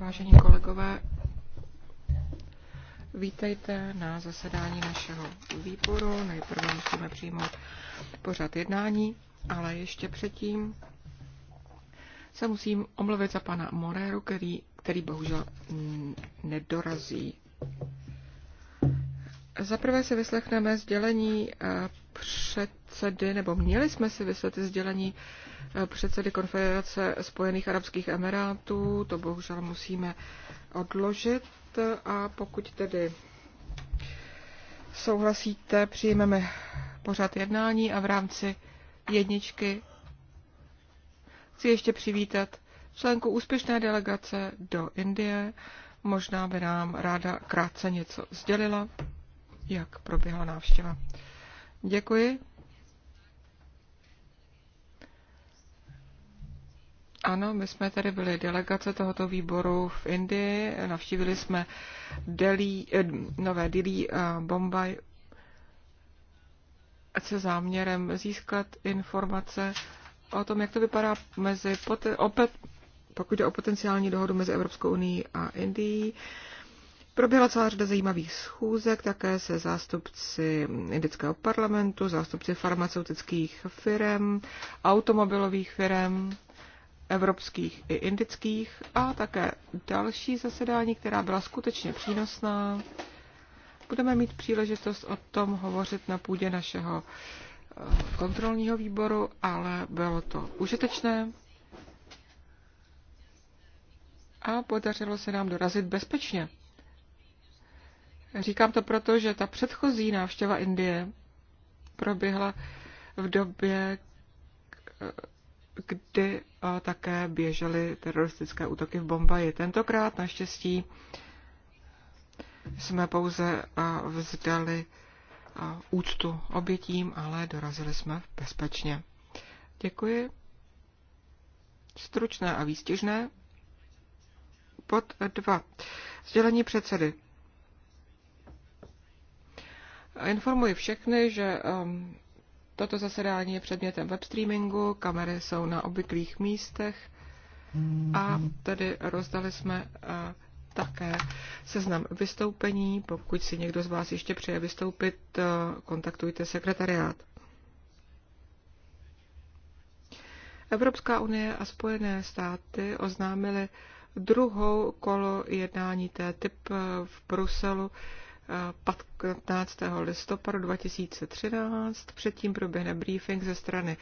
Vážení kolegové, vítejte na zasedání našeho výboru. Nejprve musíme přijmout pořad jednání, ale ještě předtím se musím omluvit za pana Moreru, který, který bohužel nedorazí. Zaprvé si vyslechneme sdělení eh, předsedy, nebo měli jsme si vyslechnout sdělení Eh, předsedy Konfederace Spojených Arabských Emirátů. To bohužel musíme odložit a pokud tedy souhlasíte, přijmeme pořád jednání a v rámci jedničky chci ještě přivítat členku úspěšné delegace do Indie. Možná by nám ráda krátce něco sdělila, jak proběhla návštěva. Děkuji. Ano, my jsme tady byli delegace tohoto výboru v Indii, navštívili jsme Delhi, eh, nové Delhi, eh, Bombaj se záměrem získat informace o tom, jak to vypadá mezi, opět, pokud jde o potenciální dohodu mezi Evropskou unii a Indií. Proběhla celá řada zajímavých schůzek, také se zástupci indického parlamentu, zástupci farmaceutických firm, automobilových firm, evropských i indických a také další zasedání, která byla skutečně přínosná. Budeme mít příležitost o tom hovořit na půdě našeho eh, kontrolního výboru, ale bylo to užitečné a podařilo se nám dorazit bezpečně. Říkám to proto, že ta předchozí návštěva Indie proběhla v době, kdy také běžely teroristické útoky v Bombaji. Tentokrát naštěstí jsme pouze vzdali úctu obětím, ale dorazili jsme bezpečně. Děkuji. Stručné a výstižné. Pod dva. Sdělení předsedy. Informuji všechny, že um, Toto zasedání je předmětem webstreamingu, kamery jsou na obvyklých místech a tedy rozdali jsme eh, také seznam vystoupení. Pokud si někdo z vás ještě přeje vystoupit, eh, kontaktujte sekretariát. Evropská unie a Spojené státy oznámily druhou kolo jednání TTIP eh, v Bruselu 15. listopadu 2013. Předtím proběhne briefing ze strany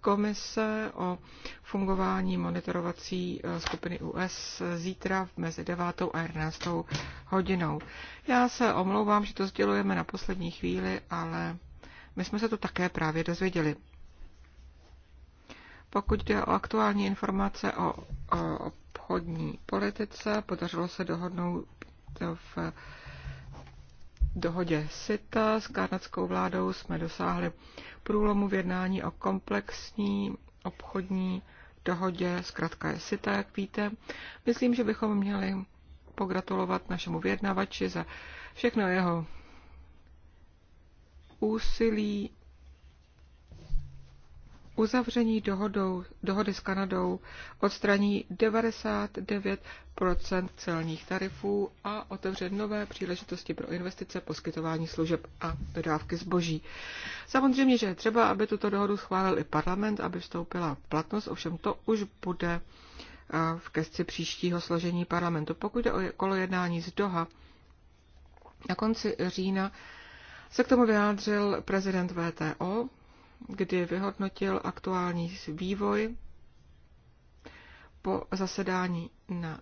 komise o fungování monitorovací eh, skupiny US zítra mezi 9. a 11. hodinou. Já se omlouvám, že to sdělujeme na poslední chvíli, ale my jsme se to také právě dozvěděli. Pokud jde o aktuální informace o, o obchodní politice, podařilo se dohodnout v dohodě SITA s kanadskou vládou jsme dosáhli průlomu v jednání o komplexní obchodní dohodě, zkrátka je SITA, jak víte. Myslím, že bychom měli pogratulovat našemu vyjednavači za všechno jeho úsilí uzavření dohodou, dohody s Kanadou odstraní 99 celních tarifů a otevře nové příležitosti pro investice, poskytování služeb a dodávky zboží. Samozřejmě, že je třeba, aby tuto dohodu schválil i parlament, aby vstoupila v platnost, ovšem to už bude eh, v kesci příštího složení parlamentu. Pokud jde o kolo jednání z Doha, na konci října se k tomu vyjádřil prezident VTO, kdy vyhodnotil aktuální vývoj po zasedání na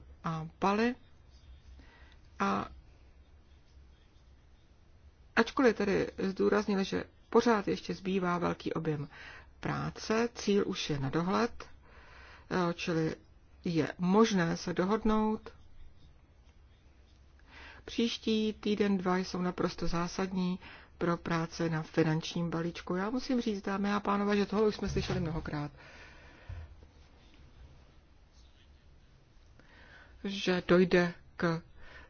Bali a ačkoliv tedy zdůraznil, že pořád ještě zbývá velký objem práce, cíl už je na dohled, eh, čili je možné se dohodnout. Příští týden, dva jsou naprosto zásadní pro práce na finančním balíčku. Já musím říct, dámy a pánové, že tohle už jsme slyšeli mnohokrát. Že dojde k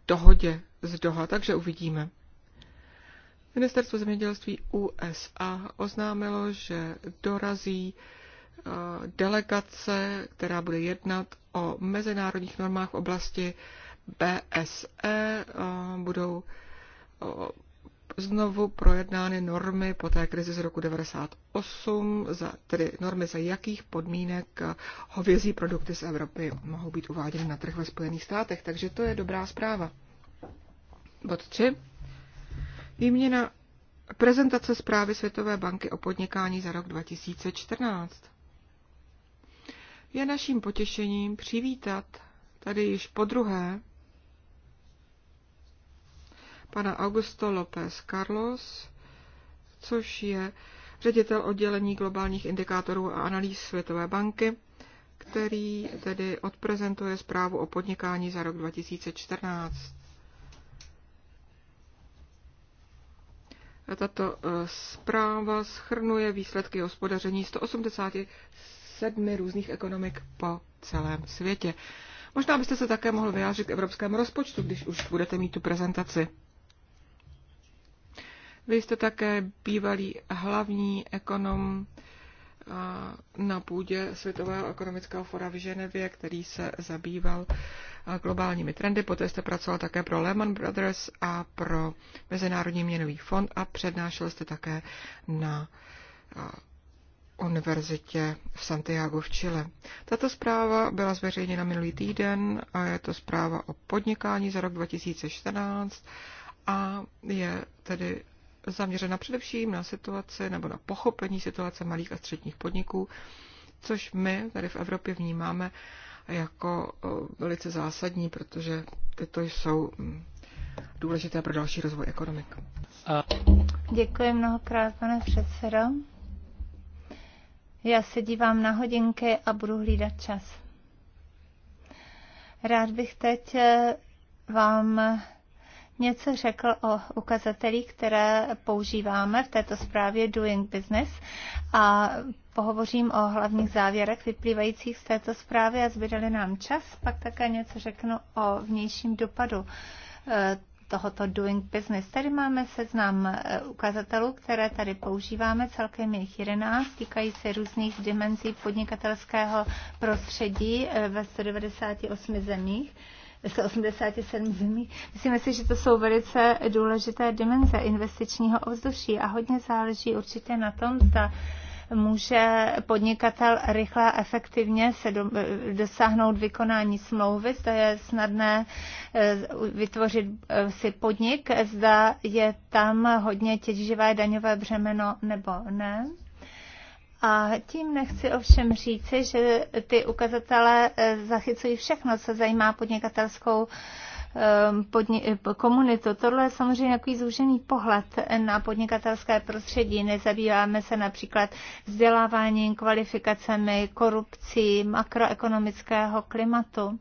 dohodě z Doha, takže uvidíme. Ministerstvo zemědělství USA oznámilo, že dorazí eh, delegace, která bude jednat o mezinárodních normách v oblasti BSE. Eh, budou znovu projednány normy po té krizi z roku 98, za, tedy normy za jakých podmínek hovězí produkty z Evropy mohou být uváděny na trh ve Spojených státech. Takže to je dobrá zpráva. Bod 3. Výměna prezentace zprávy Světové banky o podnikání za rok 2014. Je naším potěšením přivítat tady již po druhé pana Augusto López Carlos, což je ředitel oddělení globálních indikátorů a analýz Světové banky, který tedy odprezentuje zprávu o podnikání za rok 2014. tato eh, zpráva schrnuje výsledky hospodaření 187 různých ekonomik po celém světě. Možná byste se také mohl vyjádřit k evropskému rozpočtu, když už budete mít tu prezentaci. Vy jste také bývalý hlavní ekonom na půdě Světového ekonomického fora v Ženevě, který se zabýval globálními trendy. Poté jste pracoval také pro Lehman Brothers a pro Mezinárodní měnový fond a přednášel jste také na univerzitě v Santiago v Chile. Tato zpráva byla zveřejněna minulý týden a je to zpráva o podnikání za rok 2014 a je tedy zaměřena především na situaci nebo na pochopení situace malých a středních podniků, což my tady v Evropě vnímáme jako eh, velice zásadní, protože tyto jsou hm, důležité pro další rozvoj ekonomik. Děkuji mnohokrát, pane předsedo. Já se dívám na hodinky a budu hlídat čas. Rád bych teď eh, vám něco řekl o ukazatelích, které používáme v této zprávě Doing Business a pohovořím o hlavních závěrech vyplývajících z této zprávy a zbydeli nám čas, pak také něco řeknu o vnějším dopadu eh, tohoto Doing Business. Tady máme seznam eh, ukazatelů, které tady používáme, celkem jich 11, týkají se různých dimenzí podnikatelského prostředí eh, ve 198 zemích. 187 zemí. Myslíme si, že to jsou velice důležité dimenze investičního ovzduší a hodně záleží určitě na tom, zda může podnikatel rychle a efektivně se do, dosáhnout vykonání smlouvy, zda je snadné eh, vytvořit eh, si podnik, zda je tam hodně těživé daňové břemeno nebo ne. A tím nechci ovšem říci, že ty ukazatele eh, zachycují všechno, co zajímá podnikatelskou ehm, podni- komunitu. Tohle je samozřejmě takový zúžený pohled na podnikatelské prostředí. Nezabýváme se například vzděláváním, kvalifikacemi, korupcí, makroekonomického klimatu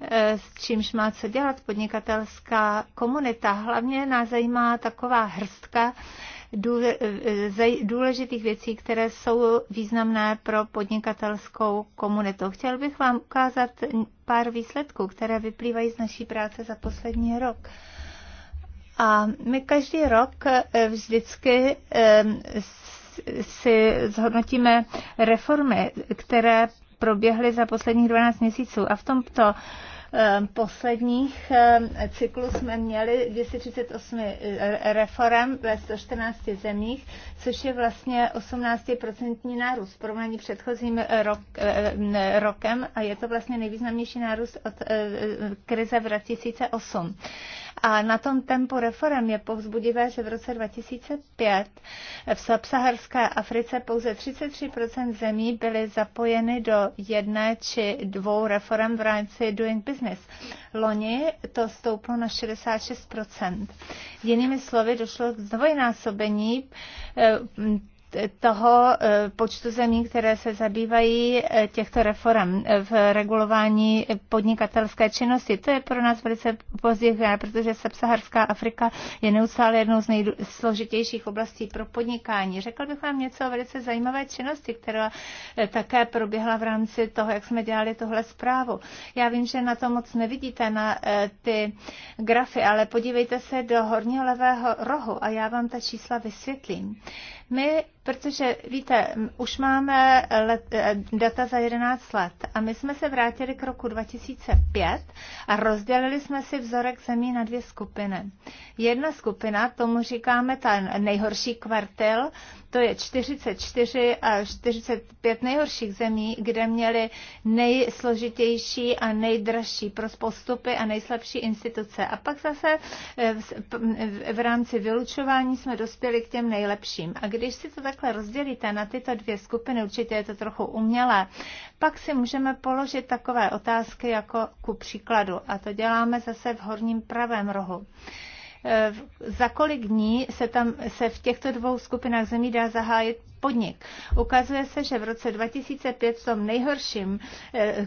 eh, s čímž má co dělat podnikatelská komunita. Hlavně nás zajímá taková hrstka Eh, eh, důležitých věcí, které jsou významné pro podnikatelskou komunitu. Chtěl bych vám ukázat pár výsledků, které vyplývají z naší práce za poslední rok. A my každý rok eh, vždycky si zhodnotíme reformy, které proběhly za posledních 12 měsíců. A v tomto Ehm, posledních ehm, cyklů jsme měli 238 eh, reform ve 114 zemích, což je vlastně 18% nárůst v porovnání předchozím eh, rok, eh, rokem a je to vlastně nejvýznamnější nárůst od krize v 2008. A na tom tempu reform je povzbudivé, že v roce 2005 v subsaharské Africe pouze 33% zemí byly zapojeny do jedné či dvou reform v rámci Doing Business. Loni to stouplo na 66%. Jinými slovy došlo k zdvojnásobení eh, toho eh, počtu zemí, které se zabývají eh, těchto reform eh, v regulování podnikatelské činnosti. To je pro nás velice pozdě, protože subsaharská Afrika je neustále jednou z nejsložitějších oblastí pro podnikání. Řekl bych vám něco o velice zajímavé činnosti, která také proběhla v rámci toho, jak jsme dělali tohle zprávu. Já vím, že na to moc nevidíte, na ty grafy, ale podívejte se do horního levého rohu a já vám ta čísla vysvětlím. My Protože víte, už máme let, eh, data za 11 let a my jsme se vrátili k roku 2005 a rozdělili jsme si vzorek zemí na dvě skupiny. Jedna skupina, tomu říkáme ten nejhorší kvartil, to je 44 a 45 nejhorších zemí, kde měli nejsložitější a nejdražší postupy a nejslabší instituce. A pak zase eh, eh, v rámci vylučování jsme dospěli k těm nejlepším. A když si to takhle rozdělíte na tyto dvě skupiny, určitě je to trochu umělé, pak si můžeme položit takové otázky jako ku příkladu. A to děláme zase v horním pravém rohu. Eh, za kolik dní se, tam, se v těchto dvou skupinách zemí dá zahájit podnik. Ukazuje se, že v roce 2005 v tom nejhorším eh,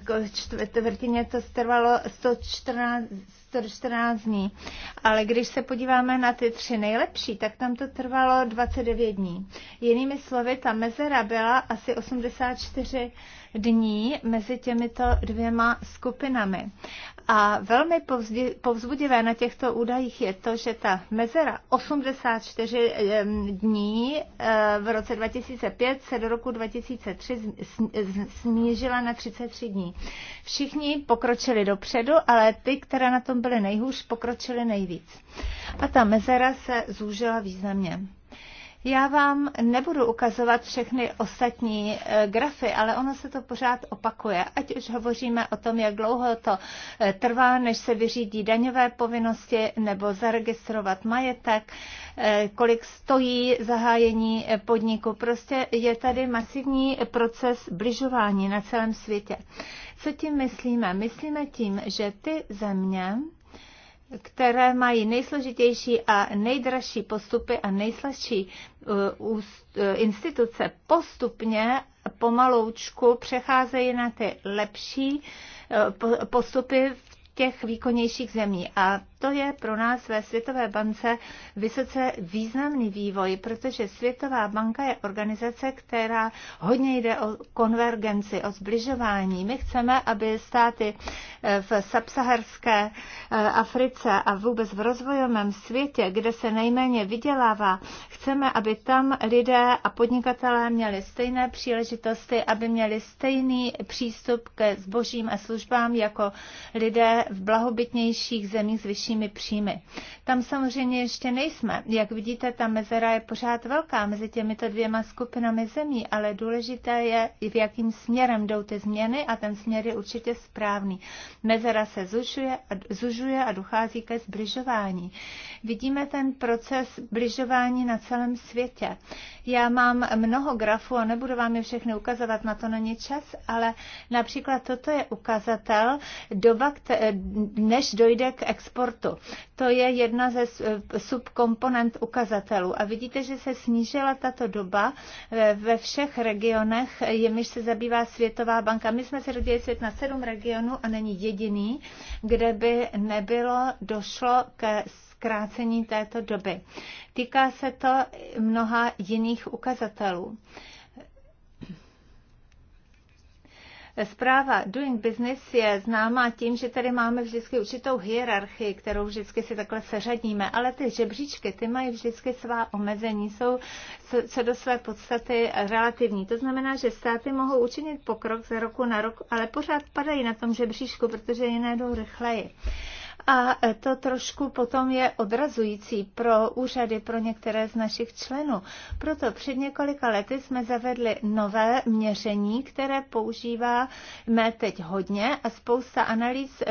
čtvrtině to trvalo 114 114 dní. Ale když se podíváme na ty tři nejlepší, tak tam to trvalo 29 dní. Jinými slovy, ta mezera byla asi 84 dní mezi těmito dvěma skupinami. A velmi povzbudivé na těchto údajích je to, že ta mezera 84 dní eh, v roce 2000 2005 se do roku 2003 snížila na 33 dní. Všichni pokročili dopředu, ale ty, které na tom byly nejhůř, pokročily nejvíc. A ta mezera se zúžila významně. Já vám nebudu ukazovat všechny ostatní eh, grafy, ale ono se to pořád opakuje. Ať už hovoříme o tom, jak dlouho to eh, trvá, než se vyřídí daňové povinnosti nebo zaregistrovat majetek, eh, kolik stojí zahájení podniku. Prostě je tady masivní proces bližování na celém světě. Co tím myslíme? Myslíme tím, že ty země, které mají nejsložitější a nejdražší postupy a nejslabší eh, eh, instituce, postupně pomaloučku přecházejí na ty lepší eh, postupy v těch výkonnějších zemí. A to je pro nás ve Světové bance vysoce významný vývoj, protože Světová banka je organizace, která hodně jde o konvergenci, o zbližování. My chceme, aby státy eh, v subsaharské eh, Africe a vůbec v rozvojovém světě, kde se nejméně vydělává, chceme, aby tam lidé a podnikatelé měli stejné příležitosti, aby měli stejný přístup ke zbožím a službám jako lidé v blahobytnějších zemích s vyšší nižšími příjmy. Tam samozřejmě ještě nejsme. Jak vidíte, ta mezera je pořád velká mezi těmito dvěma skupinami zemí, ale důležité je, v jakým směrem jdou ty změny a ten směr je určitě správný. Mezera se zužuje a, zužuje a dochází ke zbližování. Vidíme ten proces zbližování na celém světě. Já mám mnoho grafů a nebudu vám je všechny ukazovat, na to není čas, ale například toto je ukazatel, doba, než dojde k export sportu. To je jedna ze eh, subkomponent ukazatelů. A vidíte, že se snížila tato doba eh, ve všech regionech, jimiž se zabývá Světová banka. My jsme se rodili svět na sedm regionů a není jediný, kde by nebylo došlo ke zkrácení této doby. Týká se to mnoha jiných ukazatelů. Zpráva Doing Business je známá tím, že tady máme vždycky určitou hierarchii, kterou vždycky si takhle seřadíme, ale ty žebříčky, ty mají vždycky svá omezení, jsou co do své podstaty relativní. To znamená, že státy mohou učinit pokrok za roku na rok, ale pořád padají na tom žebříčku, protože jiné jdou rychleji a to trošku potom je odrazující pro úřady, pro některé z našich členů. Proto před několika lety jsme zavedli nové měření, které používáme teď hodně a spousta analýz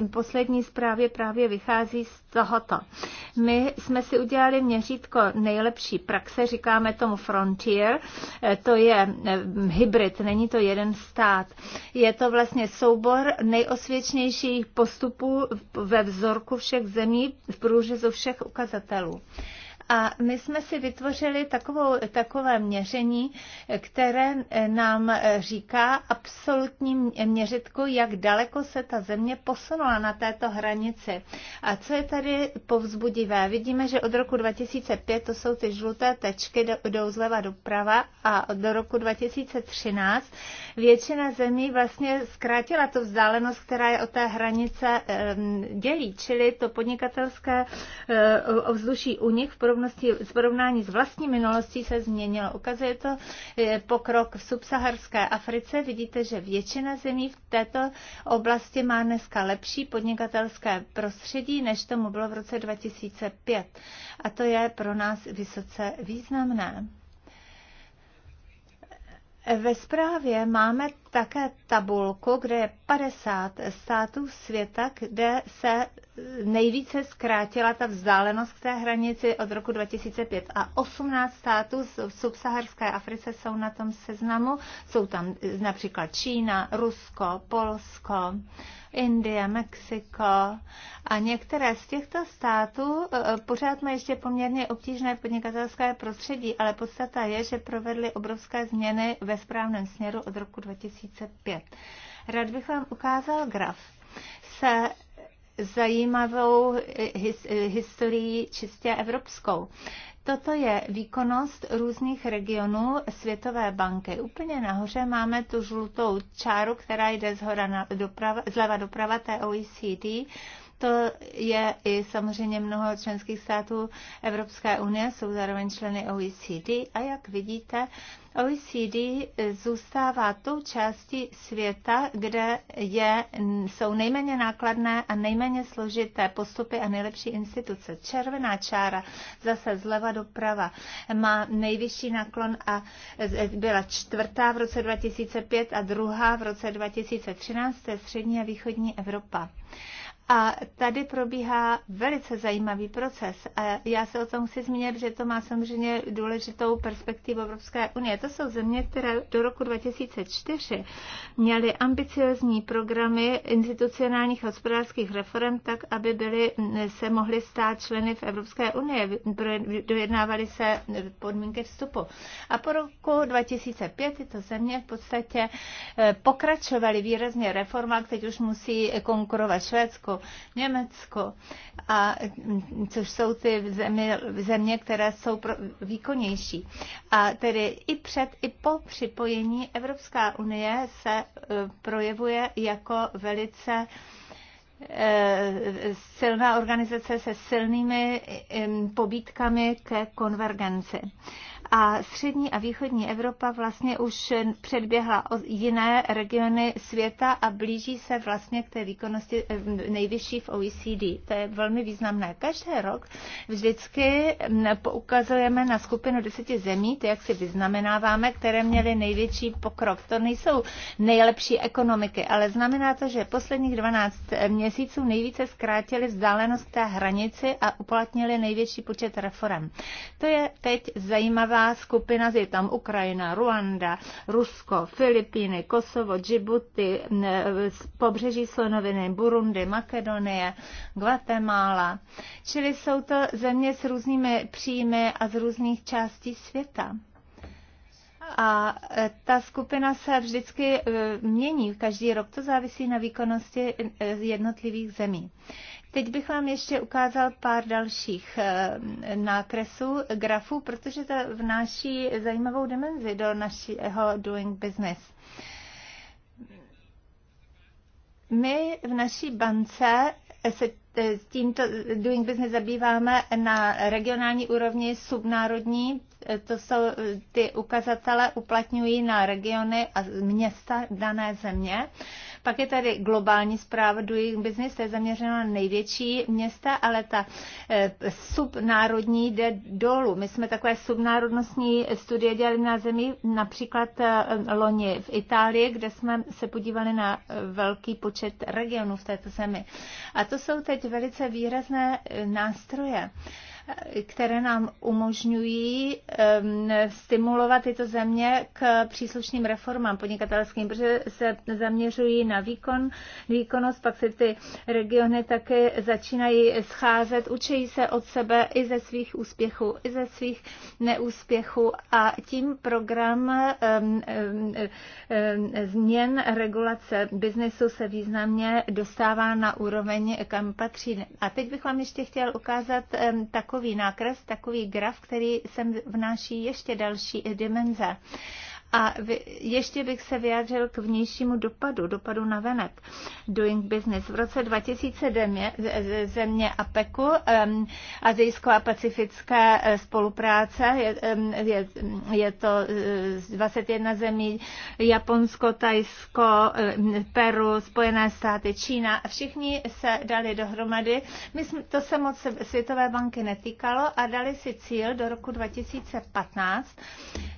v poslední zprávě právě vychází z tohoto. My jsme si udělali měřítko nejlepší praxe, říkáme tomu Frontier, to je eh, hybrid, není to jeden stát. Je to vlastně soubor nejosvědčnějších postupů v ve vzorku všech zemí v průřezu všech ukazatelů. A my jsme si vytvořili takovou, takové měření, které eh, nám eh, říká absolutní měřitko, jak daleko se ta země posunula na této hranici. A co je tady povzbudivé? Vidíme, že od roku 2005 to jsou ty žluté tečky, jdou zleva doprava a do roku 2013 většina zemí vlastně zkrátila tu vzdálenost, která je od té hranice eh, dělí, čili to podnikatelské ovzduší u nich v porovnání srovnosti, porovnání s vlastní minulostí se změnilo. Ukazuje to eh, pokrok v subsaharské Africe. Vidíte, že většina zemí v této oblasti má dneska lepší podnikatelské prostředí, než tomu bylo v roce 2005. A to je pro nás vysoce významné. Ve zprávě máme také tabulku, kde je 50 států světa, kde se nejvíce zkrátila ta vzdálenost k té hranici od roku 2005 a 18 států v subsaharské Africe jsou na tom seznamu. Jsou tam e, například Čína, Rusko, Polsko, Indie, Mexiko a některé z těchto států e, e, pořád mají ještě poměrně obtížné podnikatelské prostředí, ale podstata je, že provedly obrovské změny ve správném směru od roku 2005. Rád bych vám ukázal graf se zajímavou his, historii čistě evropskou. Toto je výkonnost různých regionů Světové banky. Úplně nahoře máme tu žlutou čáru, která jde zhora na doprava, zleva doprava té OECD to je i samozřejmě mnoho členských států Evropské unie, jsou zároveň členy OECD a jak vidíte, OECD zůstává tou částí světa, kde je, jsou nejméně nákladné a nejméně složité postupy a nejlepší instituce. Červená čára, zase zleva doprava, má nejvyšší naklon a byla čtvrtá v roce 2005 a druhá v roce 2013, to je střední a východní Evropa. A tady probíhá velice zajímavý proces. A já se o tom chci zmínit, že to má samozřejmě důležitou perspektivu Evropské unie. To jsou země, které do roku 2004 měly ambiciozní programy institucionálních hospodářských reform, tak aby byly, se mohly stát členy v Evropské unie. Dojednávaly se podmínky vstupu. A po roku 2005 tyto země v podstatě eh, pokračovaly výrazně reformách, teď už musí konkurovat Švédsko, Německo, a, což jsou ty země, země které jsou pro, výkonnější. A tedy i před, i po připojení Evropská unie se e, projevuje jako velice e, silná organizace se silnými e, pobídkami ke konvergenci a střední a východní Evropa vlastně už předběhla jiné regiony světa a blíží se vlastně k té výkonnosti eh, nejvyšší v OECD. To je velmi významné. Každý rok vždycky mm, poukazujeme na skupinu deseti zemí, to jak si vyznamenáváme, které měly největší pokrok. To nejsou nejlepší ekonomiky, ale znamená to, že posledních 12 eh, měsíců nejvíce zkrátili vzdálenost té hranici a uplatnili největší počet reform. To je teď zajímavá skupina, je tam Ukrajina, Ruanda, Rusko, Filipíny, Kosovo, Djibouti, pobřeží Slonoviny, Burundi, Makedonie, Guatemala. Čili jsou to země s různými příjmy a z různých částí světa. A e, ta skupina se vždycky e, mění každý rok, to závisí na výkonnosti e, jednotlivých zemí. Teď bych vám ještě ukázal pár dalších eh, nákresů, grafů, protože to vnáší zajímavou dimenzi do našeho doing business. My v naší bance se eh, s tímto doing business zabýváme na regionální úrovni, subnárodní. Eh, to jsou ty ukazatele uplatňují na regiony a města dané země. Pak je tady globální zpráva Doing Business, to je zaměřeno na největší města, ale ta eh, subnárodní jde dolů. My jsme takové subnárodnostní studie dělali na zemi, například eh, loni v Itálii, kde jsme se podívali na eh, velký počet regionů v této zemi. A to jsou teď velice výrazné nástroje které nám umožňují stimulovat tyto země k příslušným reformám podnikatelským, protože se zaměřují na výkon, výkonnost, pak se ty regiony také začínají scházet, učí se od sebe i ze svých úspěchů, i ze svých neúspěchů a tím program změn regulace biznesu se významně dostává na úroveň, kam patří. A teď bych vám ještě chtěl ukázat tak takový nákres, takový graf, který sem vnáší ještě další dimenze. A ještě bych se vyjádřil k vnějšímu dopadu, dopadu na venek. Doing Business. V roce 2009 země APECu, um, Azijsko-pacifická e, spolupráce, je, um, je, je to 21 e, zemí, Japonsko, Tajsko, Peru, Spojené státy, Čína. Všichni se dali dohromady. My jsme, to se moc Světové banky netýkalo a dali si cíl do roku 2015,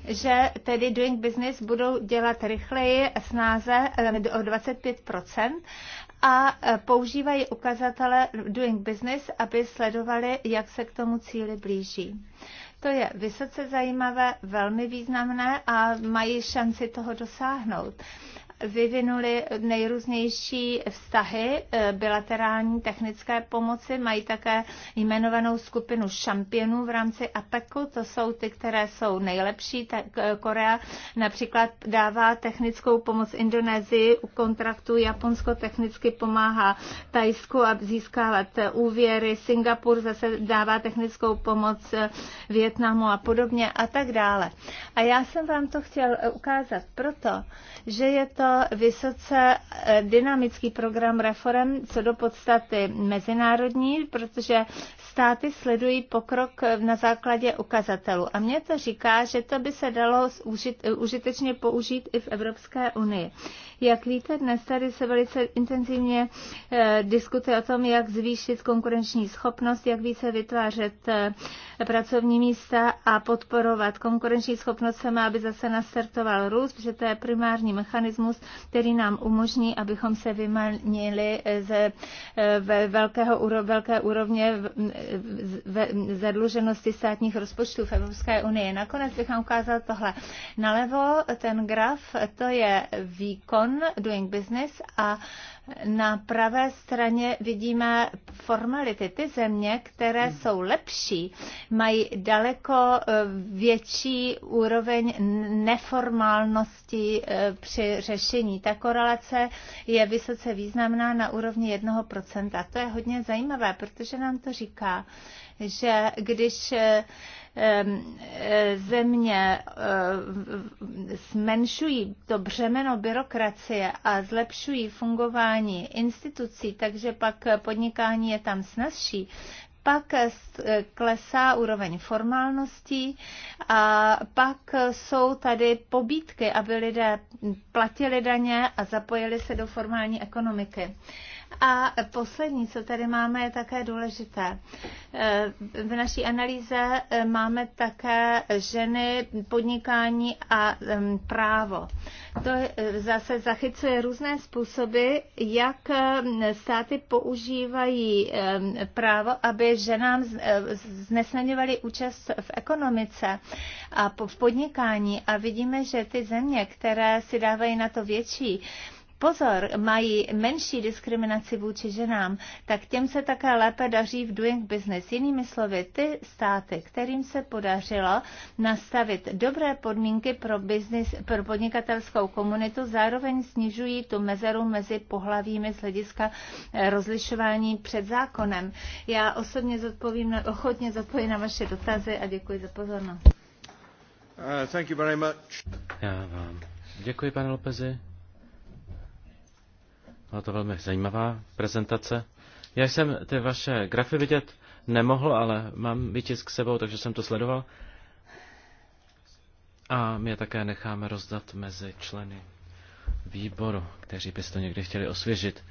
že tedy Doing business budou dělat rychleji, snáze eh, o 25% a eh, používají ukazatele Doing Business, aby sledovali, jak se k tomu cíli blíží. To je vysoce zajímavé, velmi významné a mají šanci toho dosáhnout vyvinuli nejrůznější vztahy eh, bilaterální technické pomoci, mají také jmenovanou skupinu šampionů v rámci APECu, to jsou ty, které jsou nejlepší. Tak eh, Korea například dává technickou pomoc Indonésii u kontraktu, Japonsko technicky pomáhá Tajsku a získávat eh, úvěry, Singapur zase dává technickou pomoc Větnamu a podobně a tak dále. A já jsem vám to chtěl ukázat proto, že je to předložila vysoce eh, dynamický program reform co do podstaty mezinárodní, protože státy sledují pokrok eh, na základě ukazatelů. A mě to říká, že to by se dalo eh, užitečně použít i v Evropské unii. Jak víte, dnes tady se velice intenzivně eh, diskutuje o tom, jak zvýšit konkurenční schopnost, jak více vytvářet eh, pracovní místa a podporovat konkurenční schopnost se má, aby zase nastartoval růst, protože to je primární mechanismus, který nám umožní, abychom se vymanili ze eh, velkého, velké úrovně zadluženosti státních rozpočtů v Evropské unii. Nakonec bych vám ukázal tohle. Nalevo ten graf, to je výkon on, doing business a na pravé straně vidíme formality. Ty země, které hmm. jsou lepší, mají daleko eh, větší úroveň neformálnosti eh, při řešení. Ta korelace je vysoce významná na úrovni 1%. A to je hodně zajímavé, protože nám to říká, že když eh, E, země e, zmenšují to břemeno byrokracie a zlepšují fungování institucí, takže pak podnikání je tam snazší, pak e, klesá úroveň formálností a pak jsou tady pobídky, aby lidé platili daně a zapojili se do formální ekonomiky. A poslední, co tady máme, je také důležité. Eh, v naší analýze eh, máme také ženy, podnikání a právo. To eh, zase zachycuje různé způsoby, jak státy používají právo, aby ženám znesnaňovali účast v ekonomice a v podnikání. A vidíme, že ty země, které si dávají na to větší pozor, mají menší diskriminaci vůči ženám, tak těm se také lépe daří v doing business. Jinými slovy, ty státy, kterým se podařilo nastavit dobré podmínky pro, business, pro podnikatelskou komunitu, zároveň snižují tu mezeru mezi pohlavími z hlediska eh, rozlišování před zákonem. Já osobně zodpovím, ochotně zodpovím na vaše dotazy a děkuji za pozornost. Uh, thank you very much. Já vám děkuji, pane Lopezi. Byla to velmi zajímavá prezentace. Já jsem ty vaše grafy vidět nemohl, ale mám výtisk s sebou, takže jsem to sledoval. A my je také necháme rozdat mezi členy výboru, kteří by to někdy chtěli osvěžit.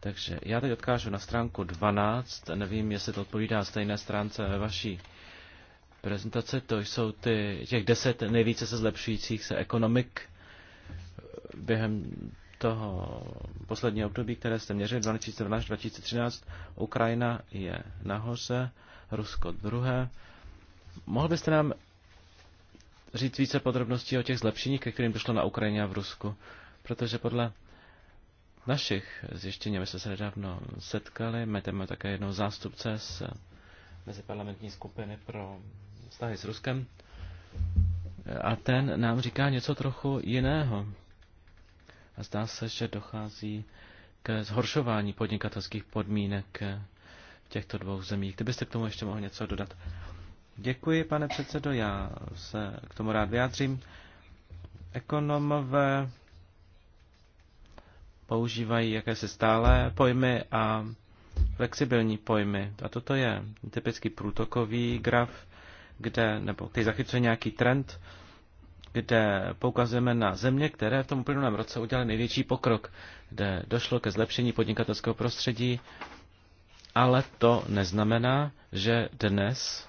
Takže já teď odkážu na stránku 12, nevím, jestli to odpovídá stejné stránce ve vaší prezentace. to jsou ty, těch deset nejvíce se zlepšujících se ekonomik během toho posledního období, které jste měřili, 2012-2013, Ukrajina je nahoře, Rusko druhé. Mohl byste nám říct více podrobností o těch zlepšeních, ke kterým došlo na Ukrajině a v Rusku? Protože podle našich zjištění, my jsme se nedávno setkali, my tam také jednou zástupce z meziparlamentní skupiny pro vztahy s Ruskem, a ten nám říká něco trochu jiného. A zdá se, že dochází k zhoršování podnikatelských podmínek v těchto dvou zemích. Kdybyste k tomu ještě mohl něco dodat. Děkuji, pane předsedo, já se k tomu rád vyjádřím. Ekonomové používají jakési stále pojmy a flexibilní pojmy. A toto je typický průtokový graf, kde, nebo který zachycuje nějaký trend, kde poukazujeme na země, které v tom uplynulém roce udělaly největší pokrok, kde došlo ke zlepšení podnikatelského prostředí, ale to neznamená, že dnes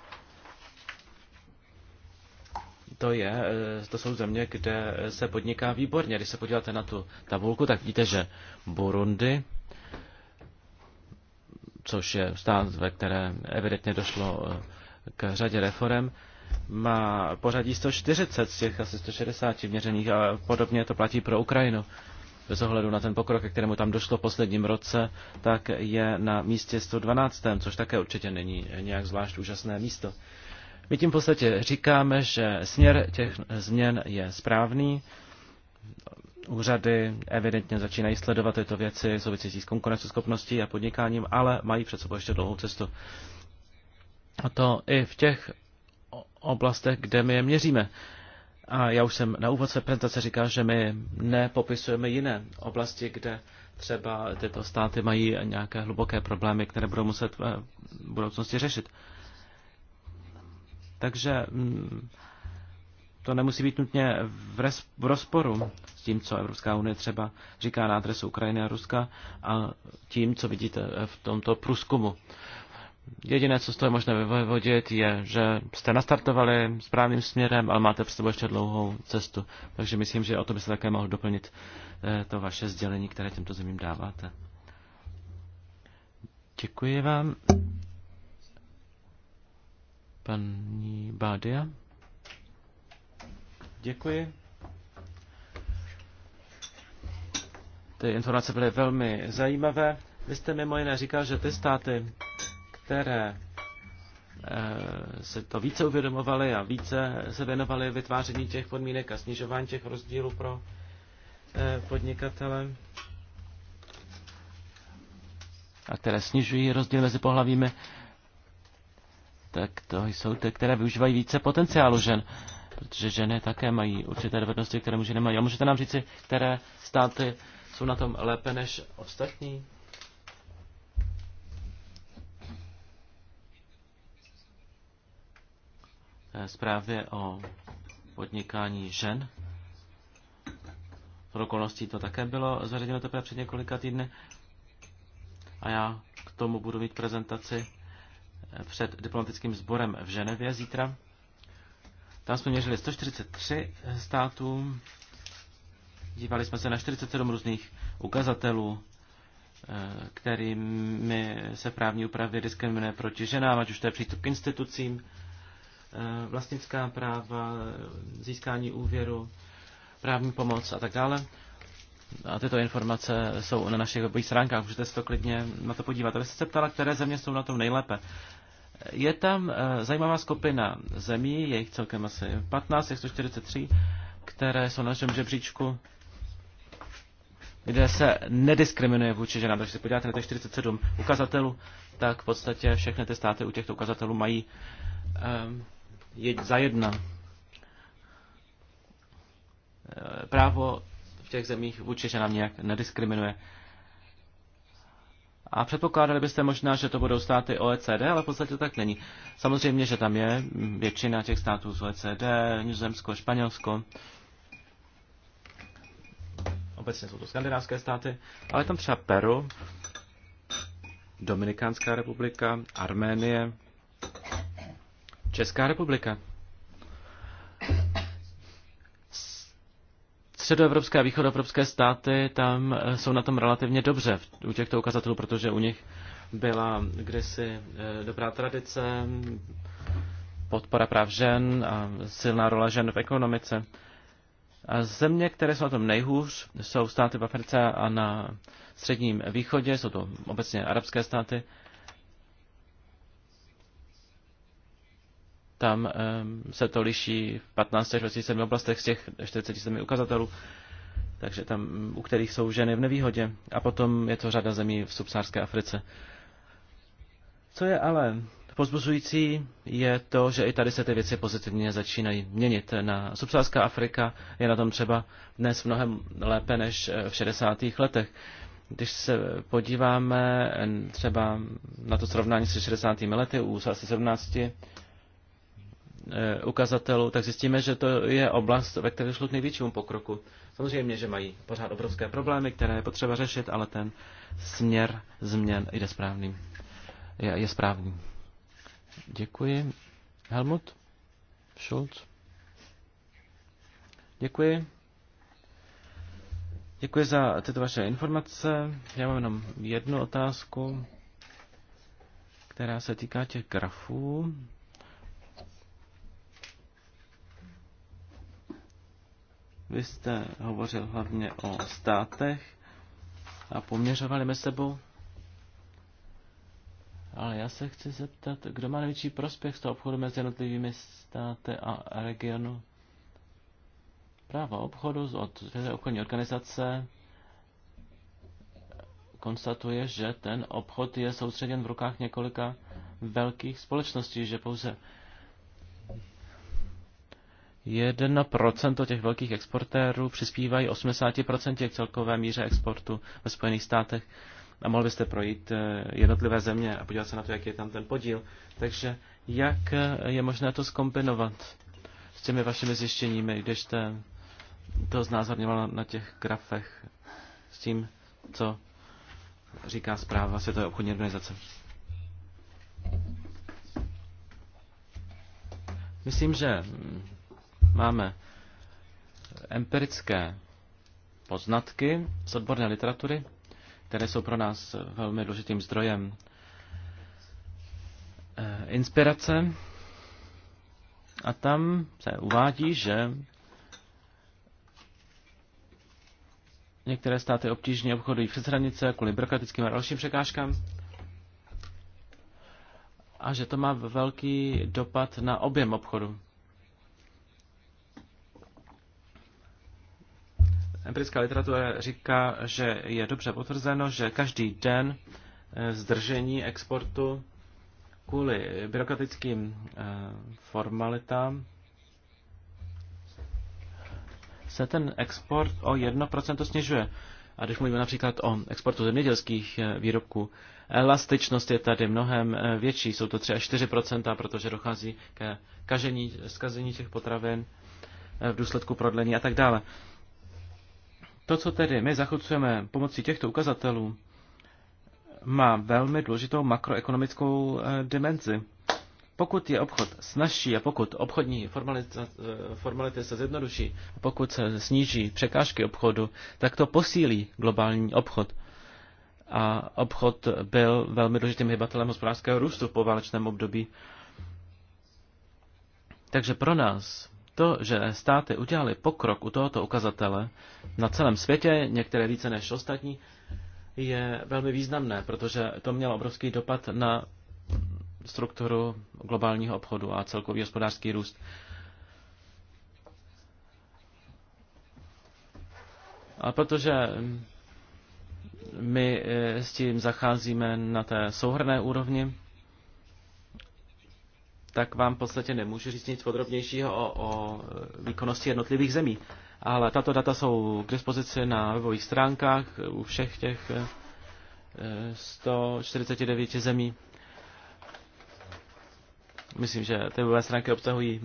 to, je, eh, to jsou země, kde se podniká výborně. Když se podíváte na tu tabulku, tak vidíte, že Burundi, což je stát, ve které evidentně došlo eh, k řadě reform, má pořadí 140 z těch asi 160 měřených a podobně to platí pro Ukrajinu. Bez ohledu na ten pokrok, ke kterému tam došlo v posledním roce, tak je na místě 112, což také určitě není nějak zvlášť úžasné místo. My tím v podstatě říkáme, že směr těch změn je správný. Úřady evidentně začínají sledovat tyto věci související s konkurenceschopností a podnikáním, ale mají před sebou ještě dlouhou cestu. A to i v těch oblastech, kde my je měříme. A já už jsem na úvod své prezentace říkal, že my nepopisujeme jiné oblasti, kde třeba tyto státy mají nějaké hluboké problémy, které budou muset eh, v budoucnosti řešit. Takže mm, to nemusí být nutně v rozporu s tím, co Evropská unie třeba říká na adresu Ukrajiny a Ruska a tím, co vidíte eh, v tomto průzkumu. Jediné, co z toho je možné vyvodit, je, že jste nastartovali správným směrem, ale máte před sebou ještě dlouhou cestu. Takže myslím, že o to byste také mohl doplnit eh, to vaše sdělení, které těmto zemím dáváte. Děkuji vám. Paní Bádia. Děkuji. Ty informace byly velmi zajímavé. Vy jste mimo jiné říkal, že ty státy, které eh, se to více uvědomovaly a více se věnovaly vytváření těch podmínek a snižování těch rozdílů pro eh, podnikatele a které snižují rozdíl mezi pohlavími, tak to jsou ty, které využívají více potenciálu žen, protože ženy také mají určité dovednosti, které muži nemají. A můžete nám říci, které státy jsou na tom lépe než ostatní? zprávě o podnikání žen. V okolností to také bylo zařazeno teprve před několika týdny. A já k tomu budu mít prezentaci eh, před diplomatickým sborem v Ženevě zítra. Tam jsme měřili 143 států, dívali jsme se na 47 různých ukazatelů, eh, kterými se právní úpravy diskriminuje proti ženám, ať už to je přístup k institucím, Eh, vlastnická práva, získání úvěru, právní pomoc a tak dále. A tyto informace jsou na našich webových stránkách, můžete se to klidně na to podívat. Ale jste se ptala, které země jsou na tom nejlépe. Je tam eh, zajímavá skupina zemí, je jich celkem asi 15, 143, které jsou na našem žebříčku, kde se nediskriminuje vůči ženám. Takže se podíváte na těch 47 ukazatelů, tak v podstatě všechny ty státy u těchto ukazatelů mají ehm, je za jedna. E, právo v těch zemích vůči ženám nějak nediskriminuje. A předpokládali byste možná, že to budou státy OECD, ale v podstatě tak není. Samozřejmě, že tam je většina těch států z OECD, Nizozemsko, Španělsko, obecně jsou to skandinávské státy, ale tam třeba Peru, Dominikánská republika, Arménie, Česká republika. Středoevropské a východoevropské státy tam eh, jsou na tom relativně dobře u těchto ukazatelů, protože u nich byla kdysi eh, dobrá tradice, podpora práv žen a silná rola žen v ekonomice. A země, které jsou na tom nejhůř, jsou státy v Africe a na Středním východě, jsou to obecně arabské státy, tam ehm, se to liší v 15 až 27 oblastech z těch 47 ukazatelů, takže tam, u kterých jsou ženy v nevýhodě. A potom je to řada zemí v subsárské Africe. Co je ale pozbuzující, je to, že i tady se ty věci pozitivně začínají měnit. Na subsárská Afrika je na tom třeba dnes mnohem lépe než eh, v 60. letech když se podíváme eh, třeba na to srovnání se 60. lety u asi 17 Eh, ukazatelů, tak zjistíme, že to je oblast, ve které došlo k největšímu pokroku. Samozřejmě, že mají pořád obrovské problémy, které je potřeba řešit, ale ten směr změn jde správný. Je, je správný. Děkuji. Helmut? Schulz? Děkuji. Děkuji za tyto vaše informace. Já mám jenom jednu otázku, která se týká těch grafů. Vy jste hovořil hlavně o státech a poměřovali mezi sebou. Ale já se chci zeptat, kdo má největší prospěch z toho obchodu mezi jednotlivými státy a regionu? Práva obchodu od obchodní organizace konstatuje, že ten obchod je soustředěn v rukách několika velkých společností, že pouze 1% těch velkých exportérů přispívají 80% k celkové míře exportu ve Spojených státech. A mohl byste projít eh, jednotlivé země a podívat se na to, jaký je tam ten podíl. Takže jak eh, je možné to skombinovat s těmi vašimi zjištěními, když jste to znázorňoval na těch grafech s tím, co říká zpráva Světové obchodní organizace? Myslím, že mm, Máme empirické poznatky z odborné literatury, které jsou pro nás velmi důležitým zdrojem eh, inspirace. A tam se uvádí, že některé státy obtížně obchodují přes hranice kvůli byrokratickým a dalším překážkám a že to má velký dopad na objem obchodu. Empirická literatura říká, že je dobře potvrzeno, že každý den eh, zdržení exportu kvůli byrokratickým eh, formalitám se ten export o 1% snižuje. A když mluvíme například o exportu zemědělských eh, výrobků, elastičnost je tady mnohem větší, jsou to 3 až 4 protože dochází ke kažení, zkazení těch potravin v důsledku prodlení a tak dále. To, co tedy my zachycujeme pomocí těchto ukazatelů, má velmi důležitou makroekonomickou eh, dimenzi. Pokud je obchod snažší a pokud obchodní eh, formality se zjednoduší, pokud se sníží překážky obchodu, tak to posílí globální obchod. A obchod byl velmi důležitým hybatelem hospodářského růstu v poválečném období. Takže pro nás to, že státy udělali pokrok u tohoto ukazatele na celém světě, některé více než ostatní, je velmi významné, protože to mělo obrovský dopad na strukturu globálního obchodu a celkový hospodářský růst. A protože my eh, s tím zacházíme na té souhrné úrovni, tak vám v podstatě nemůžu říct nic podrobnějšího o, o výkonnosti jednotlivých zemí. Ale tato data jsou k dispozici na webových stránkách u všech těch 149 eh, zemí. Myslím, že ty webové stránky obsahují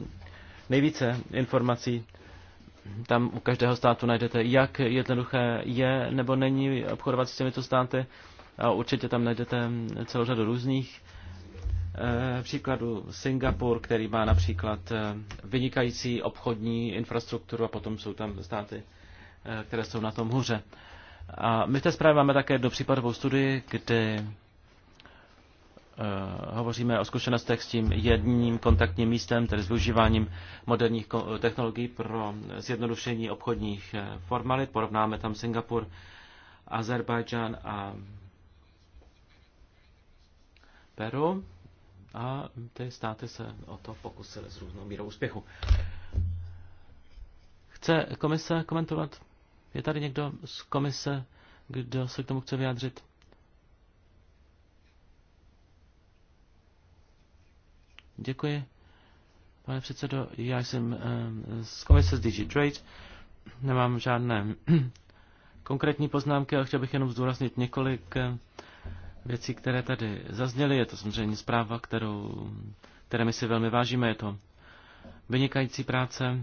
nejvíce informací. Tam u každého státu najdete, jak jednoduché je nebo není obchodovat s těmito státy. A určitě tam najdete celou řadu různých Eh, příkladu Singapur, který má například eh, vynikající obchodní infrastrukturu a potom jsou tam státy, eh, které jsou na tom hůře. A my v té zprávě máme také do případovou studii, kdy hovoříme o zkušenostech s tím jedním kontaktním místem, tedy s využíváním moderních technologií pro zjednodušení obchodních formalit. Porovnáme tam Singapur, Azerbajdžán a Peru a ty státy se o to pokusily s různou mírou úspěchu. Chce komise komentovat? Je tady někdo z komise, kdo se k tomu chce vyjádřit? Děkuji. Pane předsedo, já jsem eh, z komise z DigiTrade. Nemám žádné konkrétní poznámky, ale chtěl bych jenom zdůraznit několik eh, věcí, které tady zazněly. Je to samozřejmě zpráva, kterou, které my si velmi vážíme. Je to vynikající práce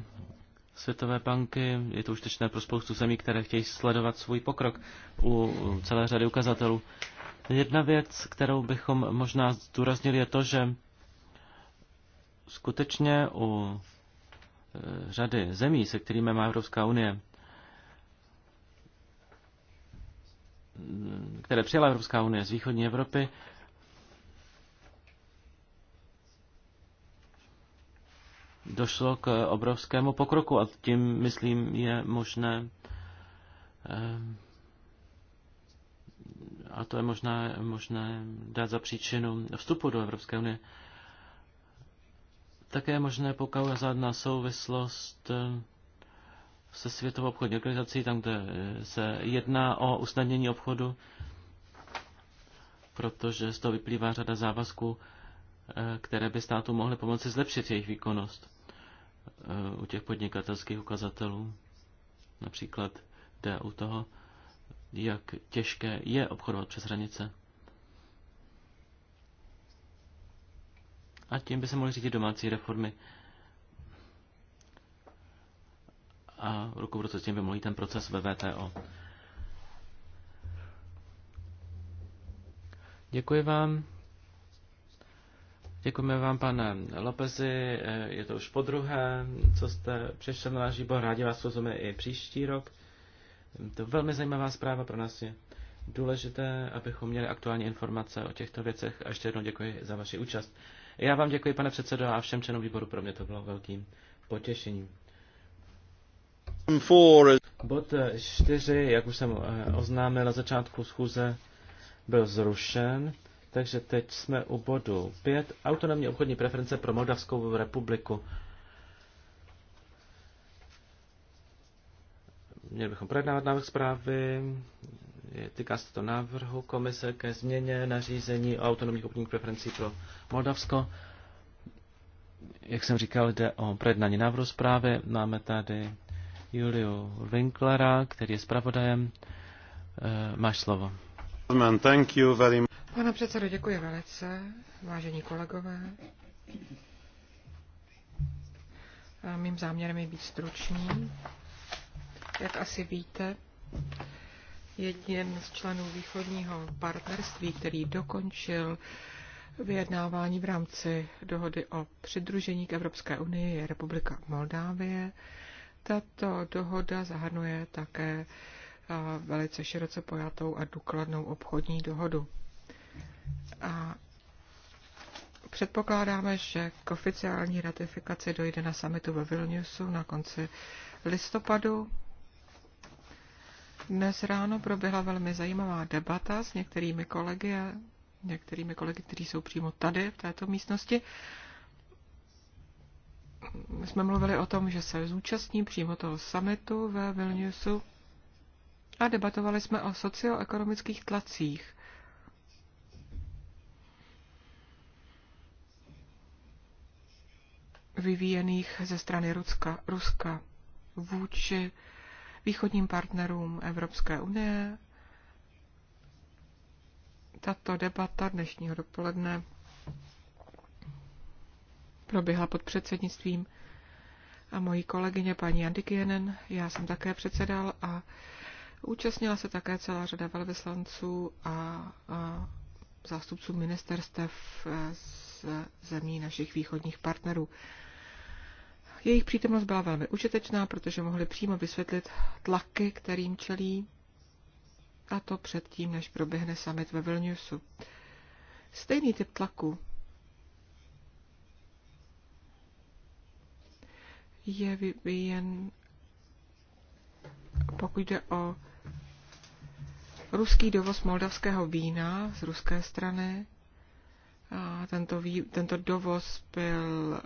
Světové banky. Je to užtečné pro spoustu zemí, které chtějí sledovat svůj pokrok u celé řady ukazatelů. Jedna věc, kterou bychom možná zdůraznili, je to, že skutečně u e, řady zemí, se kterými má Evropská unie které přijala Evropská unie z východní Evropy, došlo k obrovskému pokroku a tím, myslím, je možné eh, a to je možné, možné dát za příčinu vstupu do Evropské unie. Také je možné poukázat na souvislost eh, se Světovou obchodní organizací, tam, kde eh, se jedná o usnadnění obchodu, protože z toho vyplývá řada závazků, eh, které by státu mohly pomoci zlepšit jejich výkonnost eh, u těch podnikatelských ukazatelů. Například jde u toho, jak těžké je obchodovat přes hranice. A tím by se mohly řídit domácí reformy. a ruku v ruce s tím by ten proces ve VTO. Děkuji vám. Děkujeme vám, pane Lopezi. Je to už po druhé, co jste přišel na náš výbor. Rádi vás pozveme i příští rok. To je velmi zajímavá zpráva pro nás je důležité, abychom měli aktuální informace o těchto věcech. A ještě jednou děkuji za vaši účast. Já vám děkuji, pane předsedo, a všem členům výboru. Pro mě to bylo velkým potěšením. Bod 4, eh, jak už jsem eh, oznámil na začátku schůze, byl zrušen, takže teď jsme u bodu 5. Autonomní obchodní preference pro Moldavskou republiku. Měli bychom projednávat návrh zprávy. Týká se to návrhu komise ke změně nařízení o autonomních obchodních preferencí pro Moldavsko. Jak jsem říkal, jde o projednání návrhu zprávy. Máme tady Juliu Winklera, který je zpravodajem. Eh, máš slovo. Pane předsedo, děkuji velice, vážení kolegové. A mým záměrem je být stručný. Jak asi víte, jedním z členů východního partnerství, který dokončil vyjednávání v rámci dohody o přidružení k Evropské unii, je Republika Moldávie. Tato dohoda zahrnuje také eh, velice široce pojatou a důkladnou obchodní dohodu. A předpokládáme, že k oficiální ratifikaci dojde na summitu ve Vilniusu na konci listopadu. Dnes ráno proběhla velmi zajímavá debata s některými kolegy, některými kolegy, kteří jsou přímo tady v této místnosti jsme mluvili o tom, že se zúčastní přímo toho summitu ve Vilniusu a debatovali jsme o socioekonomických tlacích. vyvíjených ze strany Ruska, Ruska vůči východním partnerům Evropské unie. Tato debata dnešního dopoledne proběhla pod předsednictvím a mojí kolegyně paní Andikienen. Já jsem také předsedal a účastnila se také celá řada velvyslanců a, a zástupců ministerstev e, z zemí našich východních partnerů. Jejich přítomnost byla velmi užitečná, protože mohli přímo vysvětlit tlaky, kterým čelí, a to předtím, než proběhne summit ve Vilniusu. Stejný typ tlaku je vyvíjen, pokud jde o ruský dovoz moldavského vína z ruské strany, tento, vý, tento dovoz byl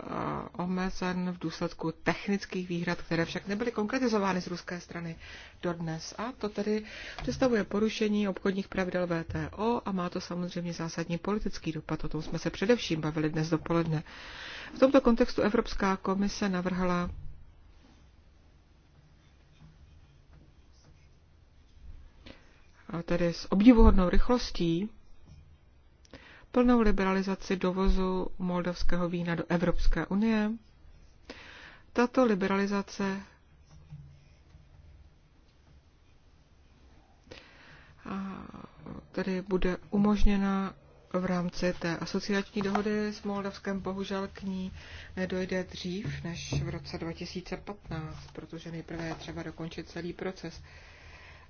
omezen v důsledku technických výhrad, které však nebyly konkretizovány z ruské strany dodnes. A to tedy představuje porušení obchodních pravidel VTO a má to samozřejmě zásadní politický dopad. O tom jsme se především bavili dnes dopoledne. V tomto kontextu Evropská komise navrhla tedy s obdivuhodnou rychlostí plnou liberalizaci dovozu moldavského vína do Evropské unie. Tato liberalizace tedy bude umožněna v rámci té asociační dohody s Moldavskem bohužel k ní nedojde dřív než v roce 2015, protože nejprve je třeba dokončit celý proces.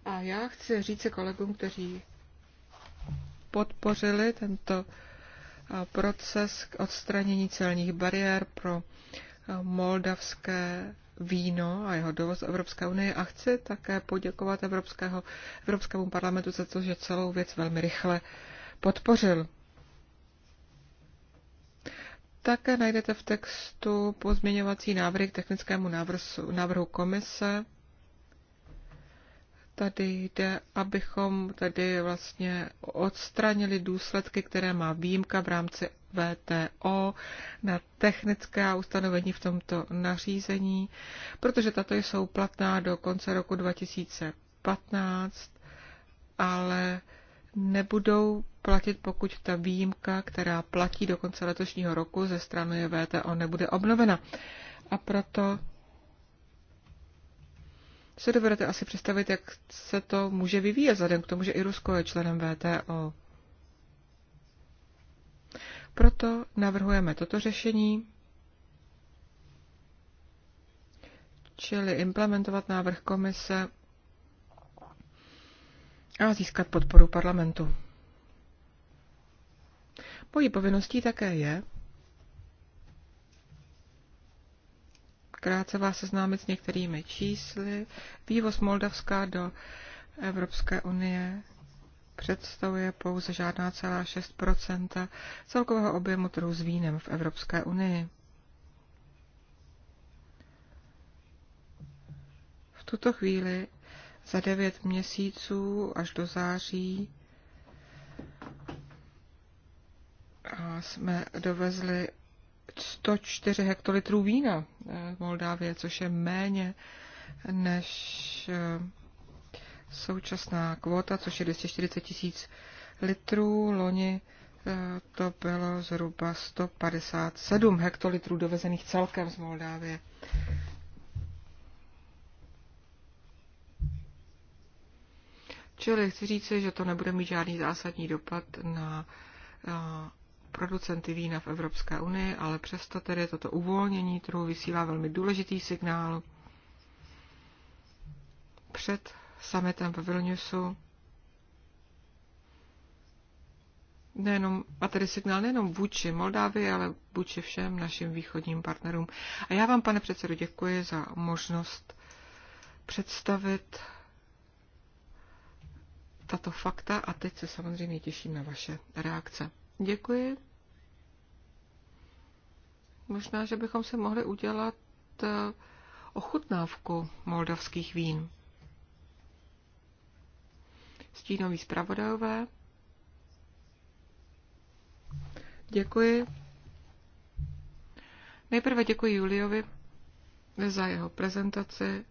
A já chci říct se kolegům, kteří podpořili tento proces k odstranění celních bariér pro moldavské víno a jeho dovoz Evropské unie a chci také poděkovat Evropského, Evropskému parlamentu za to, že celou věc velmi rychle podpořil. Také najdete v textu pozměňovací návrhy k technickému návrhu, návrhu komise Tady jde, abychom tady vlastně odstranili důsledky, které má výjimka v rámci VTO na technická ustanovení v tomto nařízení, protože tato jsou platná do konce roku 2015, ale nebudou platit, pokud ta výjimka, která platí do konce letošního roku ze strany VTO, nebude obnovena. A proto si dovedete asi představit, jak se to může vyvíjet, vzhledem k tomu, že i Rusko je členem VTO. Proto navrhujeme toto řešení, čili implementovat návrh komise a získat podporu parlamentu. Mojí povinností také je krátce vás seznámit s některými čísly. Vývoz Moldavska do Evropské unie představuje pouze žádná celá 6 celkového objemu trhu s vínem v Evropské unii. V tuto chvíli za 9 měsíců až do září jsme dovezli 104 hektolitrů vína eh, v Moldávě, což je méně než eh, současná kvota, což je 240 tisíc litrů. Loni eh, to bylo zhruba 157 hektolitrů dovezených celkem z Moldávie. Čili chci říct, že to nebude mít žádný zásadní dopad na producenty vína v Evropské unii, ale přesto tedy toto uvolnění trhu vysílá velmi důležitý signál před summitem ve Vilniusu. Nejenom, a tedy signál nejenom vůči Moldávii, ale vůči všem našim východním partnerům. A já vám, pane předsedo, děkuji za možnost představit tato fakta a teď se samozřejmě těším na vaše reakce. Děkuji. Možná, že bychom se mohli udělat eh, ochutnávku moldavských vín. Stínoví zpravodajové. Děkuji. Nejprve děkuji Juliovi za jeho prezentaci.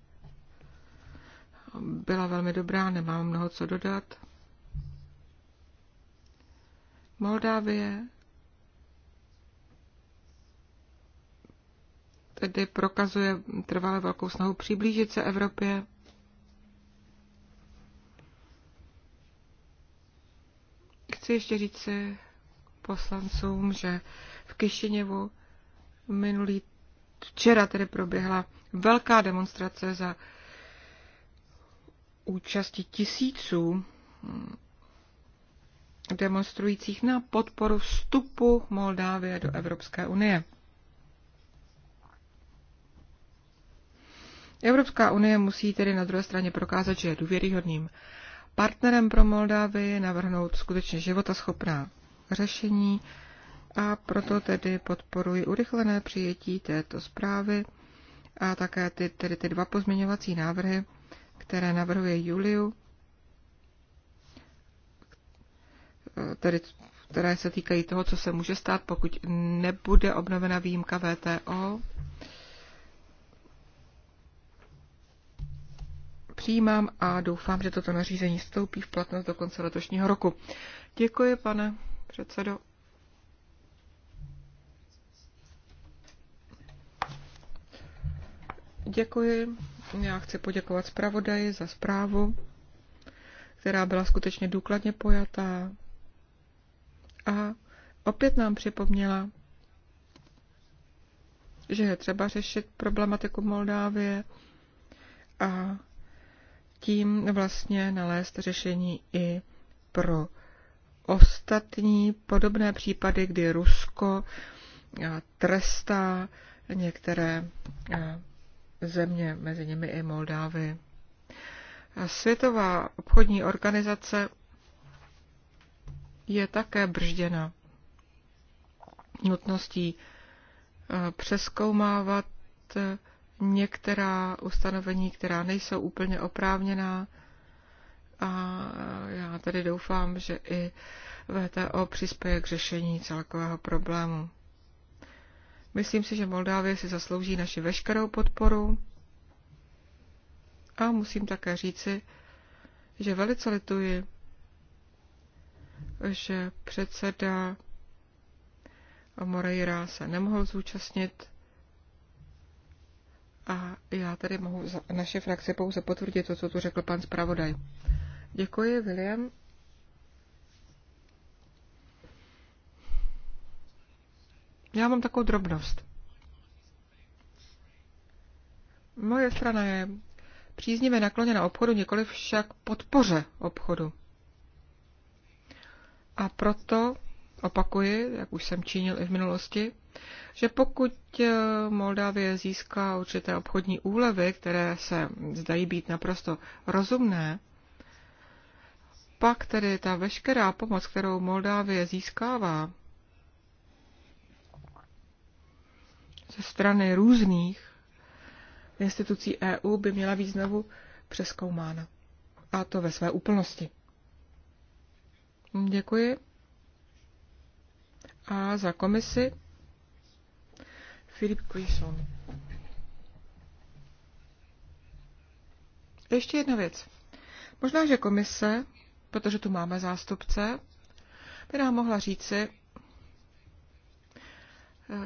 Byla velmi dobrá, nemám mnoho co dodat. Moldávie tedy prokazuje trvale velkou snahu přiblížit se Evropě. Chci ještě říct si poslancům, že v Kišiněvu minulý včera tedy proběhla velká demonstrace za účasti tisíců demonstrujících na podporu vstupu Moldávie do Evropské unie. Evropská unie musí tedy na druhé straně prokázat, že je důvěryhodným partnerem pro Moldávii, navrhnout skutečně životaschopná řešení a proto tedy podporuji urychlené přijetí této zprávy a také ty, tedy ty dva pozměňovací návrhy, které navrhuje Juliu tedy, které se týkají toho, co se může stát, pokud nebude obnovena výjimka VTO. Přijímám a doufám, že toto nařízení stoupí v platnost do konce letošního roku. Děkuji, pane předsedo. Děkuji. Já chci poděkovat zpravodaji za zprávu, která byla skutečně důkladně pojatá a opět nám připomněla, že je třeba řešit problematiku Moldávie a tím vlastně nalézt řešení i pro ostatní podobné případy, kdy Rusko eh, trestá některé eh, země, mezi nimi i Moldávy. Světová obchodní organizace je také bržděna nutností eh, přeskoumávat eh, některá ustanovení, která nejsou úplně oprávněná. A eh, já tedy doufám, že i VTO přispěje k řešení celkového problému. Myslím si, že Moldávie si zaslouží naši veškerou podporu. A musím také říci, že velice lituji, že předseda Moreira se nemohl zúčastnit a já tady mohu za naše frakce pouze potvrdit to, co tu řekl pan zpravodaj. Děkuji, William. Já mám takovou drobnost. Moje strana je příznivě nakloněna obchodu, nikoli však podpoře obchodu. A proto opakuji, jak už jsem činil i v minulosti, že pokud eh, Moldávie získá určité obchodní úlevy, které se zdají být naprosto rozumné, pak tedy ta veškerá pomoc, kterou Moldávie získává ze strany různých institucí EU, by měla být znovu přeskoumána. A to ve své úplnosti. Děkuji. A za komisi Filip Quisson. Ještě jedna věc. Možná, že komise, protože tu máme zástupce, by nám mohla říci, eh,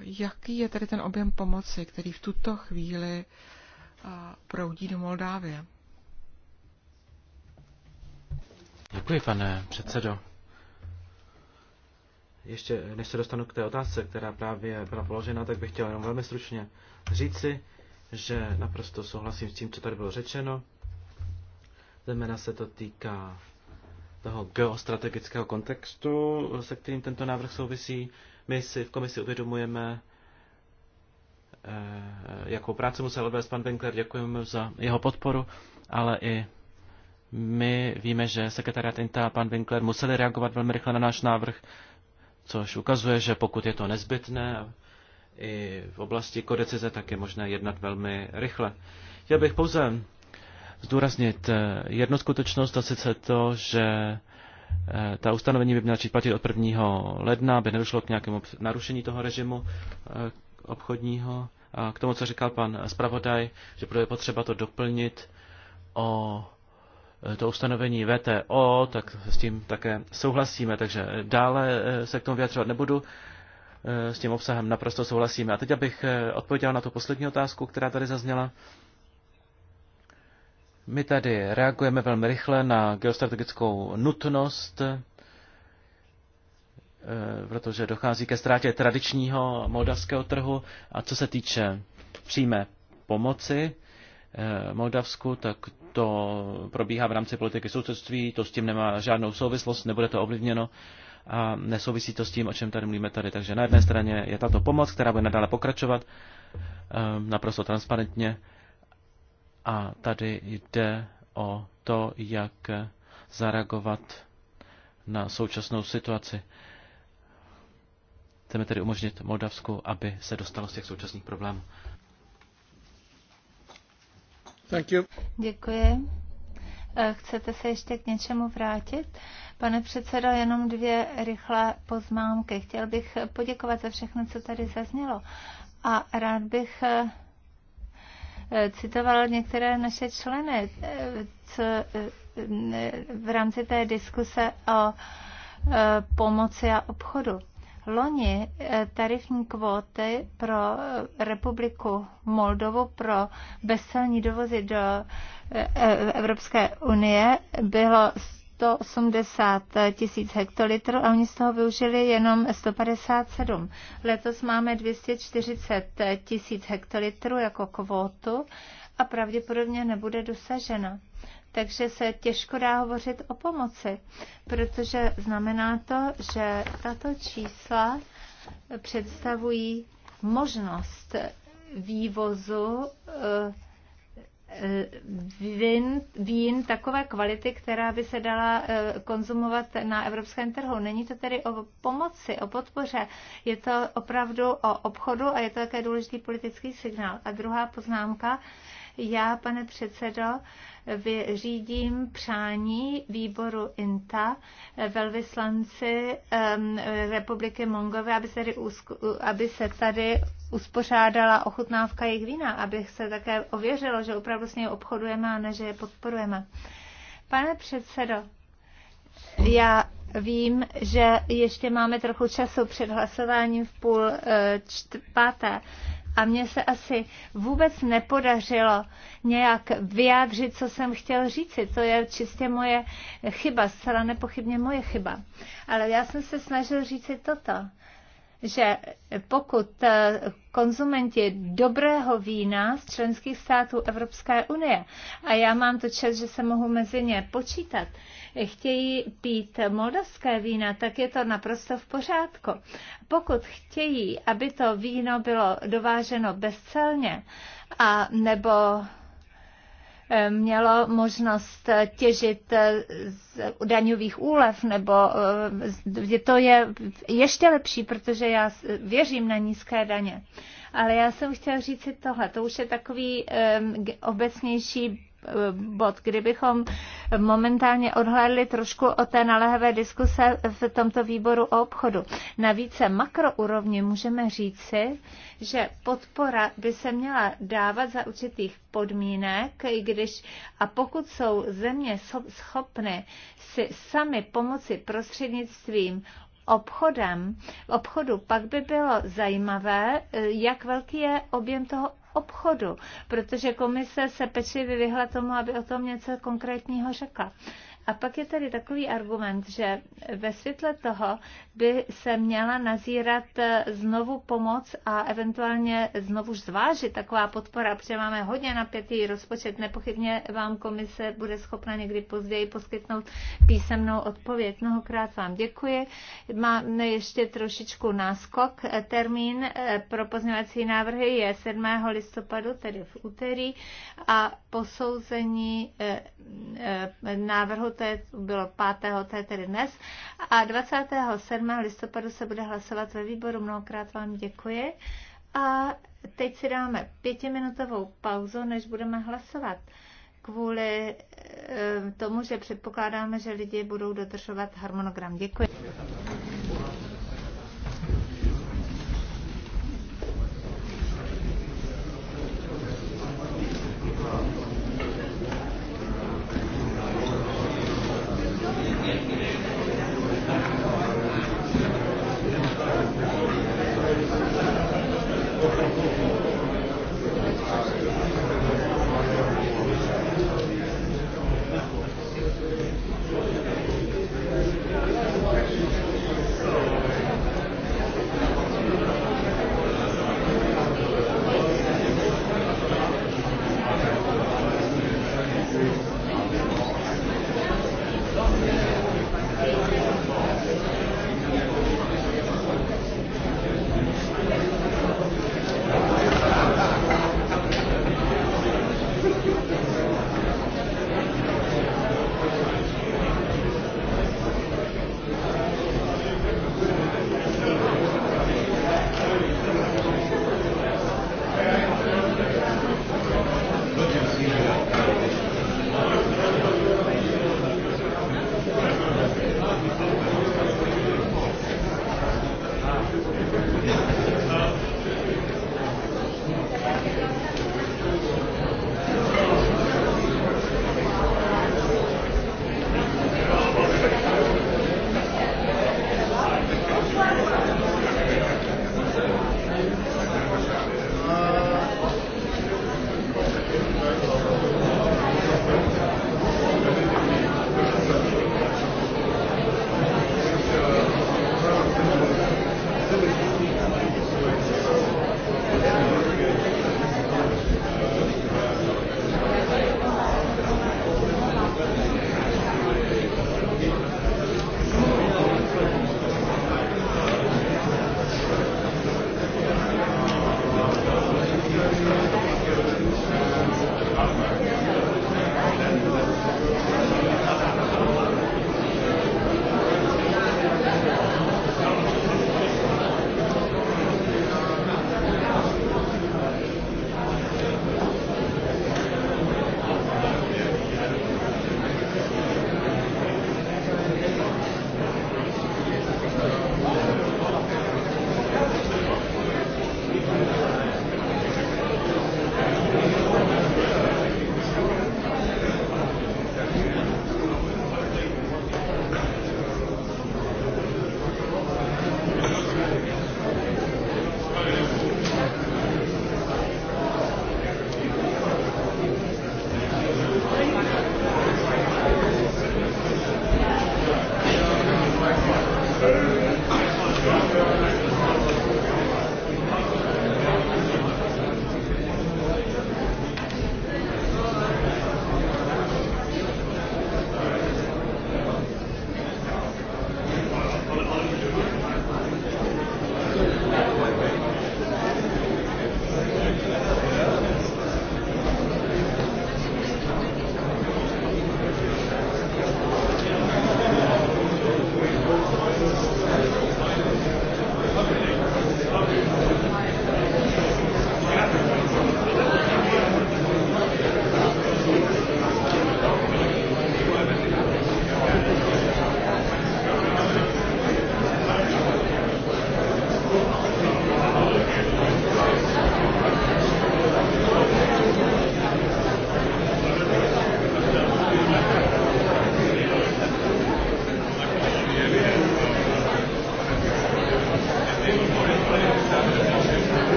jaký je tady ten objem pomoci, který v tuto chvíli eh, proudí do Moldávie. Děkuji, pane předsedo ještě než se dostanu k té otázce, která právě byla položena, tak bych chtěl jenom velmi stručně říci, že naprosto souhlasím s tím, co tady bylo řečeno. Zejména se to týká toho geostrategického kontextu, se kterým tento návrh souvisí. My si v komisi uvědomujeme, eh, jakou práci musel odvést pan Winkler, děkujeme za jeho podporu, ale i my víme, že sekretariat INTA a pan Winkler museli reagovat velmi rychle na náš návrh, což ukazuje, že pokud je to nezbytné i v oblasti kodecize, tak je možné jednat velmi rychle. Chtěl bych pouze zdůraznit eh, jednu skutečnost, a sice to, že eh, ta ustanovení by měla platit od 1. ledna, aby nedošlo k nějakému narušení toho režimu eh, obchodního. A k tomu, co říkal pan zpravodaj, že bude potřeba to doplnit o Eh, to ustanovení VTO, tak s tím také souhlasíme, takže dále eh, se k tomu vyjadřovat nebudu. Eh, s tím obsahem naprosto souhlasíme. A teď, abych odpověděl na tu poslední otázku, která tady zazněla. My tady reagujeme velmi rychle na geostrategickou nutnost, protože dochází ke ztrátě tradičního moldavského trhu. A co se týče přímé pomoci Moldavsku, tak to probíhá v rámci politiky sousedství, to s tím nemá žádnou souvislost, nebude to ovlivněno a nesouvisí to s tím, o čem tady mluvíme tady. Takže na jedné straně je tato pomoc, která bude nadále pokračovat eh, naprosto transparentně a tady jde o to, jak zareagovat na současnou situaci. Chceme tedy umožnit Moldavsku, aby se dostalo z těch současných problémů. Thank you. Děkuji. Eh, chcete se ještě k něčemu vrátit? Pane předsedo, jenom dvě rychlé poznámky. Chtěl bych poděkovat za všechno, co tady zaznělo. A rád bych eh, eh, citoval některé naše členy co, v rámci té diskuse o pomoci a obchodu. Loni eh, tarifní kvóty pro eh, republiku Moldovu pro bezcelní dovozy do eh, Evropské unie bylo 180 tisíc hektolitrů a oni z toho využili jenom 157. Letos máme 240 tisíc hektolitrů jako kvótu a pravděpodobně nebude dosažena takže se těžko dá hovořit o pomoci, protože znamená to, že tato čísla představují možnost vývozu eh, eh, vín, vín takové kvality, která by se dala eh, konzumovat na evropském trhu. Není to tedy o pomoci, o podpoře, je to opravdu o obchodu a je to také důležitý politický signál. A druhá poznámka, já, pane předsedo, vyřídím přání výboru INTA eh, velvyslanci Republiky Mongové, aby se, aby se tady uspořádala ochutnávka jejich vína, aby se také ověřilo, že opravdu s nimi obchodujeme a ne, že je podporujeme. Pane předsedo, já vím, že ještě máme trochu času před hlasováním v půl eh, čtvrté a mně se asi vůbec nepodařilo nějak vyjádřit, co jsem chtěl říci. To je čistě moje chyba, zcela nepochybně moje chyba. Ale já jsem se snažil říci toto, že pokud eh, konzumenti dobrého vína z členských států Evropské unie, a já mám to čest, že se mohu mezi ně počítat, chtějí pít moldavské vína, tak je to naprosto v pořádku. Pokud chtějí, aby to víno bylo dováženo bezcelně a nebo eh, mělo možnost těžit eh, z daňových úlev, nebo eh, to je ještě lepší, protože já věřím na nízké daně. Ale já jsem chtěla říct si tohle, to už je takový um, obecnější bod. Kdybychom momentálně odhlédli trošku o té naléhavé diskuse v tomto výboru o obchodu. Na více makroúrovni můžeme říci, že podpora by se měla dávat za určitých podmínek, i když a pokud jsou země schopny si sami pomoci prostřednictvím obchodem, obchodu, pak by bylo zajímavé, jak velký je objem toho obchodu, protože komise se pečlivě vyhla tomu, aby o tom něco konkrétního řekla. A pak je tady takový argument, že ve světle toho by se měla nazírat eh, znovu pomoc a eventuálně znovu zvážit taková podpora, protože máme hodně napětý rozpočet. Nepochybně vám komise bude schopna někdy později poskytnout písemnou odpověď. Mnohokrát vám děkuji. Máme ještě trošičku náskok. Eh, termín eh, pro pozměňovací návrhy je 7. listopadu, tedy v úterý, a posouzení návrhu to je, bylo 5. to je tedy dnes. A 27. listopadu se bude hlasovat ve výboru. Mnohokrát vám děkuji. A teď si dáme pětiminutovou pauzu, než budeme hlasovat. Kvůli eh, tomu, že předpokládáme, že lidi budou dodržovat harmonogram. Děkuji.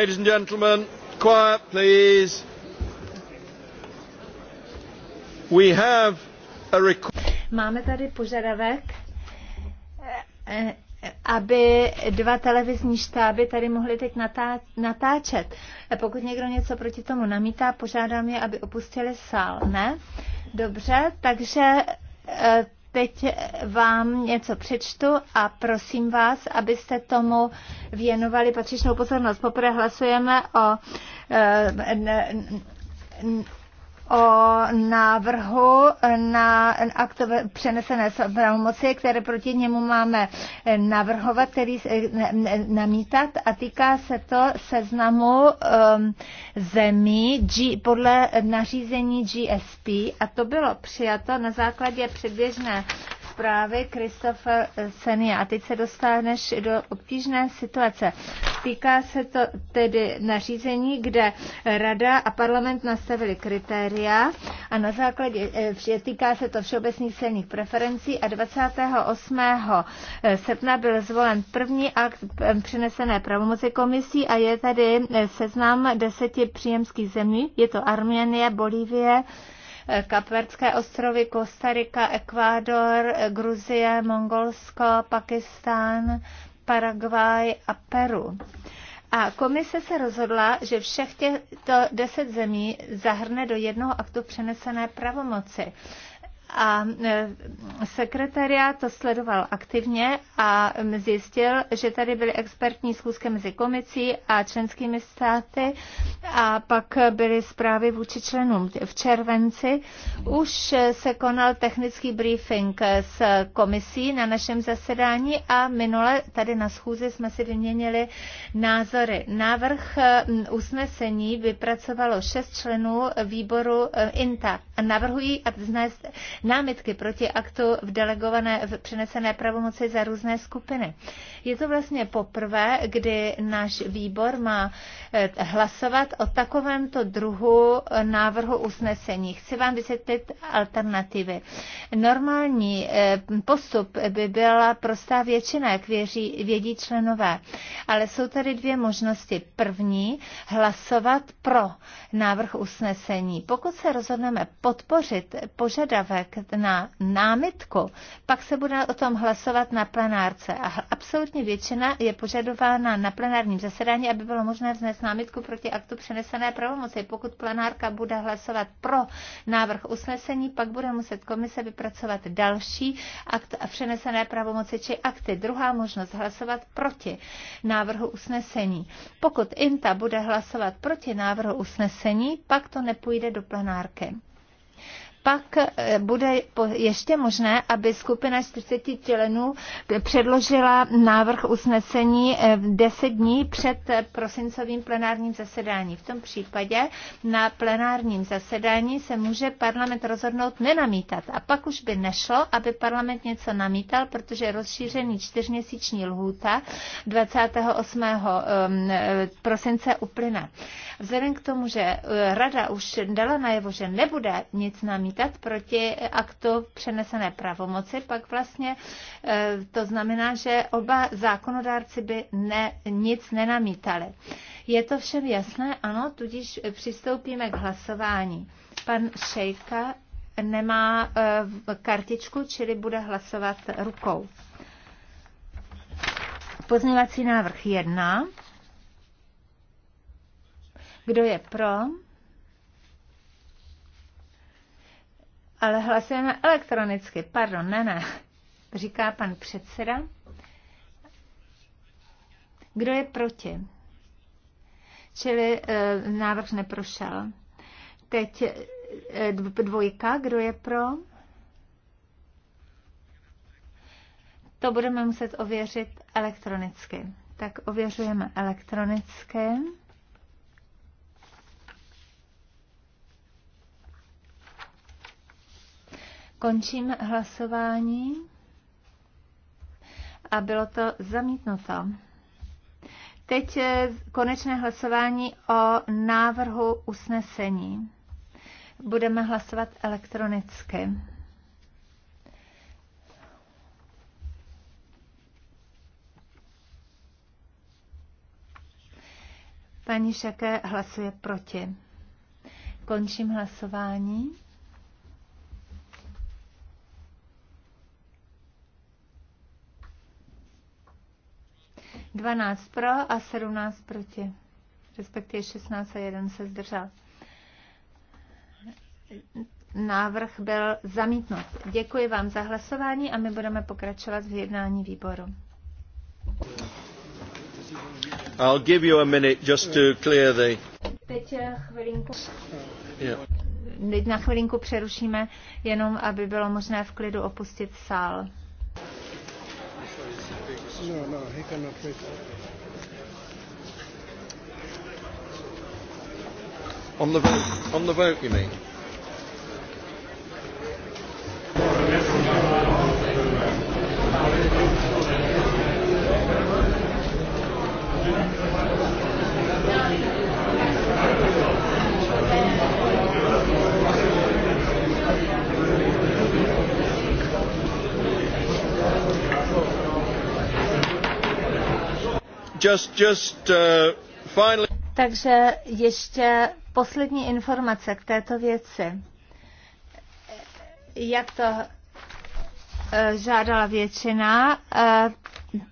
Ladies and gentlemen, quiet please. We have a Máme tady požadavek, eh, eh, aby dva televizní štáby tady mohly teď natá- natáčet. Eh, pokud někdo něco proti tomu namítá, požádám je, aby opustili sál, ne? Dobře, takže Teď vám něco přečtu a prosím vás, abyste tomu věnovali patřičnou pozornost. Poprvé hlasujeme o eh, o návrhu na aktové přenesené pravomoci, které proti němu máme navrhovat, který eh, namítat a týká se to seznamu um, zemí G, podle nařízení GSP a to bylo přijato na základě předběžné zprávy Kristofa Seny a teď se dostáneš do obtížné situace. Týká se to tedy nařízení, kde Rada a parlament nastavili kritéria a na základě, eh, týká se to všeobecných silných preferencí a 28. srpna byl zvolen první akt eh, přinesené pravomoci komisí a je tady eh, seznam deseti příjemských zemí. Je to Arménie, Bolívie, Kapverdské ostrovy, Kostarika, Ekvádor, Gruzie, Mongolsko, Pakistán, Paraguay a Peru. A komise se rozhodla, že všech těchto deset zemí zahrne do jednoho aktu přenesené pravomoci a e, sekretariát to sledoval aktivně a zjistil, že tady byly expertní schůzky mezi komicí a členskými státy a pak byly zprávy vůči členům. V červenci už se konal technický briefing s komisí na našem zasedání a minule tady na schůzi jsme si vyměnili názory. Návrh e, usnesení vypracovalo šest členů výboru e, INTA. a Navrhují a vznést námitky proti aktu v delegované, v přenesené pravomoci za různé skupiny. Je to vlastně poprvé, kdy náš výbor má eh, hlasovat o takovémto druhu eh, návrhu usnesení. Chci vám vysvětlit alternativy. Normální eh, postup by byla prostá většina, jak věří, vědí členové. Ale jsou tady dvě možnosti. První, hlasovat pro návrh usnesení. Pokud se rozhodneme podpořit požadavek na námitku, pak se bude o tom hlasovat na plenárce. A absolutní většina je požadována na plenárním zasedání, aby bylo možné vznést námitku proti aktu přenesené pravomoci. Pokud plenárka bude hlasovat pro návrh usnesení, pak bude muset komise vypracovat další akt a přenesené pravomoci či akty. Druhá možnost hlasovat proti návrhu usnesení. Pokud INTA bude hlasovat proti návrhu usnesení, pak to nepůjde do plenárky pak eh, bude ještě možné, aby skupina 40 členů předložila návrh usnesení 10 eh, dní před eh, prosincovým plenárním zasedání. V tom případě na plenárním zasedání se může parlament rozhodnout nenamítat. A pak už by nešlo, aby parlament něco namítal, protože rozšířený čtyřměsíční lhůta 28. Ehm, prosince uplyne. Vzhledem k tomu, že rada už dala najevo, že nebude nic namítat, namítat proti aktu přenesené pravomoci, pak vlastně e, to znamená, že oba zákonodárci by ne, nic nenamítali. Je to všem jasné? Ano, tudíž přistoupíme k hlasování. Pan Šejka nemá e, kartičku, čili bude hlasovat rukou. Pozměňovací návrh 1. Kdo je pro? Ale hlasujeme elektronicky. Pardon, ne, ne. Říká pan předseda. Kdo je proti? Čili e, návrh neprošel. Teď e, dvojka. Kdo je pro? To budeme muset ověřit elektronicky. Tak ověřujeme elektronicky. Končím hlasování a bylo to zamítnuto. Teď je eh, konečné hlasování o návrhu usnesení. Budeme hlasovat elektronicky. Paní Šaké hlasuje proti. Končím hlasování. 12 pro a 17 proti. Respektive 16 a 1 se zdržel. Návrh byl zamítnut. Děkuji vám za hlasování a my budeme pokračovat v jednání výboru. I'll give you a minute just to clear the... Teď eh, chvilinku. Yeah. na chvilinku přerušíme, jenom aby bylo možné v klidu opustit sál. No, no, he cannot wait. On the vote, on the vote, you mean? just, just, uh, finally... Takže ještě poslední informace k této věci. Jak to eh, žádala většina, eh,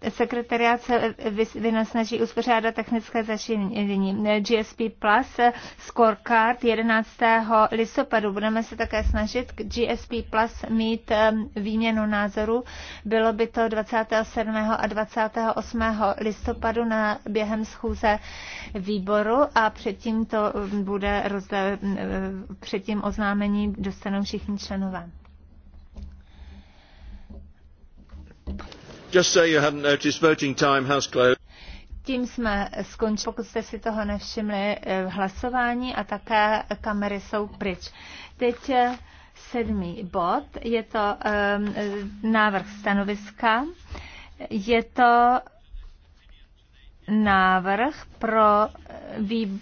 sekretariát se vynasnaží uspořádat technické zařízení GSP Plus eh, scorecard 11. listopadu. Budeme se také snažit k GSP Plus mít eh, výměnu názorů. Bylo by to 27. a 28. listopadu na během schůze výboru a předtím to mm, bude rozda- mm, eh, předtím oznámení dostanou všichni členové. Just so you noticed, voting time has closed. Tím jsme skončili, pokud jste si toho nevšimli, eh, hlasování a také kamery jsou pryč. Teď eh, sedmý bod, je to um, návrh stanoviska, je to návrh pro, vý,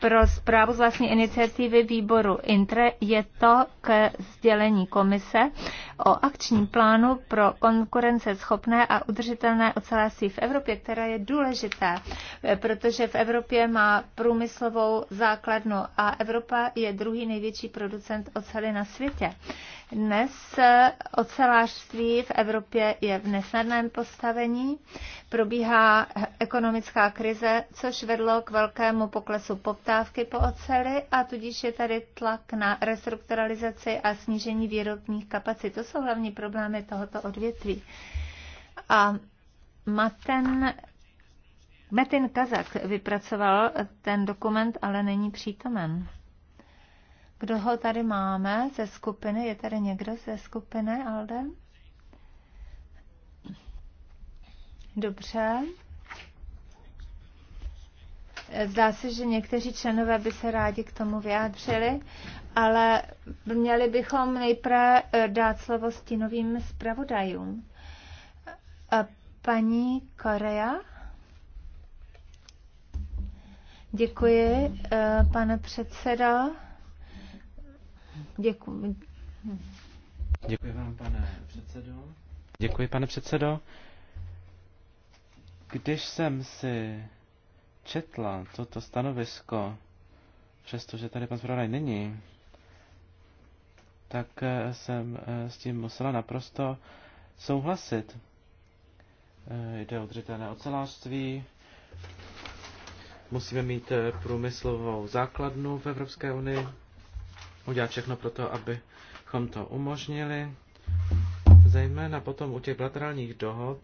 pro zprávu z vlastní iniciativy výboru INTRE, je to k sdělení komise o akčním plánu pro schopné a udržitelné ocelářství v Evropě, které je důležité, eh, protože v Evropě má průmyslovou základnu a Evropa je druhý největší producent oceli na světě. Dnes eh, ocelářství v Evropě je v nesnadném postavení, probíhá ekonomická krize, což vedlo k velkému poklesu poptávky po oceli a tudíž je tady tlak na restrukturalizaci a snížení výrobních kapacit. To jsou hlavní problémy tohoto odvětví. A Maten, Metin Kazak vypracoval ten dokument, ale není přítomen. Kdo ho tady máme ze skupiny? Je tady někdo ze skupiny, Alde? Dobře. Zdá se, že někteří členové by se rádi k tomu vyjádřili, ale měli bychom nejprve eh, dát slovo stínovým zpravodajům. Paní Korea? Děkuji, eh, pane předseda. Děkuji. Děkuji vám, pane předsedo. Děkuji, pane předsedo. Když jsem si četla toto stanovisko, přestože tady pan zpravodaj není, tak eh, jsem eh, s tím musela naprosto souhlasit. Eh, jde o dřevěné ocelářství, musíme mít průmyslovou základnu v Evropské unii, udělat všechno pro to, abychom to umožnili, zejména potom u těch bilaterálních dohod,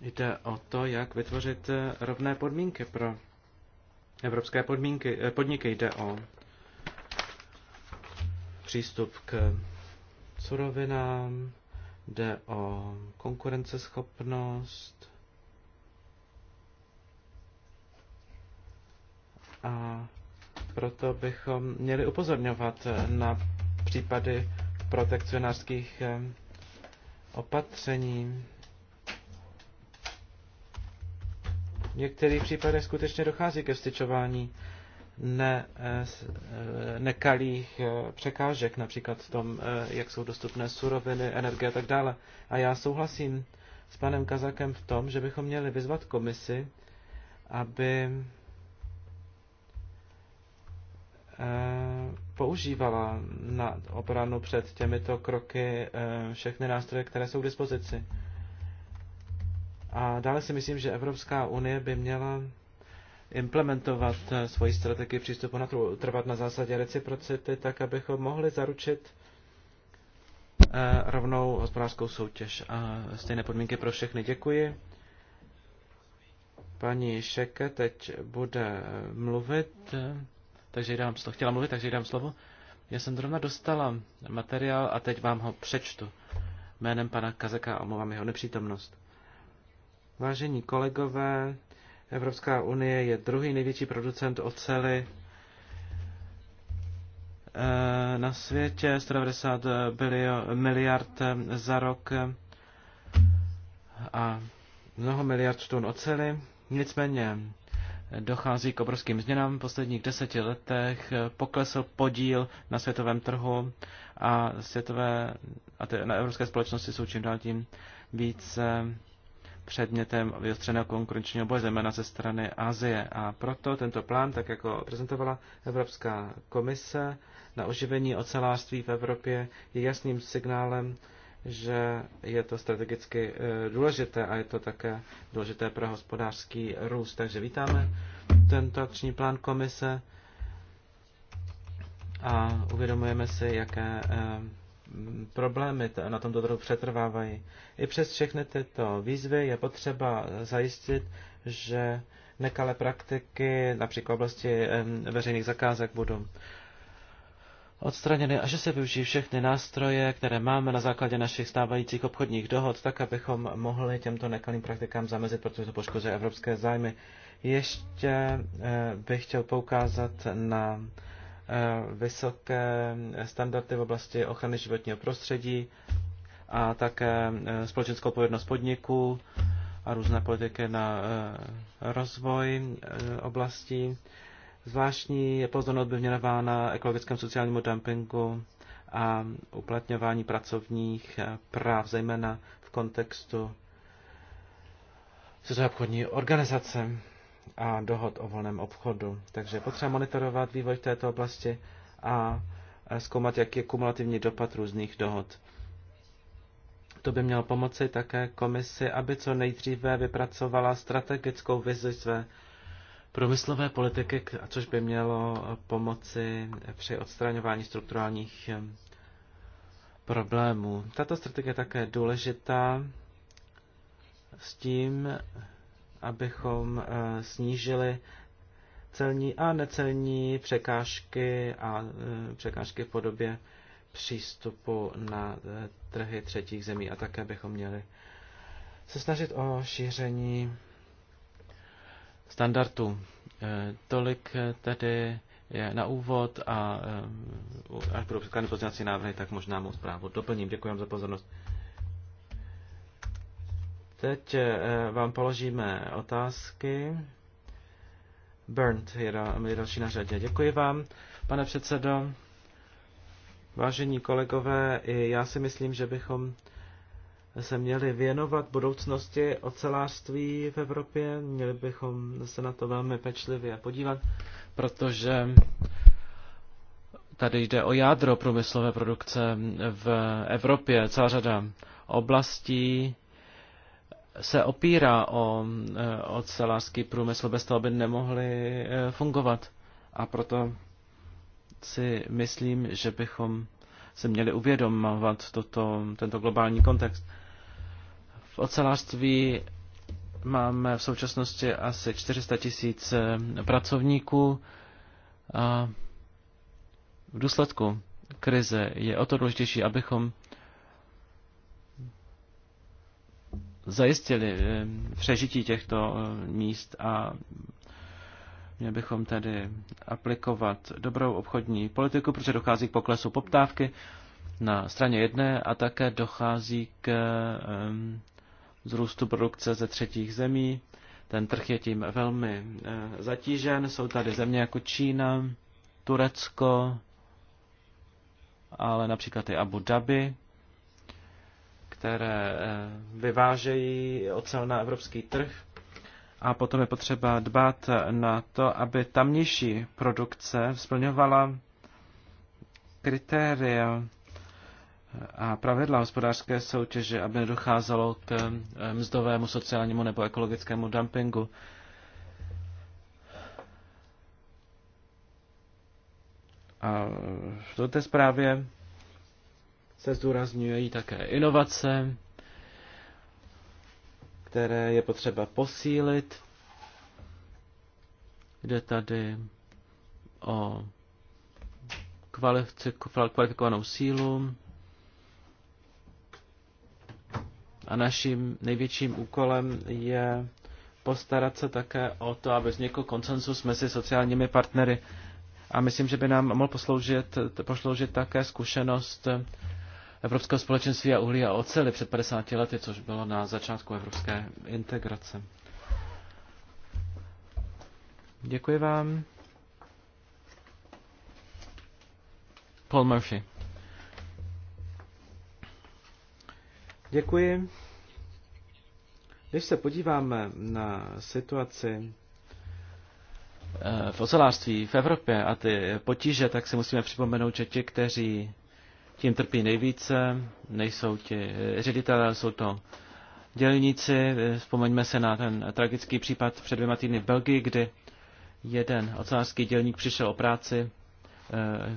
Jde o to, jak vytvořit eh, rovné podmínky pro evropské podmínky, eh, podniky. Jde o přístup k surovinám, jde o konkurenceschopnost a proto bychom měli upozorňovat eh, na případy protekcionářských opatření. v některých případech skutečně dochází ke vstyčování ne, eh, eh, nekalých eh, překážek, například v tom, jak jsou dostupné suroviny, energie a tak dále. A já souhlasím s panem Kazakem v tom, že bychom měli vyzvat komisi, aby používala na obranu před těmito kroky všechny nástroje, které jsou k dispozici. A dále si myslím, že Evropská unie by měla implementovat eh, svoji strategii přístupu na trhu, trvat na zásadě reciprocity, tak abychom mohli zaručit eh, rovnou hospodářskou soutěž a stejné podmínky pro všechny. Děkuji. Paní Šeke teď bude eh, mluvit, takže dám slovo. Chtěla mluvit, takže dám slovo. Já jsem zrovna dostala materiál a teď vám ho přečtu. Jménem pana Kazeka omlouvám jeho nepřítomnost. Vážení kolegové, Evropská unie je druhý největší producent ocely eh, na světě, 190 miliard za rok a mnoho miliard tun ocely. Nicméně dochází k obrovským změnám. V posledních deseti letech poklesl podíl na světovém trhu a světové a ty, na evropské společnosti jsou čím dál tím více předmětem vyostřeného konkurenčního boje, zejména ze strany Asie. A proto tento plán, tak jako prezentovala Evropská komise na oživení ocelářství v Evropě, je jasným signálem, že je to strategicky eh, důležité a je to také důležité pro hospodářský růst. Takže vítáme tento akční plán komise a uvědomujeme si, jaké eh, problémy na tomto trhu přetrvávají. I přes všechny tyto výzvy je potřeba zajistit, že nekalé praktiky, například v oblasti veřejných zakázek, budou odstraněny a že se využijí všechny nástroje, které máme na základě našich stávajících obchodních dohod, tak abychom mohli těmto nekalým praktikám zamezit, protože to poškozuje evropské zájmy. Ještě eh, bych chtěl poukázat na Eh, vysoké standardy v oblasti ochrany životního prostředí a také eh, společenskou odpovědnost podniků a různé politiky na eh, rozvoj oblastí. Zvláštní pozornost by na ekologickém sociálnímu dumpingu a uplatňování pracovních práv, zejména v kontextu se obchodní organizace a dohod o volném obchodu. Takže potřeba monitorovat vývoj v této oblasti a zkoumat, jaký je kumulativní dopad různých dohod. To by mělo pomoci také komisi, aby co nejdříve vypracovala strategickou vizi své průmyslové politiky, což by mělo pomoci při odstraňování strukturálních eh, problémů. Tato strategie je také důležitá s tím, abychom eh, snížili celní a necelní překážky a eh, překážky v podobě přístupu na eh, trhy třetích zemí a také bychom měli se snažit o šíření standardů. Tolik tedy je na úvod a až budou předkládat pozměňovací návrhy, tak možná mou zprávu doplním. Děkuji vám za pozornost. Teď eh, vám položíme otázky. Bernd je další na řadě. Děkuji vám, pane předsedo. Vážení kolegové, i já si myslím, že bychom se měli věnovat budoucnosti ocelářství v Evropě. Měli bychom se na to velmi pečlivě podívat, protože tady jde o jádro průmyslové produkce v Evropě. Celá řada oblastí se opírá eh, o ocelářský průmysl, bez toho by nemohli eh, fungovat. A proto si myslím, že bychom se měli uvědomovat toto, tento globální kontext. V ocelářství máme v současnosti asi 400 tisíc eh, pracovníků a v důsledku krize je o to důležitější, abychom zajistili eh, přežití těchto eh, míst a měli bychom tedy aplikovat dobrou obchodní politiku, protože dochází k poklesu poptávky na straně jedné a také dochází k eh, zrůstu produkce ze třetích zemí. Ten trh je tím velmi zatížen. Jsou tady země jako Čína, Turecko, ale například i Abu Dhabi, které eh, vyvážejí ocel na evropský trh. A potom je potřeba dbát na to, aby tamnější produkce splňovala kritéria a pravidla hospodářské soutěže, aby nedocházelo k eh, mzdovému, sociálnímu nebo ekologickému dumpingu. A v té zprávě se zdůrazňují také inovace, které je potřeba posílit. Jde tady o kvalifikovanou sílu. A naším největším úkolem je postarat se také o to, aby vznikl koncensus mezi sociálními partnery. A myslím, že by nám mohl posloužit, posloužit také zkušenost Evropského společenství a uhlí a oceli před 50 lety, což bylo na začátku evropské integrace. Děkuji vám. Paul Murphy. Děkuji. Když se podíváme na situaci eh, v ocelářství v Evropě a ty potíže, tak si musíme připomenout, že ti, kteří tím trpí nejvíce, nejsou ti eh, ředitelé, jsou to dělníci. Eh, Vzpomeňme se na ten tragický případ před dvěma týdny v Belgii, kdy jeden ocelářský dělník přišel o práci eh,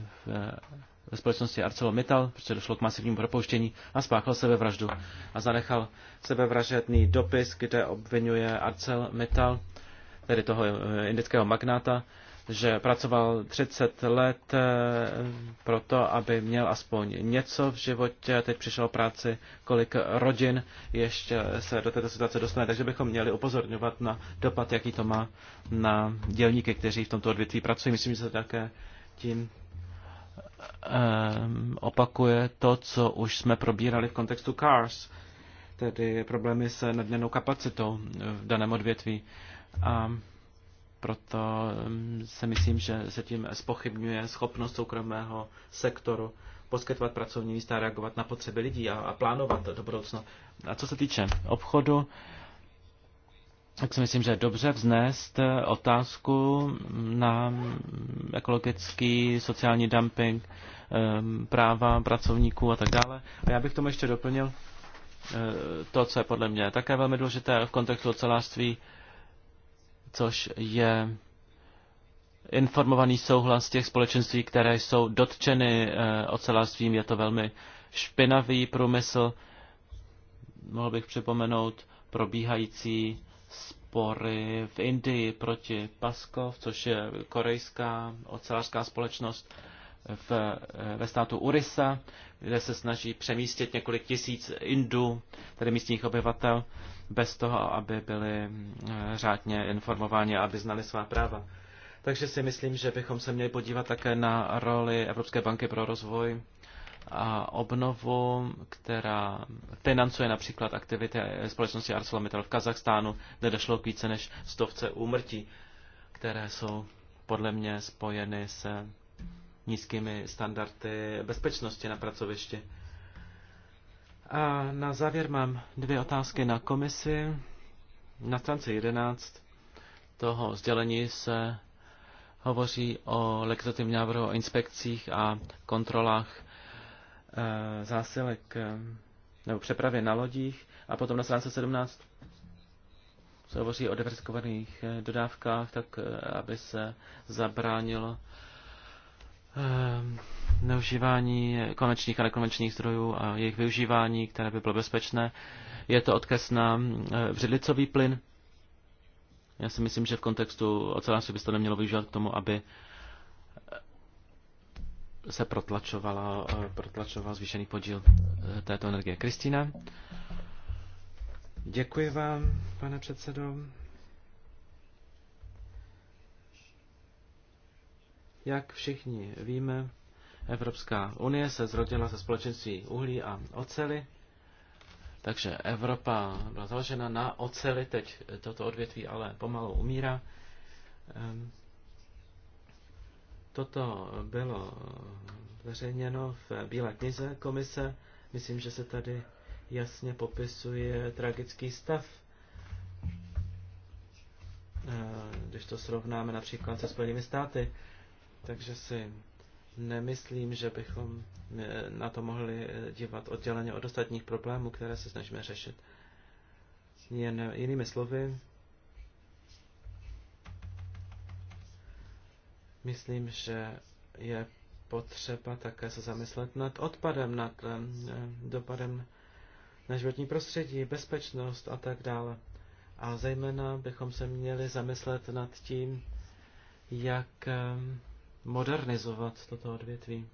ve společnosti ArcelorMittal, protože došlo k masivnímu propouštění a spáchal sebevraždu a zanechal sebevražedný dopis, kde obvinuje ArcelorMittal, tedy toho indického magnáta, že pracoval 30 let eh, pro to, aby měl aspoň něco v životě, teď přišel práci, kolik rodin ještě se do této situace dostane, takže bychom měli upozorňovat na dopad, jaký to má na dělníky, kteří v tomto odvětví pracují. Myslím, že se také tím ehm, opakuje to, co už jsme probírali v kontextu CARS, tedy problémy se nadměrnou kapacitou v daném odvětví. A proto se myslím, že se tím spochybňuje schopnost soukromého sektoru poskytovat pracovní místa, reagovat na potřeby lidí a, a plánovat do budoucna. A co se týče obchodu, tak si myslím, že je dobře vznést eh, otázku na mm, ekologický, sociální dumping, práva pracovníků a tak dále. A já bych tomu ještě doplnil eh, to, co je podle mě také velmi důležité v kontextu ocelářství, což je informovaný souhlas těch společenství, které jsou dotčeny eh, ocelářstvím. Je to velmi špinavý průmysl. Mohl bych připomenout probíhající spory v Indii proti Paskov, což je korejská ocelářská společnost v, ve státu Urisa, kde se snaží přemístit několik tisíc Indů, tedy místních obyvatel, bez toho, aby byli mm, řádně informováni a aby znali svá práva. Takže si myslím, že bychom se měli podívat také na roli Evropské banky pro rozvoj a obnovu, která financuje například aktivity společnosti ArcelorMittal v Kazachstánu, kde došlo k více než stovce úmrtí, které jsou podle mě spojeny se nízkými standardy bezpečnosti na pracovišti. A na závěr mám dvě otázky na komisi. Na stránce 11 toho sdělení se hovoří o legislativním návrhu o inspekcích a kontrolách e, zásilek e, nebo přepravě na lodích a potom na stránce 17 se hovoří o diversifikovaných eh, dodávkách, tak aby se zabránilo Ehm, neužívání konečných a nekonečných zdrojů a jejich využívání, které by bylo bezpečné. Je to odkaz na eh, břidlicový plyn. Já si myslím, že v kontextu ocelářství by se to nemělo využívat k tomu, aby eh, se protlačovala, eh, protlačoval zvýšený podíl této energie. Kristýna. Děkuji vám, pane předsedo. Jak všichni víme, Evropská unie se zrodila ze společenství uhlí a ocely, takže Evropa byla založena na oceli, teď toto odvětví ale pomalu umírá. Ehm, toto bylo zveřejněno v Bílé knize komise. Myslím, že se tady jasně popisuje tragický stav. Ehm, když to srovnáme například se Spojenými státy, takže si nemyslím, že bychom eh, na to mohli eh, dívat odděleně od ostatních problémů, které se snažíme řešit. Jen jinými slovy, myslím, že je potřeba také se zamyslet nad odpadem, nad eh, dopadem na životní prostředí, bezpečnost a tak dále. A zejména bychom se měli zamyslet nad tím, jak modernizovat toto odvětví.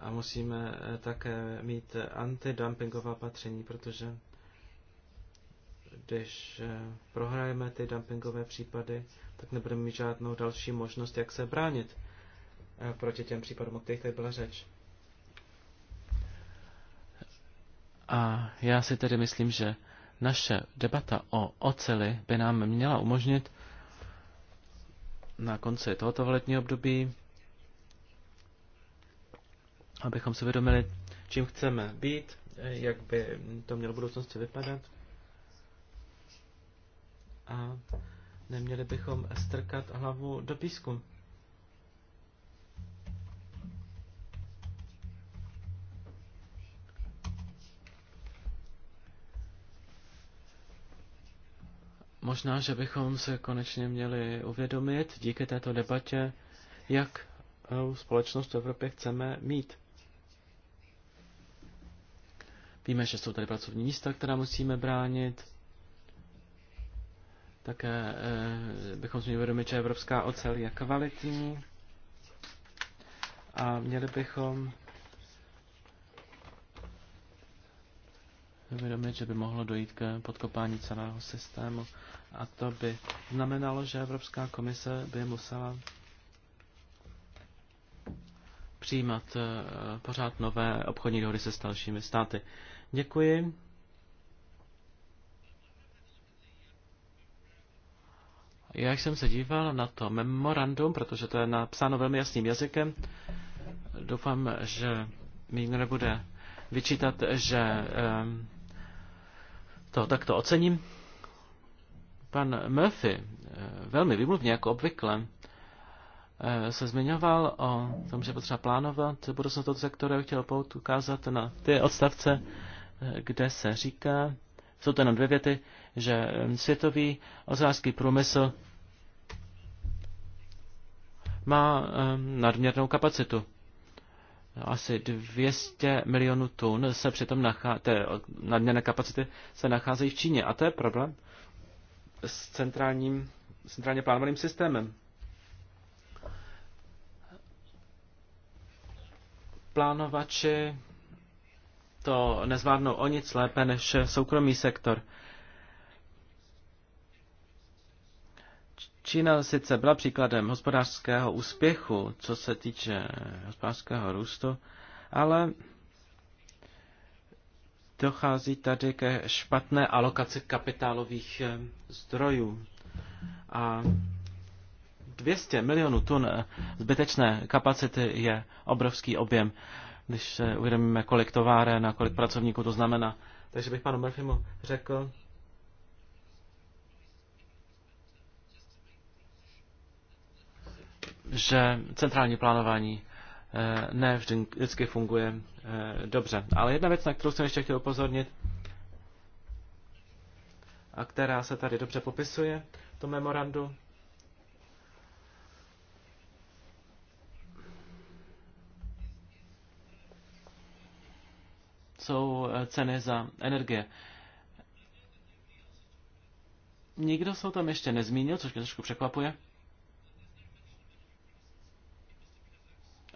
A musíme eh, také mít antidumpingová patření, protože když eh, prohrajeme ty dumpingové případy, tak nebudeme mít žádnou další možnost, jak se bránit eh, proti těm případům, o kterých tady byla řeč. A já si tedy myslím, že naše debata o oceli by nám měla umožnit na konci tohoto letního období, abychom se vědomili, čím chceme být, jak by to mělo v budoucnosti vypadat. A neměli bychom strkat hlavu do písku. Možná, že bychom se konečně měli uvědomit díky této debatě, jak eh, společnost v Evropě chceme mít. Víme, že jsou tady pracovní místa, která musíme bránit. Také eh, bychom si měli uvědomit, že evropská ocel je kvalitní. A měli bychom uvědomit, že by mohlo dojít k podkopání celého systému. A to by znamenalo, že Evropská komise by musela přijímat eh, pořád nové obchodní dohody se s státy. Děkuji. Já jsem se díval na to memorandum, protože to je napsáno velmi jasným jazykem. Doufám, že mi nebude vyčítat, že um, to takto ocením. Pan Murphy eh, velmi výmluvně, jako obvykle, eh, se zmiňoval o tom, že potřeba plánovat budoucnost toho sektoru. Chtěl ukázat na ty odstavce, eh, kde se říká, jsou to jenom dvě věty, že světový ozářský průmysl má nadměrnou kapacitu asi 200 milionů tun se přitom na té na kapacity se nacházejí v Číně. A to je problém s centrálním, centrálně plánovaným systémem. Plánovači to nezvládnou o nic lépe než soukromý sektor. Čína sice byla příkladem hospodářského úspěchu, co se týče hospodářského růstu, ale dochází tady ke špatné alokaci kapitálových eh, zdrojů. A 200 milionů tun eh, zbytečné kapacity je obrovský objem. Když se uvědomíme, kolik továren a kolik pracovníků to znamená. Takže bych panu Murphymu řekl, že centrální plánování eh, ne vždycky funguje eh, dobře. Ale jedna věc, na kterou jsem ještě chtěl upozornit, a která se tady dobře popisuje, to memorandu, jsou eh, ceny za energie. Nikdo se o tom ještě nezmínil, což mě trošku překvapuje.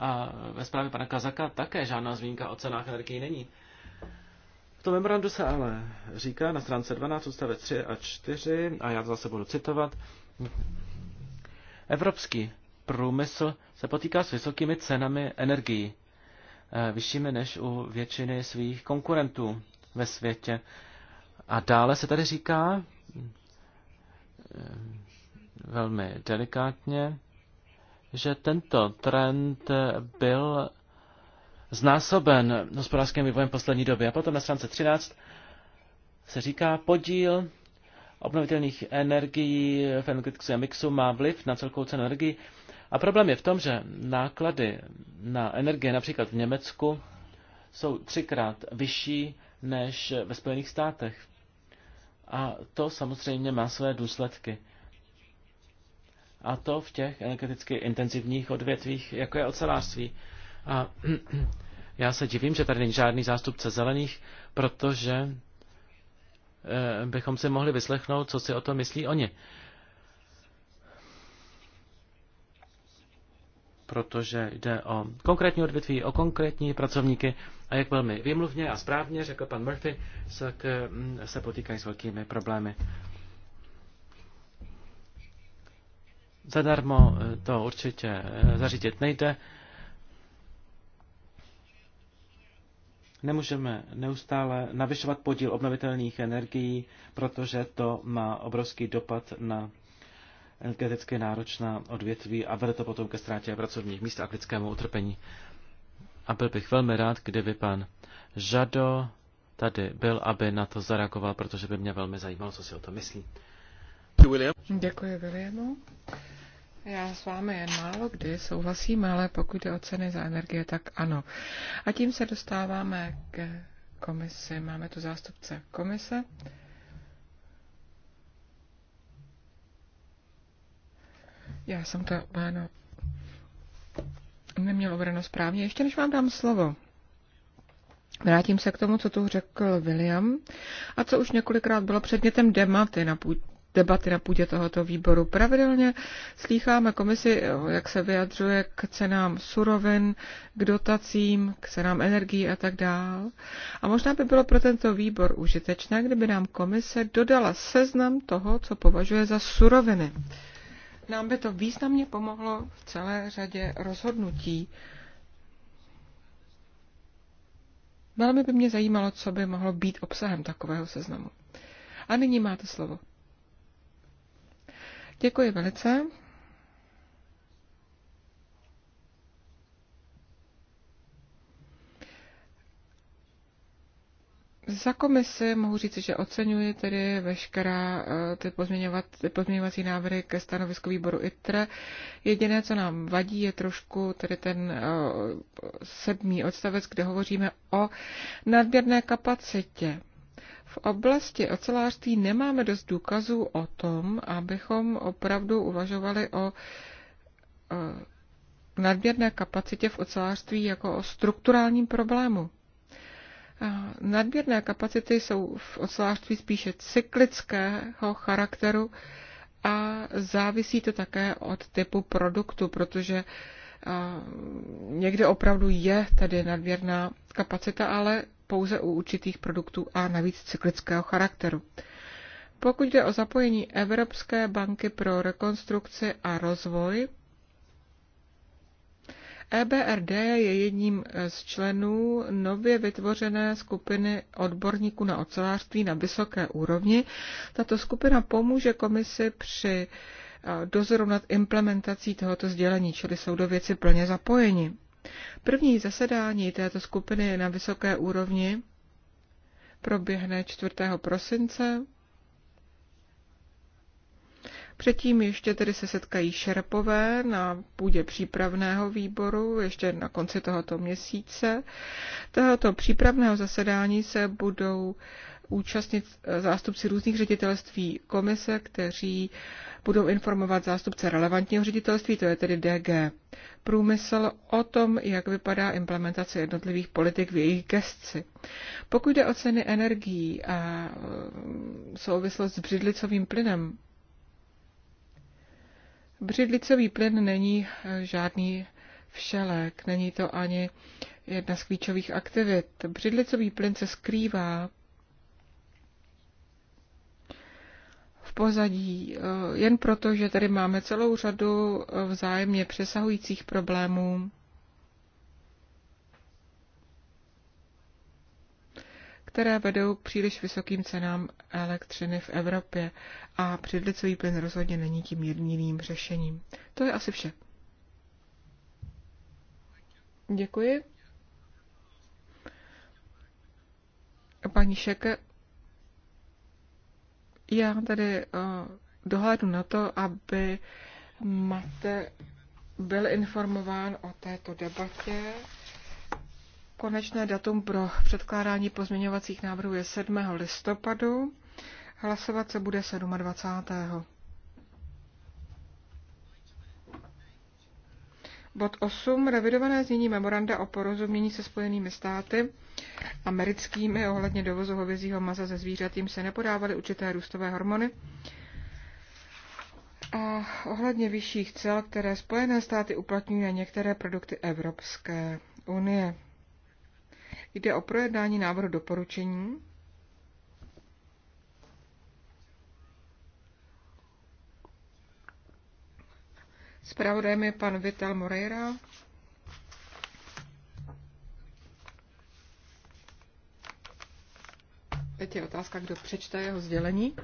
A ve zprávě pana Kazaka také žádná zmínka o cenách energii není. V tom memorandu se ale říká na stránce 12, ústave 3 a 4, a já to zase budu citovat, Evropský průmysl se potýká s vysokými cenami energií, eh, vyššími než u většiny svých konkurentů ve světě. A dále se tady říká eh, velmi delikátně, že tento trend byl znásoben hospodářským vývojem poslední doby. A potom na stránce 13 se říká podíl obnovitelných energií v energetickém mixu má vliv na celkovou cenu energii. A problém je v tom, že náklady na energie například v Německu jsou třikrát vyšší než ve Spojených státech. A to samozřejmě má své důsledky a to v těch energeticky intenzivních odvětvích, jako je ocelářství. A já se divím, že tady není žádný zástupce zelených, protože eh, bychom si mohli vyslechnout, co si o to myslí oni. Protože jde o konkrétní odvětví, o konkrétní pracovníky a jak velmi výmluvně a správně, řekl pan Murphy, tak mm, se potýkají s velkými problémy. Zadarmo e, to určitě e, zařídit nejde. Nemůžeme neustále navyšovat podíl obnovitelných energií, protože to má obrovský dopad na energeticky náročná odvětví a vede to potom ke ztrátě pracovních míst a k lidskému utrpení. A byl bych velmi rád, kdyby pan Žado tady byl, aby na to zareagoval, protože by mě velmi zajímalo, co si o to myslí. William. Děkuji, Williamu. Já s vámi jen málo kdy souhlasím, ale pokud je o ceny za energie, tak ano. A tím se dostáváme k komisi. Máme tu zástupce komise. Já jsem to jméno neměl uvedeno správně. Ještě než vám dám slovo, vrátím se k tomu, co tu řekl William a co už několikrát bylo předmětem debaty na debaty na půdě tohoto výboru. Pravidelně slýcháme komisi, jak se vyjadřuje k cenám surovin, k dotacím, k cenám energii a tak dál. A možná by bylo pro tento výbor užitečné, kdyby nám komise dodala seznam toho, co považuje za suroviny. Nám by to významně pomohlo v celé řadě rozhodnutí. Velmi by mě zajímalo, co by mohlo být obsahem takového seznamu. A nyní máte slovo. Děkuji velice. Za komisi mohu říct, že oceňuji tedy veškerá eh, ty, pozměňovat, ty pozměňovací návrhy ke stanovisku výboru ITRE. Jediné, co nám vadí, je trošku tedy ten eh, sedmý odstavec, kde hovoříme o nadměrné kapacitě. V oblasti ocelářství nemáme dost důkazů o tom, abychom opravdu uvažovali o nadměrné kapacitě v ocelářství jako o strukturálním problému. Nadměrné kapacity jsou v ocelářství spíše cyklického charakteru a závisí to také od typu produktu, protože někde opravdu je tady nadměrná kapacita, ale pouze u určitých produktů a navíc cyklického charakteru. Pokud jde o zapojení Evropské banky pro rekonstrukci a rozvoj, EBRD je jedním z členů nově vytvořené skupiny odborníků na ocelářství na vysoké úrovni. Tato skupina pomůže komisi při eh, dozoru nad implementací tohoto sdělení, čili jsou do věci plně zapojeni. První zasedání této skupiny na vysoké úrovni proběhne 4. prosince. Předtím ještě tedy se setkají šerpové na půdě přípravného výboru, ještě na konci tohoto měsíce. Tohoto přípravného zasedání se budou uh, účastnit eh, zástupci různých ředitelství komise, kteří budou informovat zástupce relevantního ředitelství, to je tedy DG Průmysl, o tom, jak vypadá implementace jednotlivých politik v jejich gestci. Pokud jde o ceny energií a eh, souvislost s břidlicovým plynem, břidlicový plyn není eh, žádný všelek, není to ani jedna z klíčových aktivit. Břidlicový plyn se skrývá v pozadí, eh, jen proto, že tady máme celou řadu eh, vzájemně přesahujících problémů, které vedou k příliš vysokým cenám elektřiny v Evropě a předlicový plyn rozhodně není tím jediným řešením. To je asi vše. Děkuji. Paní Šeke, já uh, dohlédnu na to, aby Mate byl informován o této debatě. Konečné datum pro předkládání pozměňovacích návrhů je 7. listopadu. Hlasovat se bude 27. Bod 8. Revidované znění memoranda o porozumění se Spojenými státy americkými ohledně dovozu hovězího masa ze zvířat, jim se nepodávaly určité růstové hormony. A ohledně vyšších cel, které Spojené státy uplatňují na některé produkty Evropské unie. Jde o projednání návrhu doporučení. Spravodajem je pan Vital Moreira. Teď je otázka, kdo přečte jeho sdělení.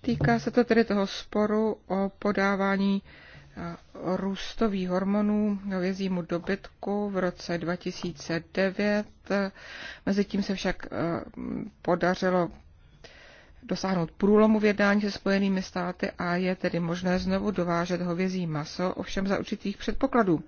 Týká se to tedy toho sporu o podávání eh, růstových hormonů vězímu dobytku v roce 2009. Mezitím se však eh, podařilo dosáhnout průlomu v jednání se Spojenými státy a je tedy možné znovu dovážet hovězí maso, ovšem za určitých předpokladů.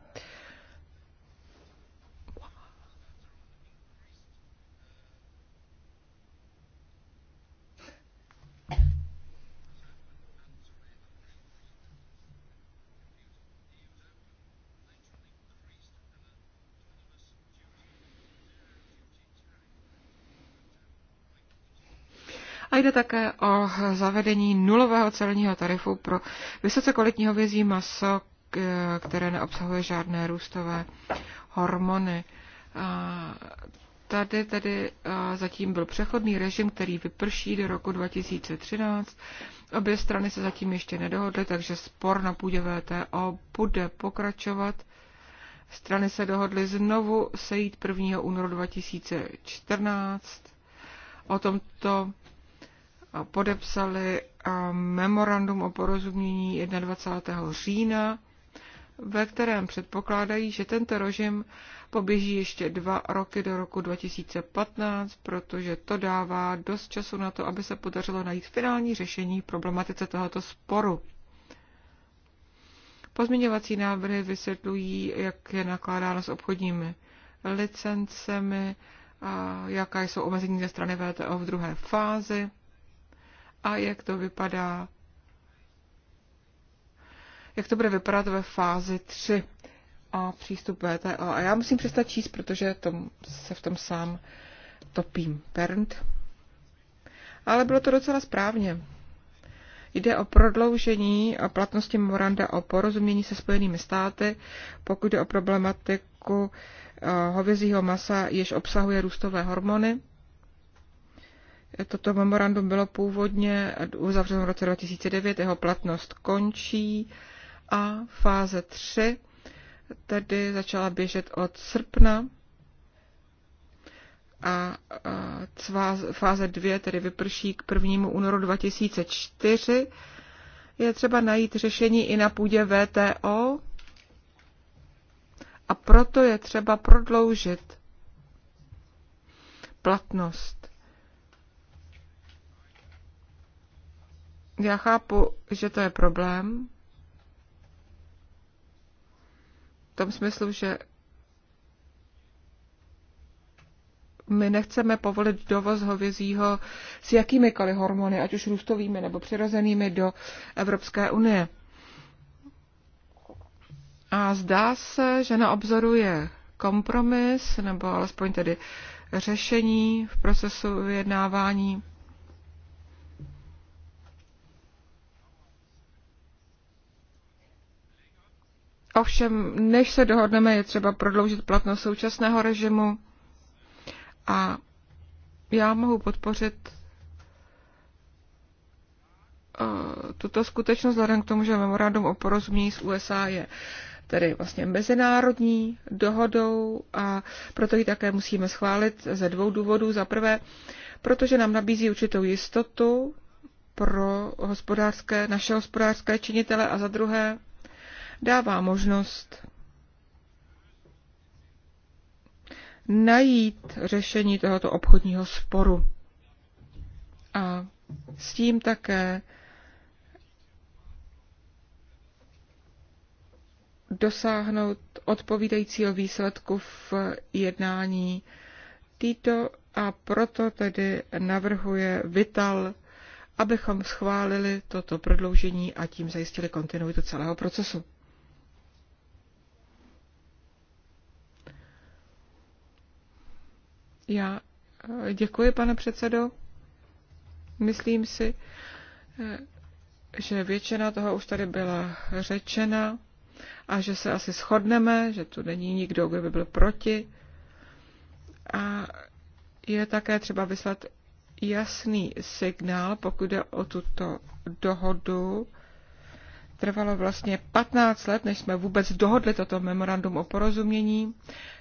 a jde také o zavedení nulového celního tarifu pro vysoce kvalitní hovězí maso, které neobsahuje žádné růstové hormony. Tady tedy zatím byl přechodný režim, který vyprší do roku 2013. Obě strany se zatím ještě nedohodly, takže spor na půdě VTO bude pokračovat. Strany se dohodly znovu sejít 1. února 2014. O tomto podepsali memorandum o porozumění 21. října, ve kterém předpokládají, že tento režim poběží ještě dva roky do roku 2015, protože to dává dost času na to, aby se podařilo najít finální řešení problematice tohoto sporu. Pozměňovací návrhy vysvětlují, jak je nakládáno s obchodními licencemi, a jaká jsou omezení ze strany VTO v druhé fázi a jak to vypadá, jak to bude vypadat ve fázi 3 a přístup VTO. A já musím přestat číst, protože tom, se v tom sám topím. Pernd. Ale bylo to docela správně. Jde o prodloužení a platnosti memoranda o porozumění se Spojenými státy, pokud jde o problematiku eh, hovězího masa, jež obsahuje růstové hormony. Toto memorandum bylo původně uzavřeno v roce 2009, jeho platnost končí a fáze 3 tedy začala běžet od srpna a fáze 2 tedy vyprší k 1. únoru 2004. Je třeba najít řešení i na půdě VTO a proto je třeba prodloužit platnost Já chápu, že to je problém. V tom smyslu, že my nechceme povolit dovoz hovězího s jakýmikoliv hormony, ať už růstovými nebo přirozenými, do Evropské unie. A zdá se, že na obzoru je kompromis, nebo alespoň tedy řešení v procesu vyjednávání. Ovšem, než se dohodneme, je třeba prodloužit platnost současného režimu a já mohu podpořit eh, tuto skutečnost vzhledem k tomu, že memorandum o porozumění s USA je tedy vlastně mezinárodní dohodou a proto ji také musíme schválit ze dvou důvodů. Za prvé, protože nám nabízí určitou jistotu pro hospodářské, naše hospodářské činitele a za druhé, dává možnost najít řešení tohoto obchodního sporu. A s tím také dosáhnout odpovídajícího výsledku v jednání Tito a proto tedy navrhuje Vital, abychom schválili toto prodloužení a tím zajistili kontinuitu celého procesu. Já eh, děkuji, pane předsedo. Myslím si, eh, že většina toho už tady byla řečena a že se asi shodneme, že tu není nikdo, kdo by byl proti. A je také třeba vyslat jasný signál, pokud jde o tuto dohodu. Trvalo vlastně 15 let, než jsme vůbec dohodli toto memorandum o porozumění,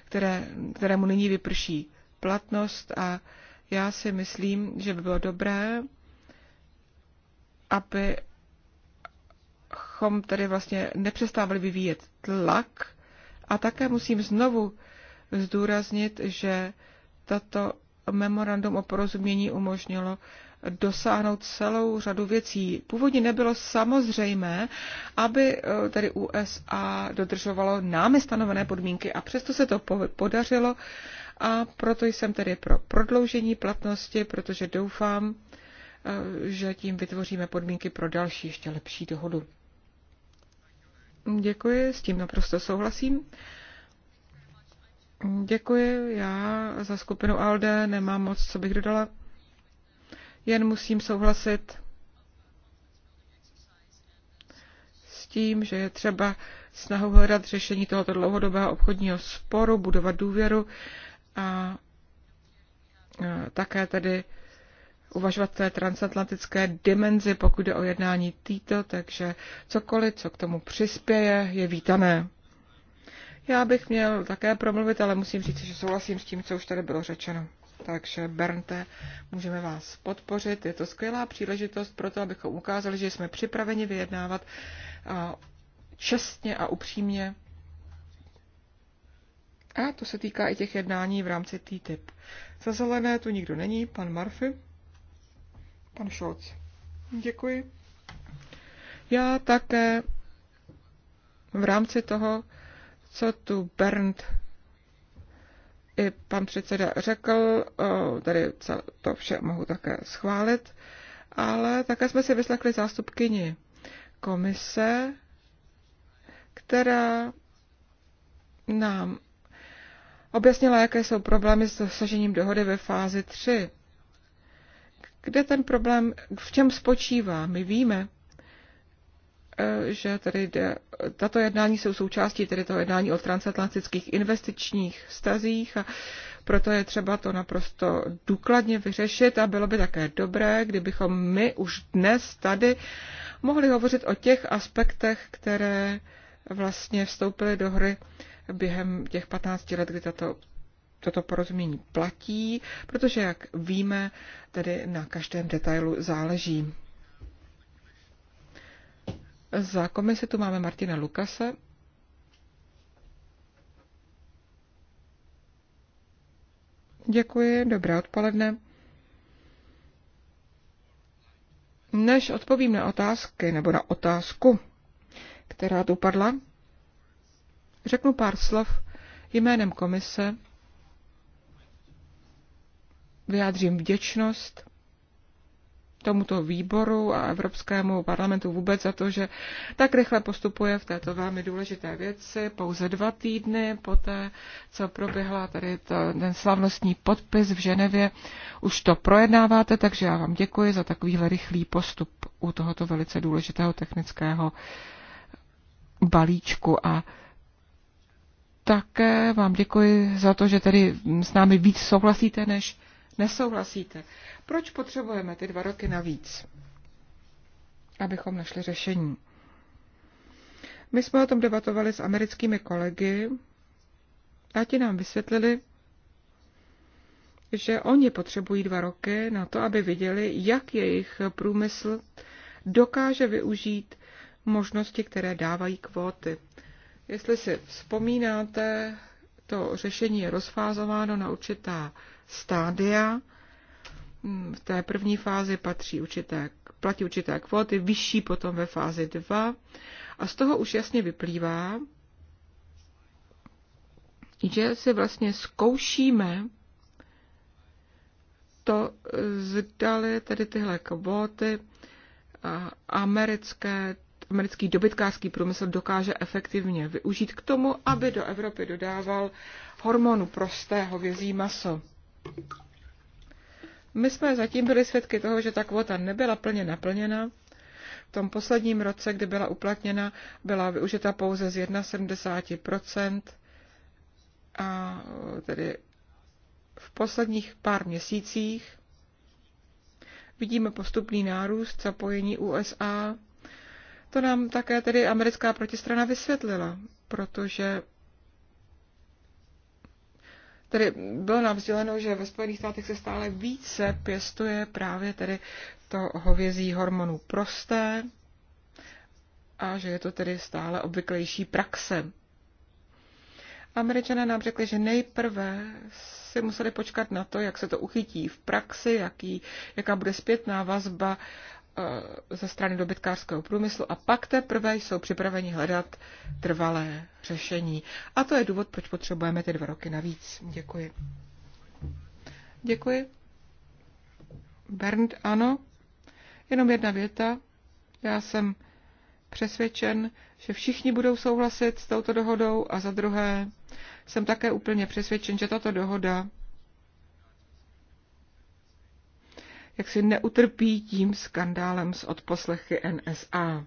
které, kterému nyní vyprší platnost a já si myslím, že by bylo dobré, abychom tady vlastně nepřestávali vyvíjet tlak a také musím znovu zdůraznit, že tato memorandum o porozumění umožnilo dosáhnout celou řadu věcí. Původně nebylo samozřejmé, aby eh, tady USA dodržovalo námi stanovené podmínky a přesto se to podařilo a proto jsem tedy pro prodloužení platnosti, protože doufám, eh, že tím vytvoříme podmínky pro další, ještě lepší dohodu. Děkuji, s tím naprosto souhlasím. Děkuji, já za skupinu ALDE nemám moc, co bych dodala. Jen musím souhlasit s tím, že je třeba snahou hledat řešení tohoto dlouhodobého obchodního sporu, budovat důvěru a také tedy uvažovat té transatlantické dimenzi, pokud jde o jednání týto, takže cokoliv, co k tomu přispěje, je vítané. Já bych měl také promluvit, ale musím říct, že souhlasím s tím, co už tady bylo řečeno. Takže Bernte, můžeme vás podpořit. Je to skvělá příležitost pro to, abychom ukázali, že jsme připraveni vyjednávat čestně a upřímně a to se týká i těch jednání v rámci TTIP. Za zelené tu nikdo není, pan Murphy, pan Scholz. Děkuji. Já také v rámci toho, co tu Bernd i pan předseda řekl, tady to vše mohu také schválit, ale také jsme si vyslechli zástupkyni komise, která nám objasnila, jaké jsou problémy s dosažením dohody ve fázi 3. Kde ten problém, v čem spočívá? My víme, eh, že tady jde, tato jednání jsou součástí tedy toho jednání o transatlantických investičních stazích a proto je třeba to naprosto důkladně vyřešit a bylo by také dobré, kdybychom my už dnes tady mohli hovořit o těch aspektech, které vlastně vstoupily do hry během těch 15 let, kdy tato toto porozumění platí, protože, jak víme, tedy na každém detailu záleží. Za komisi tu máme Martina Lukase. Děkuji, dobré odpoledne. Než odpovím na otázky, nebo na otázku, která tu padla, Řeknu pár slov jménem komise, vyjádřím vděčnost tomuto výboru a Evropskému parlamentu vůbec za to, že tak rychle postupuje v této velmi důležité věci. Pouze dva týdny poté, co proběhla tady to, ten slavnostní podpis v Ženevě, už to projednáváte, takže já vám děkuji za takovýhle rychlý postup u tohoto velice důležitého technického balíčku a také vám děkuji za to, že tedy s námi víc souhlasíte, než nesouhlasíte. Proč potřebujeme ty dva roky navíc, abychom našli řešení? My jsme o tom debatovali s americkými kolegy a ti nám vysvětlili, že oni potřebují dva roky na to, aby viděli, jak jejich průmysl dokáže využít možnosti, které dávají kvóty. Jestli si vzpomínáte, to řešení je rozfázováno na určitá stádia. Mm, v té první fázi patří určité, platí určité kvóty, vyšší potom ve fázi 2. A z toho už jasně vyplývá, že si vlastně zkoušíme to, zdali tedy tyhle kvóty americké americký dobytkářský průmysl dokáže efektivně využít k tomu, aby do Evropy dodával hormonu prostého vězí maso. My jsme zatím byli svědky toho, že ta kvota nebyla plně naplněna. V tom posledním roce, kdy byla uplatněna, byla využita pouze z 71%. A tedy v posledních pár měsících vidíme postupný nárůst zapojení USA to nám také tedy americká protistrana vysvětlila, protože tedy bylo nám vzděleno, že ve Spojených státech se stále více pěstuje právě tedy to hovězí hormonu prosté a že je to tedy stále obvyklejší praxe. Američané nám řekli, že nejprve si museli počkat na to, jak se to uchytí v praxi, jaký, jaká bude zpětná vazba Eh, ze strany dobytkářského průmyslu a pak teprve jsou připraveni hledat trvalé řešení. A to je důvod, proč potřebujeme ty dva roky navíc. Děkuji. Děkuji. Bernd, ano. Jenom jedna věta. Já jsem přesvědčen, že všichni budou souhlasit s touto dohodou a za druhé jsem také úplně přesvědčen, že tato dohoda jak si neutrpí tím skandálem s odposlechy NSA.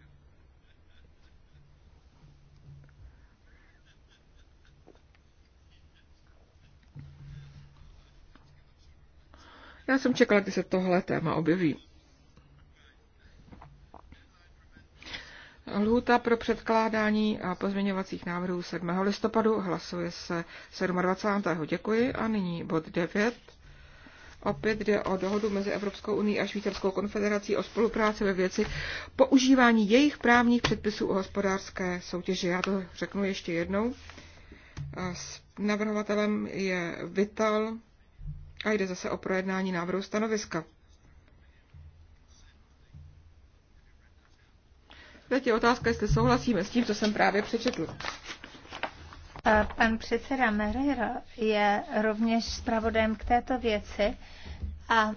Já jsem čekala, kdy se tohle téma objeví. Lhůta pro předkládání a pozměňovacích návrhů 7. listopadu hlasuje se 27. Děkuji a nyní bod 9. Opět jde o dohodu mezi Evropskou unii a Švýcarskou konfederací o spolupráci ve věci používání jejich právních předpisů o hospodářské soutěži. Já to řeknu ještě jednou. S navrhovatelem je Vital a jde zase o projednání návrhu stanoviska. Teď je otázka, jestli souhlasíme s tím, co jsem právě přečetl. Eh, pan předseda Merero je rovněž zpravodajem k této věci a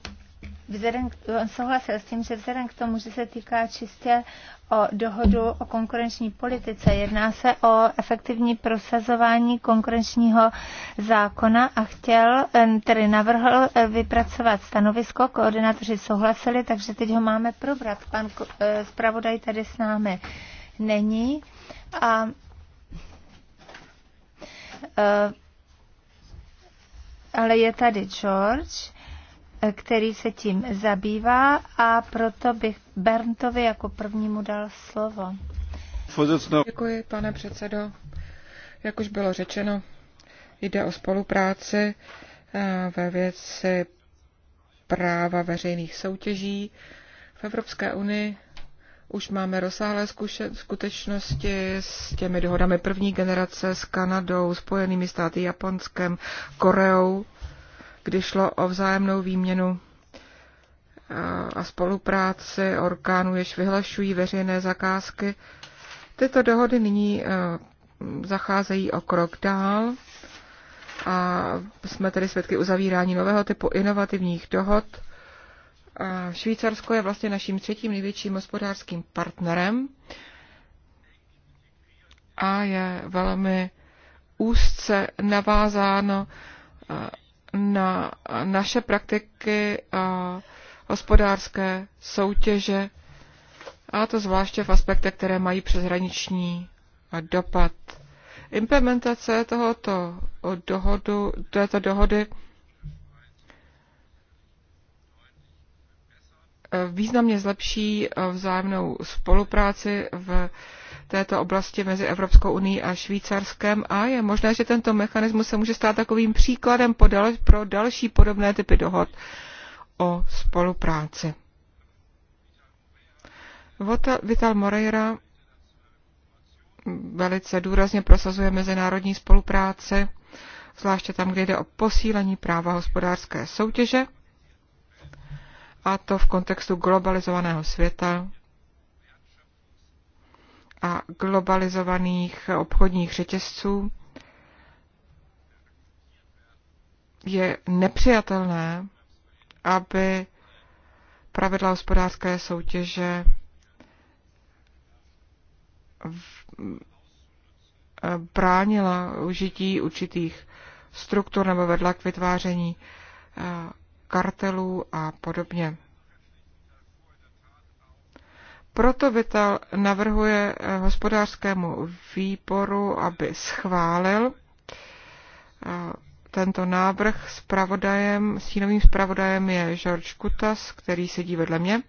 vzhledem, on souhlasil s tím, že vzhledem k tomu, že se týká čistě o dohodu o konkurenční politice. Jedná se o efektivní prosazování konkurenčního zákona a chtěl, tedy navrhl eh, vypracovat stanovisko, koordinátoři souhlasili, takže teď ho máme probrat. Pan eh, zpravodaj tady s námi není a Eh, ale je tady George, eh, který se tím zabývá a proto bych Berntovi jako prvnímu dal slovo. Děkuji, pane předsedo. Jak už bylo řečeno, jde o spolupráci eh, ve věci práva veřejných soutěží v Evropské unii už máme rozsáhlé skutečnosti s těmi dohodami první generace, s Kanadou, Spojenými státy, Japonskem, Koreou, kdy šlo o vzájemnou výměnu eh, a spolupráci orgánů, jež vyhlašují veřejné zakázky. Tyto dohody nyní eh, zacházejí o krok dál a jsme tedy svědky uzavírání nového typu inovativních dohod, Švýcarsko je vlastně naším třetím největším hospodářským partnerem a je velmi úzce navázáno eh, na naše praktiky eh, hospodářské soutěže, a to zvláště v aspektech, které mají přeshraniční dopad. Implementace tohoto dohodu, této dohody významně zlepší eh, vzájemnou spolupráci v této oblasti mezi Evropskou unii a Švýcarskem a je možné, že tento mechanismus se může stát takovým příkladem pro další podobné typy dohod o spolupráci. Vital Moreira velice důrazně prosazuje mezinárodní spolupráci, zvláště tam, kde jde o posílení práva hospodářské soutěže a to v kontextu globalizovaného světa a globalizovaných obchodních řetězců, je nepřijatelné, aby pravidla hospodářské soutěže bránila užití určitých struktur nebo vedla k vytváření eh, kartelů a podobně. Proto Vital navrhuje eh, hospodářskému výboru, aby schválil eh, tento návrh s pravodajem, sínovým zpravodajem je George Kutas, který sedí vedle mě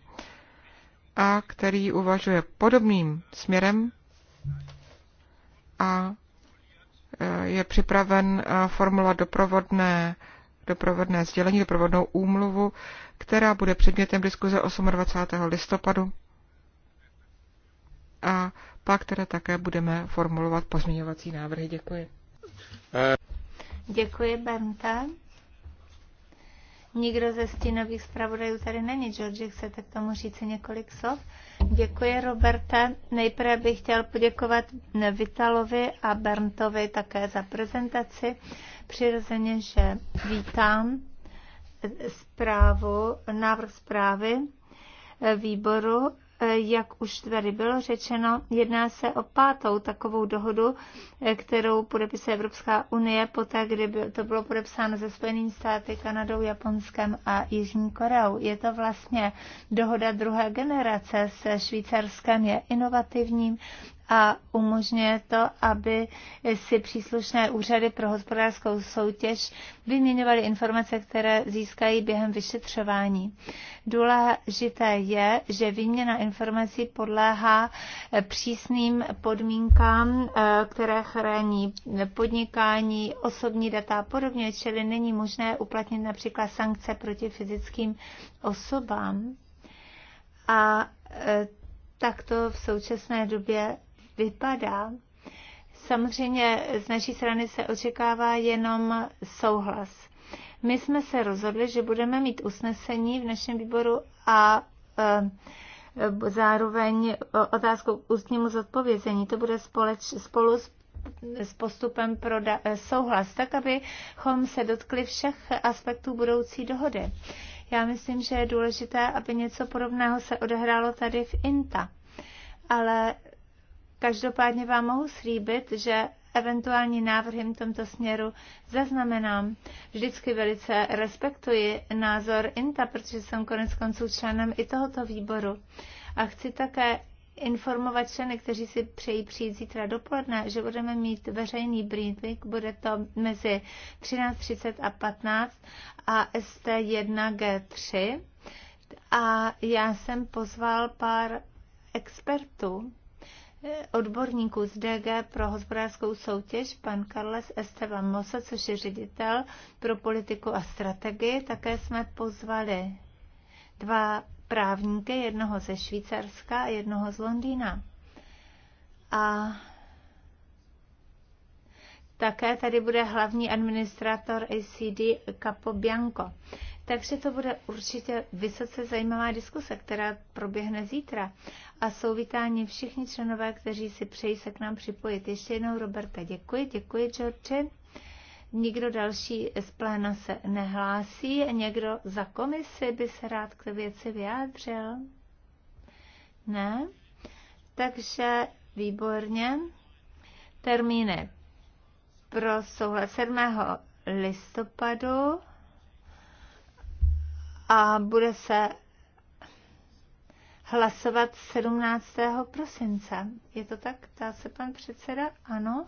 a který uvažuje podobným směrem a eh, je připraven formulovat doprovodné doprovodné sdělení, doprovodnou úmluvu, která bude předmětem diskuze 28. listopadu. A pak teda také budeme formulovat pozměňovací návrhy. Děkuji. Děkuji, Benta. Nikdo ze stínových zpravodajů tady není. George, chcete k tomu říct několik slov? Děkuji, Roberte. Nejprve bych chtěl poděkovat Vitalovi a Berntovi také za prezentaci. Přirozeně, že vítám zprávu, návrh zprávy výboru jak už tady bylo řečeno, jedná se o pátou takovou dohodu, eh, kterou podepise Evropská unie poté, kdy to bylo podepsáno se Spojenými státy, Kanadou, Japonskem a Jižní Koreou. Je to vlastně dohoda druhé generace se Švýcarskem, je inovativním a umožňuje to, aby si příslušné úřady pro hospodářskou soutěž vyměňovaly informace, které získají během vyšetřování. Důležité je, že výměna informací podléhá eh, přísným podmínkám, eh, které chrání podnikání, osobní data a podobně, čili není možné uplatnit například sankce proti fyzickým osobám. A eh, takto v současné době vypadá, samozřejmě z naší strany se očekává jenom souhlas. My jsme se rozhodli, že budeme mít usnesení v našem výboru a e, zároveň otázku k ústnímu zodpovězení. To bude společ, spolu s s postupem pro da- e, souhlas, tak abychom se dotkli všech aspektů budoucí dohody. Já myslím, že je důležité, aby něco podobného se odehrálo tady v INTA. Ale Každopádně vám mohu slíbit, že eventuální návrhy v tomto směru zaznamenám. Vždycky velice respektuji názor INTA, protože jsem konec konců členem i tohoto výboru. A chci také informovat členy, kteří si přejí přijít zítra dopoledne, že budeme mít veřejný briefing, bude to mezi 13.30 a 15 a ST1G3. A já jsem pozval pár expertů, odborníků z DG pro hospodářskou soutěž, pan Carles Esteban Mosa, což je ředitel pro politiku a strategii. Také jsme pozvali dva právníky, jednoho ze Švýcarska a jednoho z Londýna. A také tady bude hlavní administrátor ACD Capo Bianco. Takže to bude určitě vysoce zajímavá diskuse, která proběhne zítra. A jsou vítáni všichni členové, kteří si přejí se k nám připojit. Ještě jednou, Roberta, děkuji, děkuji, George. Nikdo další z pléna se nehlásí. Někdo za komisi by se rád k věci vyjádřil? Ne? Takže výborně. Termíny pro souhlas 7. listopadu a bude se hlasovat 17. prosince. Je to tak? Ptá se pan předseda? Ano.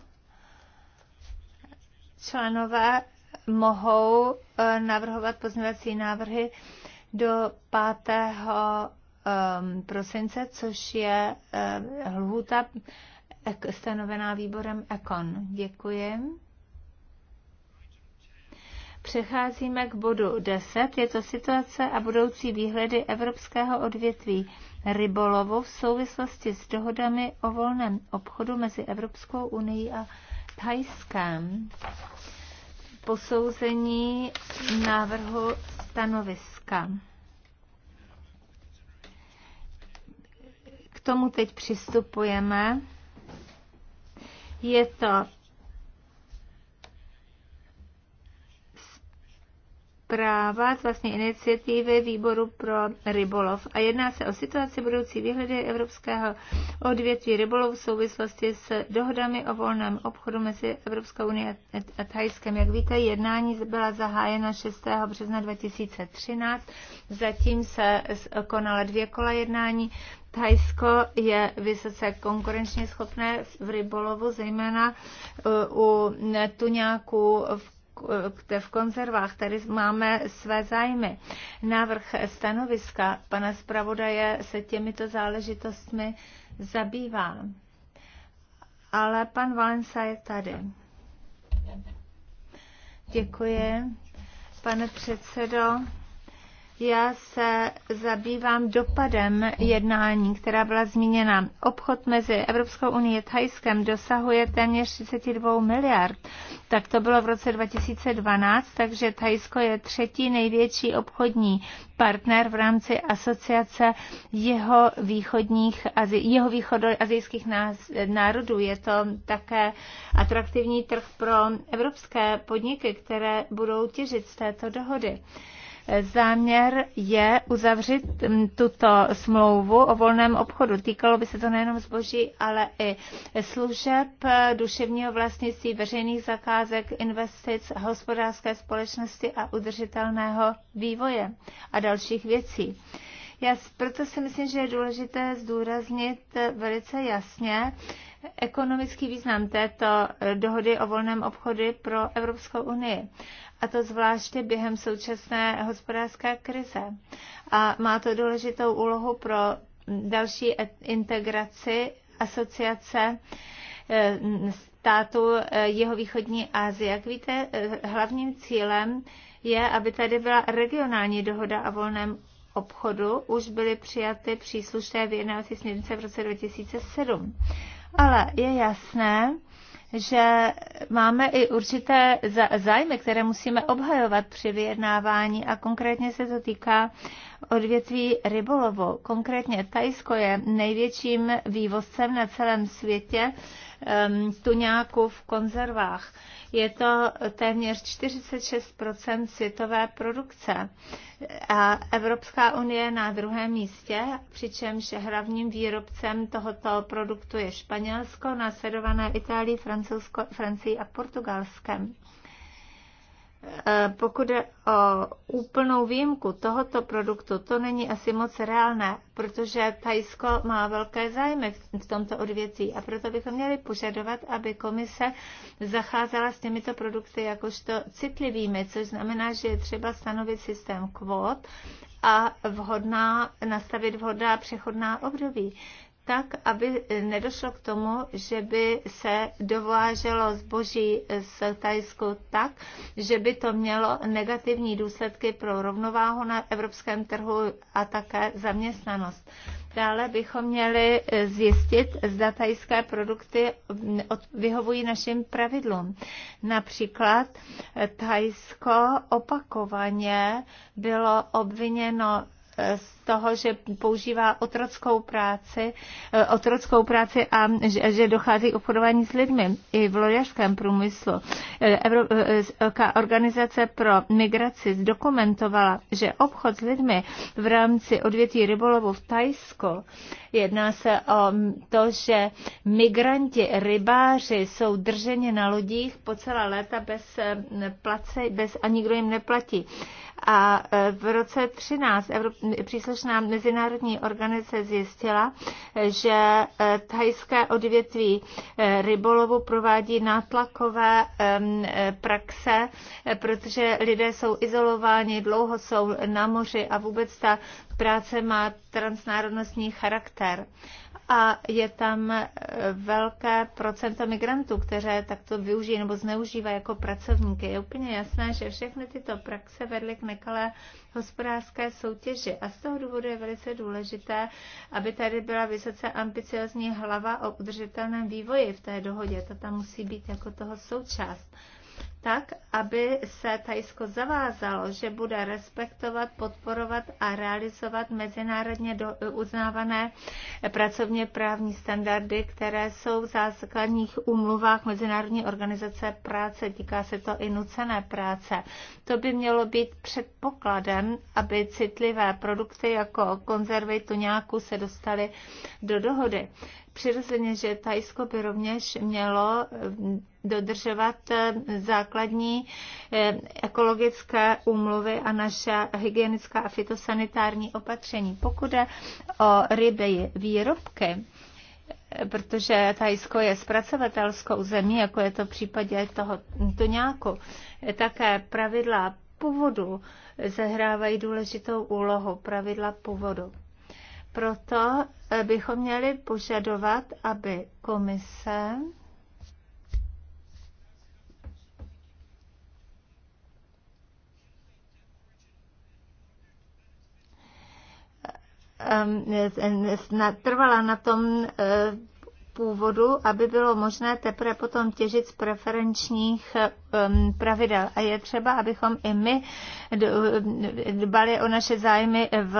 Členové mohou eh, navrhovat pozměňovací návrhy do 5. Ehm, prosince, což je hluta eh, eh, stanovená výborem EKON. Děkuji. Přecházíme k bodu 10. Je to situace a budoucí výhledy evropského odvětví rybolovu v souvislosti s dohodami o volném obchodu mezi Evropskou unii a Thajskem. Posouzení návrhu stanoviska. K tomu teď přistupujeme. Je to práva z vlastní iniciativy Výboru pro rybolov a jedná se o situaci budoucí výhledy evropského odvětví rybolov v souvislosti s dohodami o volném obchodu mezi Evropskou unii a Thajskem. Jak víte, jednání byla zahájena 6. března 2013, zatím se konala dvě kola jednání. Thajsko je vysoce konkurenčně schopné v rybolovu, zejména e, u tuňáků v v konzervách. Tady máme své zájmy. Návrh stanoviska pana zpravodaje se těmito záležitostmi zabývá. Ale pan Valensa je tady. Děkuji, pane předsedo. Já se zabývám dopadem jednání, která byla zmíněna. Obchod mezi Evropskou unii a Thajskem dosahuje téměř 32 miliard. Tak to bylo v roce 2012, takže Thajsko je třetí největší obchodní partner v rámci asociace jeho východních, jeho východoazijských národů. Je to také atraktivní trh pro evropské podniky, které budou těžit z této dohody. Záměr je uzavřít mm, tuto smlouvu o volném obchodu. Týkalo by se to nejenom zboží, ale i služeb, duševního vlastnictví, veřejných zakázek, investic, hospodářské společnosti a udržitelného vývoje a dalších věcí. Já proto si myslím, že je důležité zdůraznit velice jasně ekonomický význam této dohody o volném obchodu pro Evropskou unii a to zvláště během současné hospodářské krize. A má to důležitou úlohu pro další integraci asociace eh, státu eh, jeho východní Asie. Jak víte, eh, hlavním cílem je, aby tady byla regionální dohoda a volném obchodu. Už byly přijaty příslušné vyjednávací směrnice v roce 2007. Ale je jasné, že máme i určité zájmy, které musíme obhajovat při vyjednávání a konkrétně se to týká odvětví rybolovu. Konkrétně Tajsko je největším vývozcem na celém světě Um, tuňáku v konzervách. Je to téměř 46 světové produkce. A Evropská unie je na druhém místě, přičemž hlavním výrobcem tohoto produktu je Španělsko, následované Itálií, Francouzsko, a Portugalskem. Eh, pokud je o úplnou výjimku tohoto produktu, to není asi moc reálné, protože Tajsko má velké zájmy v tomto odvětví a proto bychom měli požadovat, aby komise zacházela s těmito produkty jakožto citlivými, což znamená, že je třeba stanovit systém kvót a vhodná, nastavit vhodná přechodná období tak, aby nedošlo k tomu, že by se dováželo zboží z Tajsku tak, že by to mělo negativní důsledky pro rovnováhu na evropském trhu a také zaměstnanost. Dále bychom měli zjistit, zda tajské produkty vyhovují našim pravidlům. Například Tajsko opakovaně bylo obviněno z toho, že používá otrockou práci, eh, otrockou práci a že, dochází k obchodování s lidmi i v lojařském průmyslu. Eh, Evropská eh, organizace pro migraci zdokumentovala, že obchod s lidmi v rámci odvětví rybolovu v Tajsku jedná se o to, že migranti rybáři jsou drženi na lodích po celá léta bez place, bez a nikdo jim neplatí. A v roce 13 Evrop, nám mezinárodní organizace zjistila, že eh, thajské odvětví eh, rybolovu provádí nátlakové eh, praxe, protože lidé jsou izolováni, dlouho jsou na moři a vůbec ta práce má transnárodnostní charakter a je tam e, velké procento migrantů, které takto využijí nebo zneužívají jako pracovníky. Je úplně jasné, že všechny tyto praxe vedly k nekalé hospodářské soutěži a z toho důvodu je velice důležité, aby tady byla vysoce ambiciozní hlava o udržitelném vývoji v té dohodě. To tam musí být jako toho součást tak, aby se Tajsko zavázalo, že bude respektovat, podporovat a realizovat mezinárodně do, uznávané pracovně právní standardy, které jsou v základních úmluvách Mezinárodní organizace práce. Týká se to i nucené práce. To by mělo být předpokladem, aby citlivé produkty jako konzervy tuňáku se dostaly do dohody přirozeně, že Tajsko by rovněž mělo mm, dodržovat e, základní e, ekologické úmluvy a naše hygienická a fitosanitární opatření. Pokud je o ryby výrobky, e, protože Tajsko je zpracovatelskou zemí, jako je to v případě toho tuňáku, také pravidla původu zahrávají důležitou úlohu, pravidla původu. Proto eh, bychom měli požadovat, aby komise eh, eh, natrvala na tom původu, aby bylo možné teprve potom těžit z preferenčních um, pravidel. A je třeba, abychom i my dbali o naše zájmy v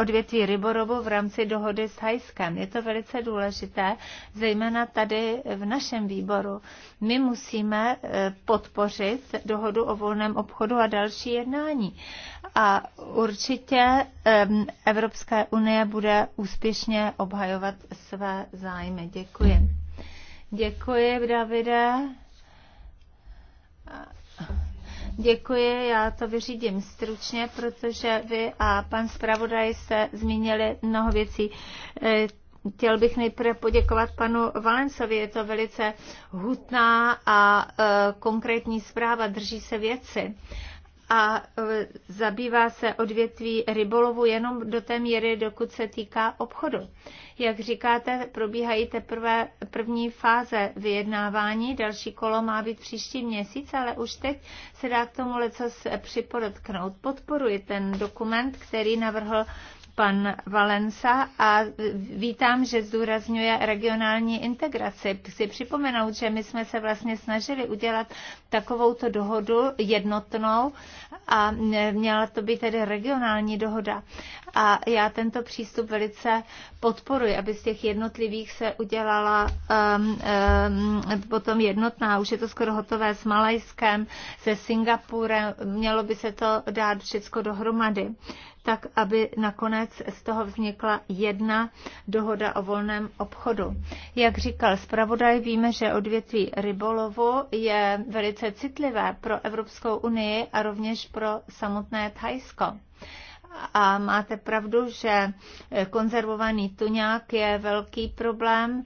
odvětví ryborovu v rámci dohody s Hajskem. Je to velice důležité, zejména tady v našem výboru. My musíme eh, podpořit dohodu o volném obchodu a další jednání. A určitě eh, Evropská unie bude úspěšně obhajovat své zájmy. Děkuji. Děkuji. Děkuji, Davide. Děkuji, já to vyřídím stručně, protože vy a pan zpravodaj se zmínili mnoho věcí. E, chtěl bych nejprve poděkovat panu Valencovi, je to velice hutná a e, konkrétní zpráva, drží se věci a e, zabývá se odvětví rybolovu jenom do té míry, dokud se týká obchodu. Jak říkáte, probíhají teprve první fáze vyjednávání, další kolo má být příští měsíc, ale už teď se dá k tomu leco připodotknout. Podporuji ten dokument, který navrhl pan Valensa a vítám, že zdůrazňuje regionální integraci. Chci připomenout, že my jsme se vlastně snažili udělat takovouto dohodu jednotnou a měla to být tedy regionální dohoda. A já tento přístup velice podporuji soubory, aby z těch jednotlivých se udělala um, um, potom jednotná. Už je to skoro hotové s Malajskem, se Singapurem, mělo by se to dát všechno dohromady tak aby nakonec z toho vznikla jedna dohoda o volném obchodu. Jak říkal zpravodaj, víme, že odvětví rybolovu je velice citlivé pro Evropskou unii a rovněž pro samotné Thajsko a máte pravdu, že konzervovaný tuňák je velký problém.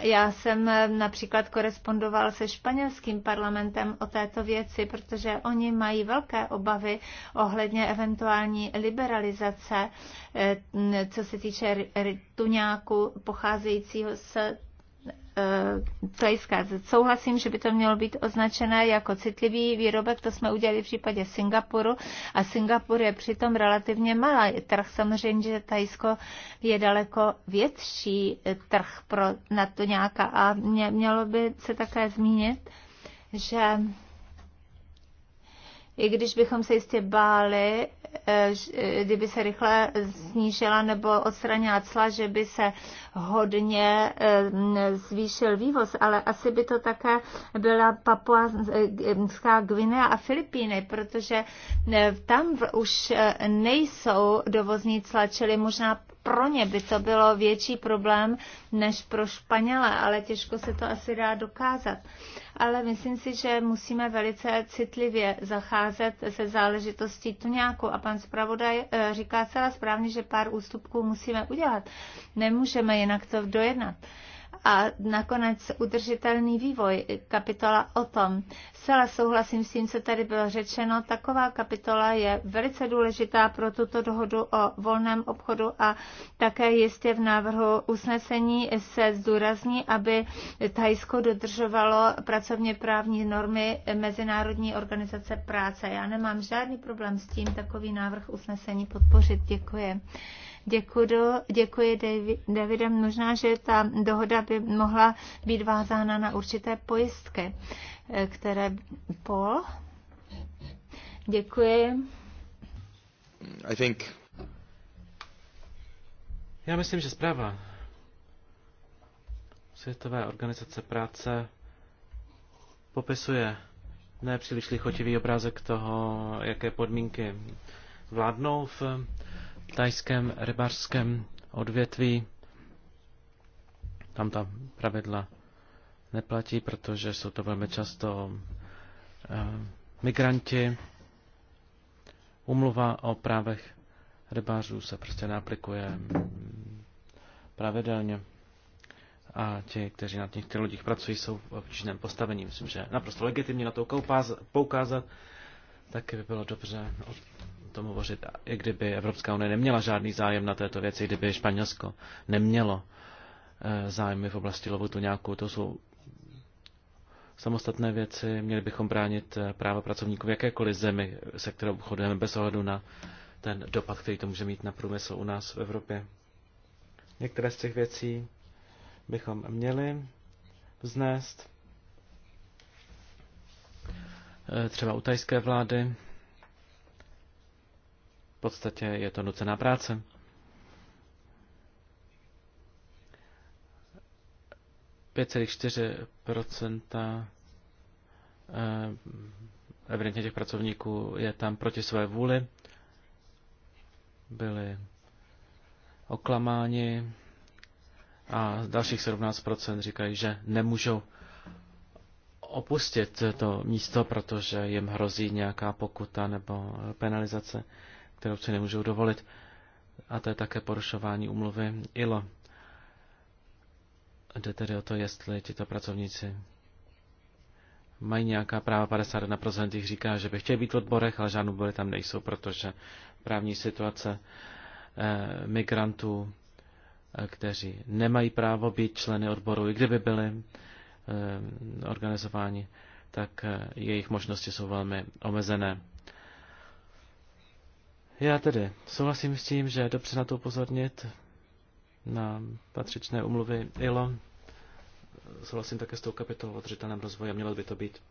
Já jsem například korespondoval se španělským parlamentem o této věci, protože oni mají velké obavy ohledně eventuální liberalizace, eh, co se týče tuňáku pocházejícího z Eh, trojská. Souhlasím, že by to mělo být označené jako citlivý výrobek, to jsme udělali v případě Singapuru a Singapur je přitom relativně malý trh. Samozřejmě, že Tajsko je daleko větší eh, trh pro na to nějaká a mě, mělo by se také zmínit, že i když bychom se jistě báli, eh, kdyby se rychle snížila nebo odstranila cla, že by se hodně eh, zvýšil vývoz, ale asi by to také byla papuánská eh, Gvinea a Filipíny, protože eh, tam už nejsou dovozní cla, čili možná pro ně by to bylo větší problém než pro Španěle, ale těžko se to asi dá dokázat. Ale myslím si, že musíme velice citlivě zacházet se záležitostí tu nějakou. A pan zpravodaj říká celá správně, že pár ústupků musíme udělat. Nemůžeme jen jinak to dojednat a nakonec udržitelný vývoj, kapitola o tom. Zcela souhlasím s tím, co tady bylo řečeno. Taková kapitola je velice důležitá pro tuto dohodu o volném obchodu a také jistě v návrhu usnesení se zdůrazní, aby Tajsko dodržovalo pracovně právní normy Mezinárodní organizace práce. Já nemám žádný problém s tím takový návrh usnesení podpořit. Děkuji. Děkuji, děkuji Davidem. Možná, že ta dohoda by mohla být vázána na určité pojistky, eh, které Paul. Děkuji. I think... Já myslím, že zpráva Světové organizace práce popisuje nepříliš lichotivý obrázek toho, jaké podmínky vládnou v tajském rybářském odvětví. Tam ta pravidla neplatí, protože jsou to velmi často eh, migranti. Umluva o právech rybářů se prostě neaplikuje mm, pravidelně a ti, kteří na těch, lodích pracují, jsou v obtížném postavení. Myslím, že naprosto legitimně na to poukázat, tak by bylo dobře tom hovořit, i kdyby Evropská unie neměla žádný zájem na této věci, kdyby Španělsko nemělo eh, zájmy v oblasti lovu nějakou, To jsou samostatné věci. Měli bychom bránit eh, práva pracovníků v jakékoliv zemi, se kterou obchodujeme, bez ohledu na ten dopad, který to může mít na průmysl u nás v Evropě. Některé z těch věcí bychom měli vznést. Eh, třeba u tajské vlády v podstatě je to nucená práce. procenta eh, evidentně těch pracovníků je tam proti své vůli. Byli oklamáni a dalších 17% říkají, že nemůžou opustit to místo, protože jim hrozí nějaká pokuta nebo penalizace kterou si nemůžou dovolit. A to je také porušování umluvy ILO. Jde tedy o to, jestli tito pracovníci mají nějaká práva. 51% jich říká, že by chtěli být v odborech, ale žádnou odbory tam nejsou, protože právní situace eh, migrantů, eh, kteří nemají právo být členy odboru, i kdyby byli eh, organizováni, tak eh, jejich možnosti jsou velmi omezené. Já tedy souhlasím s tím, že je dobře na to upozornit na patřičné umluvy ILO. Souhlasím také s tou kapitolou o držitelném rozvoji a mělo by to být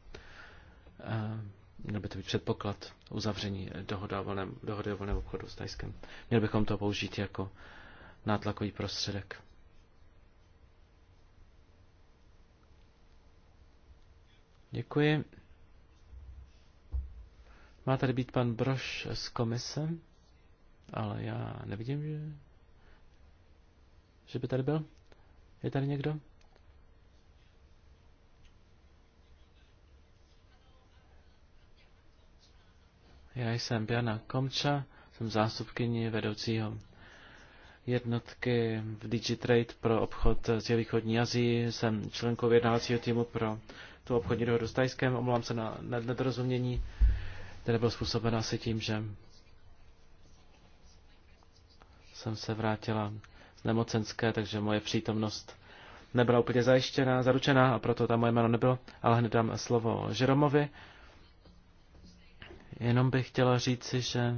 eh, Mělo by to být předpoklad uzavření dohody o volném obchodu s Tajskem. Měli bychom to použít jako nátlakový prostředek. Děkuji. Má tady být pan Broš z komise, ale já nevidím, že, že by tady byl. Je tady někdo? Já jsem Jana Komča, jsem zástupkyní vedoucího jednotky v Digitrade pro obchod z východní Azii. Jsem členkou vyjednávacího týmu pro tu obchodní dohodu s Tajskem. Omlouvám se na, na nedorozumění které bylo způsobeno asi tím, že jsem se vrátila z nemocenské, takže moje přítomnost nebyla úplně zajištěná, zaručená a proto tam moje jméno nebylo, ale hned dám slovo Žeromovi. Jenom bych chtěla říci, že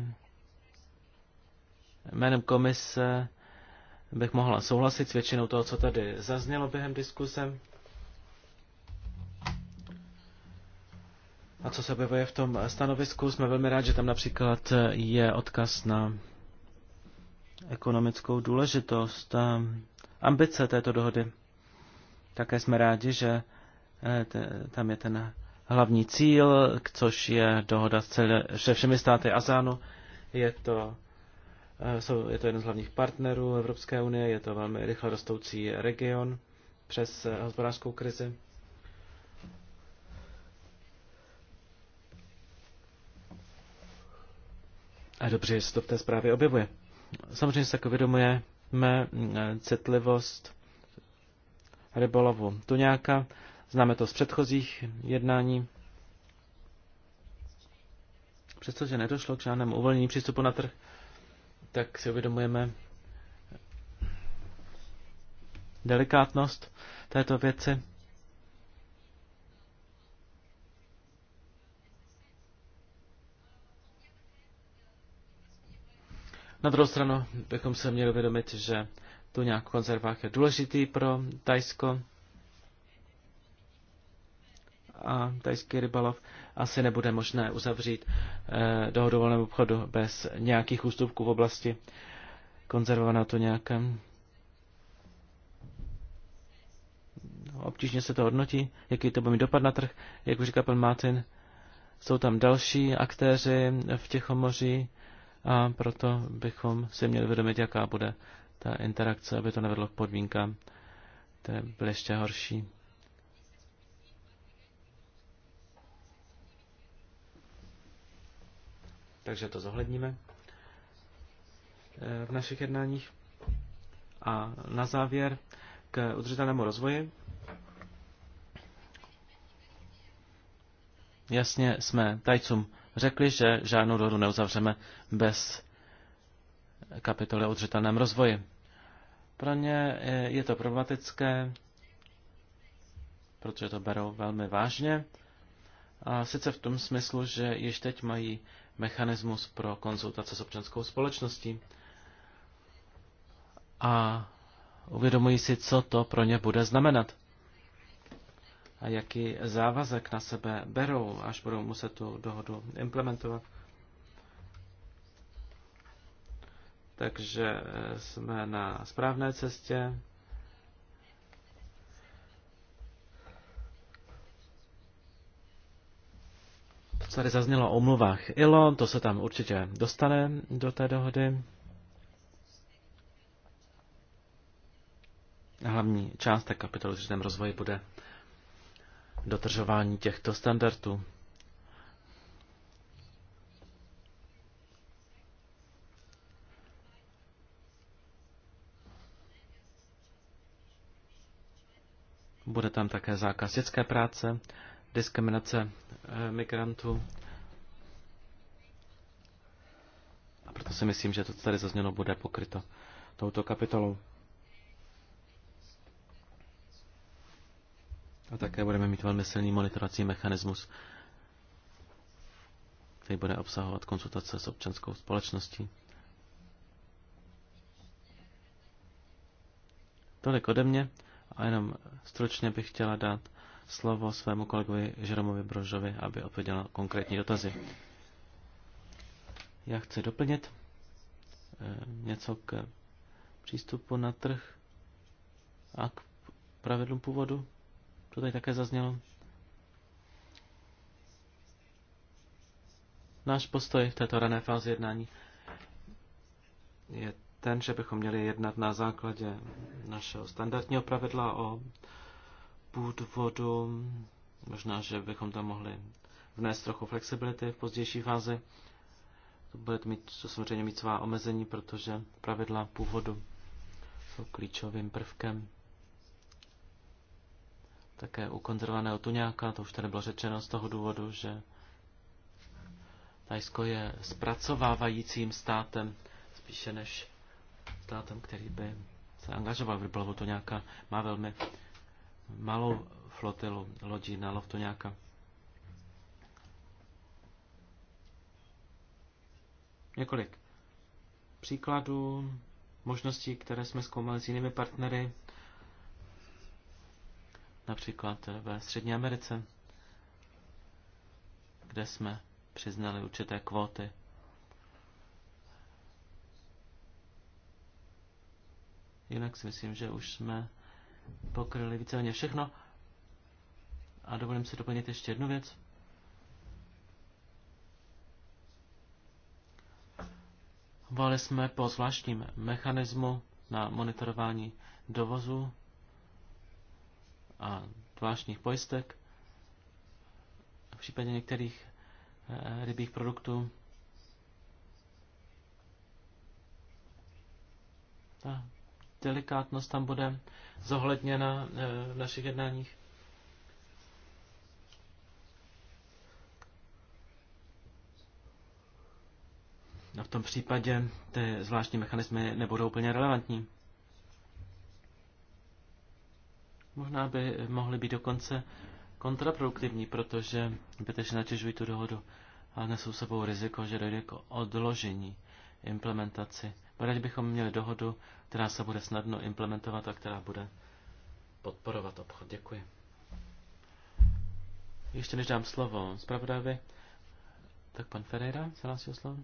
jménem komise bych mohla souhlasit s většinou toho, co tady zaznělo během diskuse. a co se objevuje v tom stanovisku. Jsme velmi rádi, že tam například je odkaz na ekonomickou důležitost a ambice této dohody. Také jsme rádi, že eh, tam je ten hlavní cíl, což je dohoda se všemi státy Azánu. Je to, eh, jsou, je to jeden z hlavních partnerů Evropské unie, je to velmi rychle rostoucí region přes eh, hospodářskou krizi. dobře, že se to v té zprávě objevuje. Samozřejmě se tak jako uvědomujeme eh, citlivost rybolovu tuňáka. Známe to z předchozích jednání. Přestože nedošlo k žádnému uvolnění přístupu na trh, tak si uvědomujeme delikátnost této věci. Na druhou stranu bychom se měli uvědomit, že tu nějak konzervák je důležitý pro Tajsko a tajský rybalov asi nebude možné uzavřít eh, dohodu volného obchodu bez nějakých ústupků v oblasti konzervovaného to no, nějakém. Obtížně se to hodnotí, jaký to bude mít dopad na trh, jak už říká pan Martin. Jsou tam další aktéři v Těchomoří, a proto bychom si měli vědomit, jaká bude ta interakce, aby to nevedlo k podmínkám, které byly ještě horší. Takže to zohledníme eh, v našich jednáních. A na závěr k udržitelnému rozvoji. Jasně jsme tajcům řekli, že žádnou dohodu neuzavřeme bez kapitoly o udržitelném rozvoji. Pro ně je to problematické, protože to berou velmi vážně. A sice v tom smyslu, že již teď mají mechanismus pro konzultace s občanskou společností. A uvědomují si, co to pro ně bude znamenat a jaký závazek na sebe berou, až budou muset tu dohodu implementovat. Takže eh, jsme na správné cestě. co tady zaznělo o omluvách ILO, to se tam určitě dostane do té dohody. Hlavní část té kapitoly ten rozvoj bude dotržování těchto standardů. Bude tam také zákaz dětské práce, diskriminace eh, migrantů. A proto si myslím, že to, co tady zaznělo, bude pokryto touto kapitolou. A také budeme mít velmi silný monitorací mechanismus, který bude obsahovat konzultace s občanskou společností. Tolik ode mě a jenom stručně bych chtěla dát slovo svému kolegovi Žeromovi Brožovi, aby odpověděl na konkrétní dotazy. Já chci doplnit eh, něco k přístupu na trh a k pravidlům původu. To tady také zaznělo. Náš postoj v této rané fázi jednání je ten, že bychom měli jednat na základě našeho standardního pravidla o původu. Možná, že bychom tam mohli vnést trochu flexibility v pozdější fázi. To bude mít, to samozřejmě mít svá omezení, protože pravidla původu jsou klíčovým prvkem také u konzervovaného tuňáka, to už tady bylo řečeno z toho důvodu, že Tajsko je zpracovávajícím státem spíše než státem, který by se angažoval v rybolovu tuňáka. Má velmi malou flotilu lodí na lov tuňáka. Několik příkladů možností, které jsme zkoumali s jinými partnery například eh, ve Střední Americe, kde jsme přiznali určité kvóty. Jinak si myslím, že už jsme pokryli víceméně všechno. A dovolím si doplnit ještě jednu věc. Volali jsme po zvláštním mechanismu na monitorování dovozu a zvláštních pojistek. V případě některých eh, rybích produktů ta delikátnost tam bude zohledněna eh, v našich jednáních. A v tom případě ty zvláštní mechanismy nebudou úplně relevantní. Možná by mohly být dokonce kontraproduktivní, protože zbytečně natěžují tu dohodu a nesou sebou riziko, že dojde k odložení implementaci. Pořád bychom měli dohodu, která se bude snadno implementovat a která bude podporovat obchod. Děkuji. Ještě než dám slovo zpravodajovi, tak pan Ferreira se hlásí o slovo.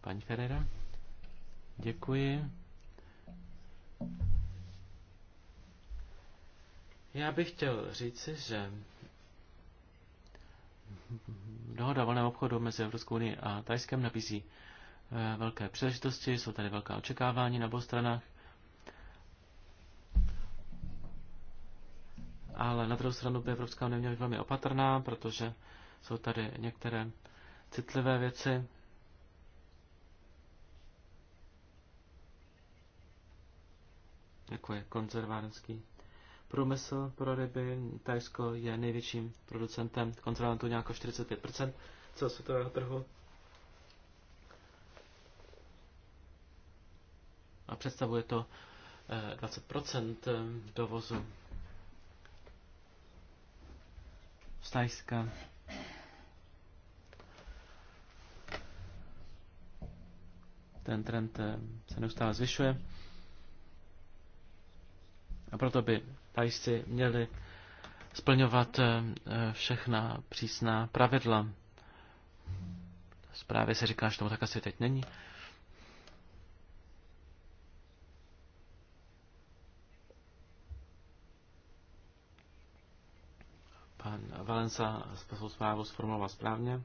Paní Ferreira, děkuji. Já bych chtěl říci, že dohoda volného obchodu mezi Evropskou unii a Tajskem nabízí eh, velké příležitosti, jsou tady velká očekávání na obou stranách. Ale na druhou stranu by Evropská unie měla být velmi opatrná, protože jsou tady některé citlivé věci. Jako je konzervárský průmysl pro ryby. Tajsko je největším producentem kontrabandů nějako 45% celosvětového trhu. A představuje to 20% eh, eh, dovozu z Tajska. Ten trend eh, se neustále zvyšuje. A proto by Tajci měli splňovat eh, všechna přísná pravidla. Zprávě se říká, že tomu tak asi teď není. Pan Valensa svou zprávu sformuloval správně.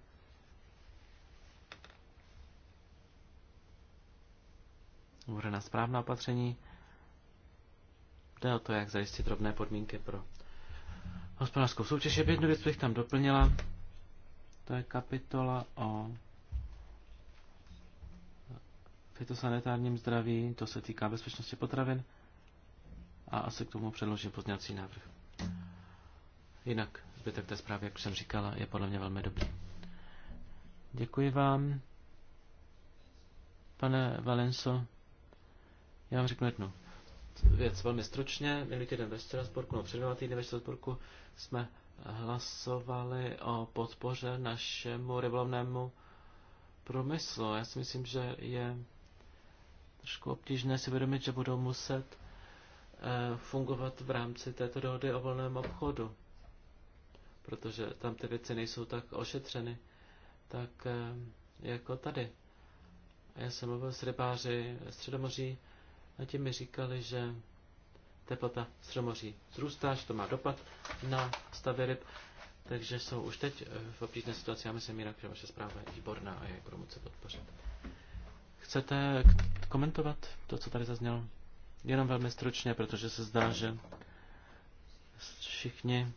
Uvedená správná opatření. Jde o to, jak zajistit rovné podmínky pro hospodářskou soutěž. Jednu věc bych tam doplnila. To je kapitola o fitosanitárním zdraví, to se týká bezpečnosti potravin a asi k tomu předložím pozdňací návrh. Jinak zbytek té zprávy, jak už jsem říkala, je podle mě velmi dobrý. Děkuji vám, pane Valenso. Já vám řeknu jednu věc velmi stručně. Minulý týden ve Štrasburku, no před dva týdny ve Štrasburku jsme hlasovali o podpoře našemu rybolovnému průmyslu. Já si myslím, že je trošku obtížné si uvědomit, že budou muset eh, fungovat v rámci této dohody o volném obchodu, protože tam ty věci nejsou tak ošetřeny, tak eh, jako tady. Já jsem mluvil s rybáři Středomoří, a ti mi říkali, že teplota Středomoří zrůstá, že to má dopad na stavy ryb, takže jsou už teď eh, v obtížné situaci. Já myslím, jinak, že vaše zpráva je výborná a já ji budu moci podpořit. Chcete komentovat to, co tady zaznělo? Jenom velmi stručně, protože se zdá, že všichni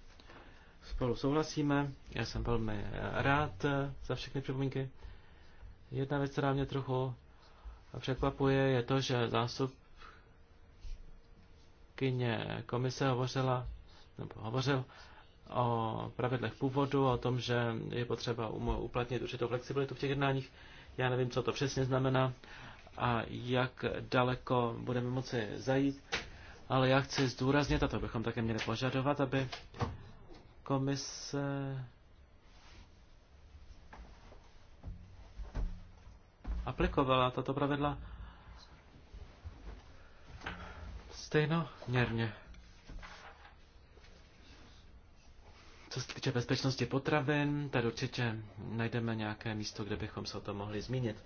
spolu souhlasíme. Já jsem velmi rád eh, za všechny připomínky. Jedna věc, která mě trochu překvapuje, je to, že zásob předsedkyně komise hovořila, nebo hovořil o pravidlech původu, o tom, že je potřeba um, uplatnit určitou flexibilitu v těch jednáních. Já nevím, co to přesně znamená a jak daleko budeme moci zajít, ale já chci zdůraznit, a to bychom také měli požadovat, aby komise aplikovala tato pravidla stejnoměrně. Co se týče bezpečnosti potravin, tady určitě najdeme nějaké místo, kde bychom se o tom mohli zmínit.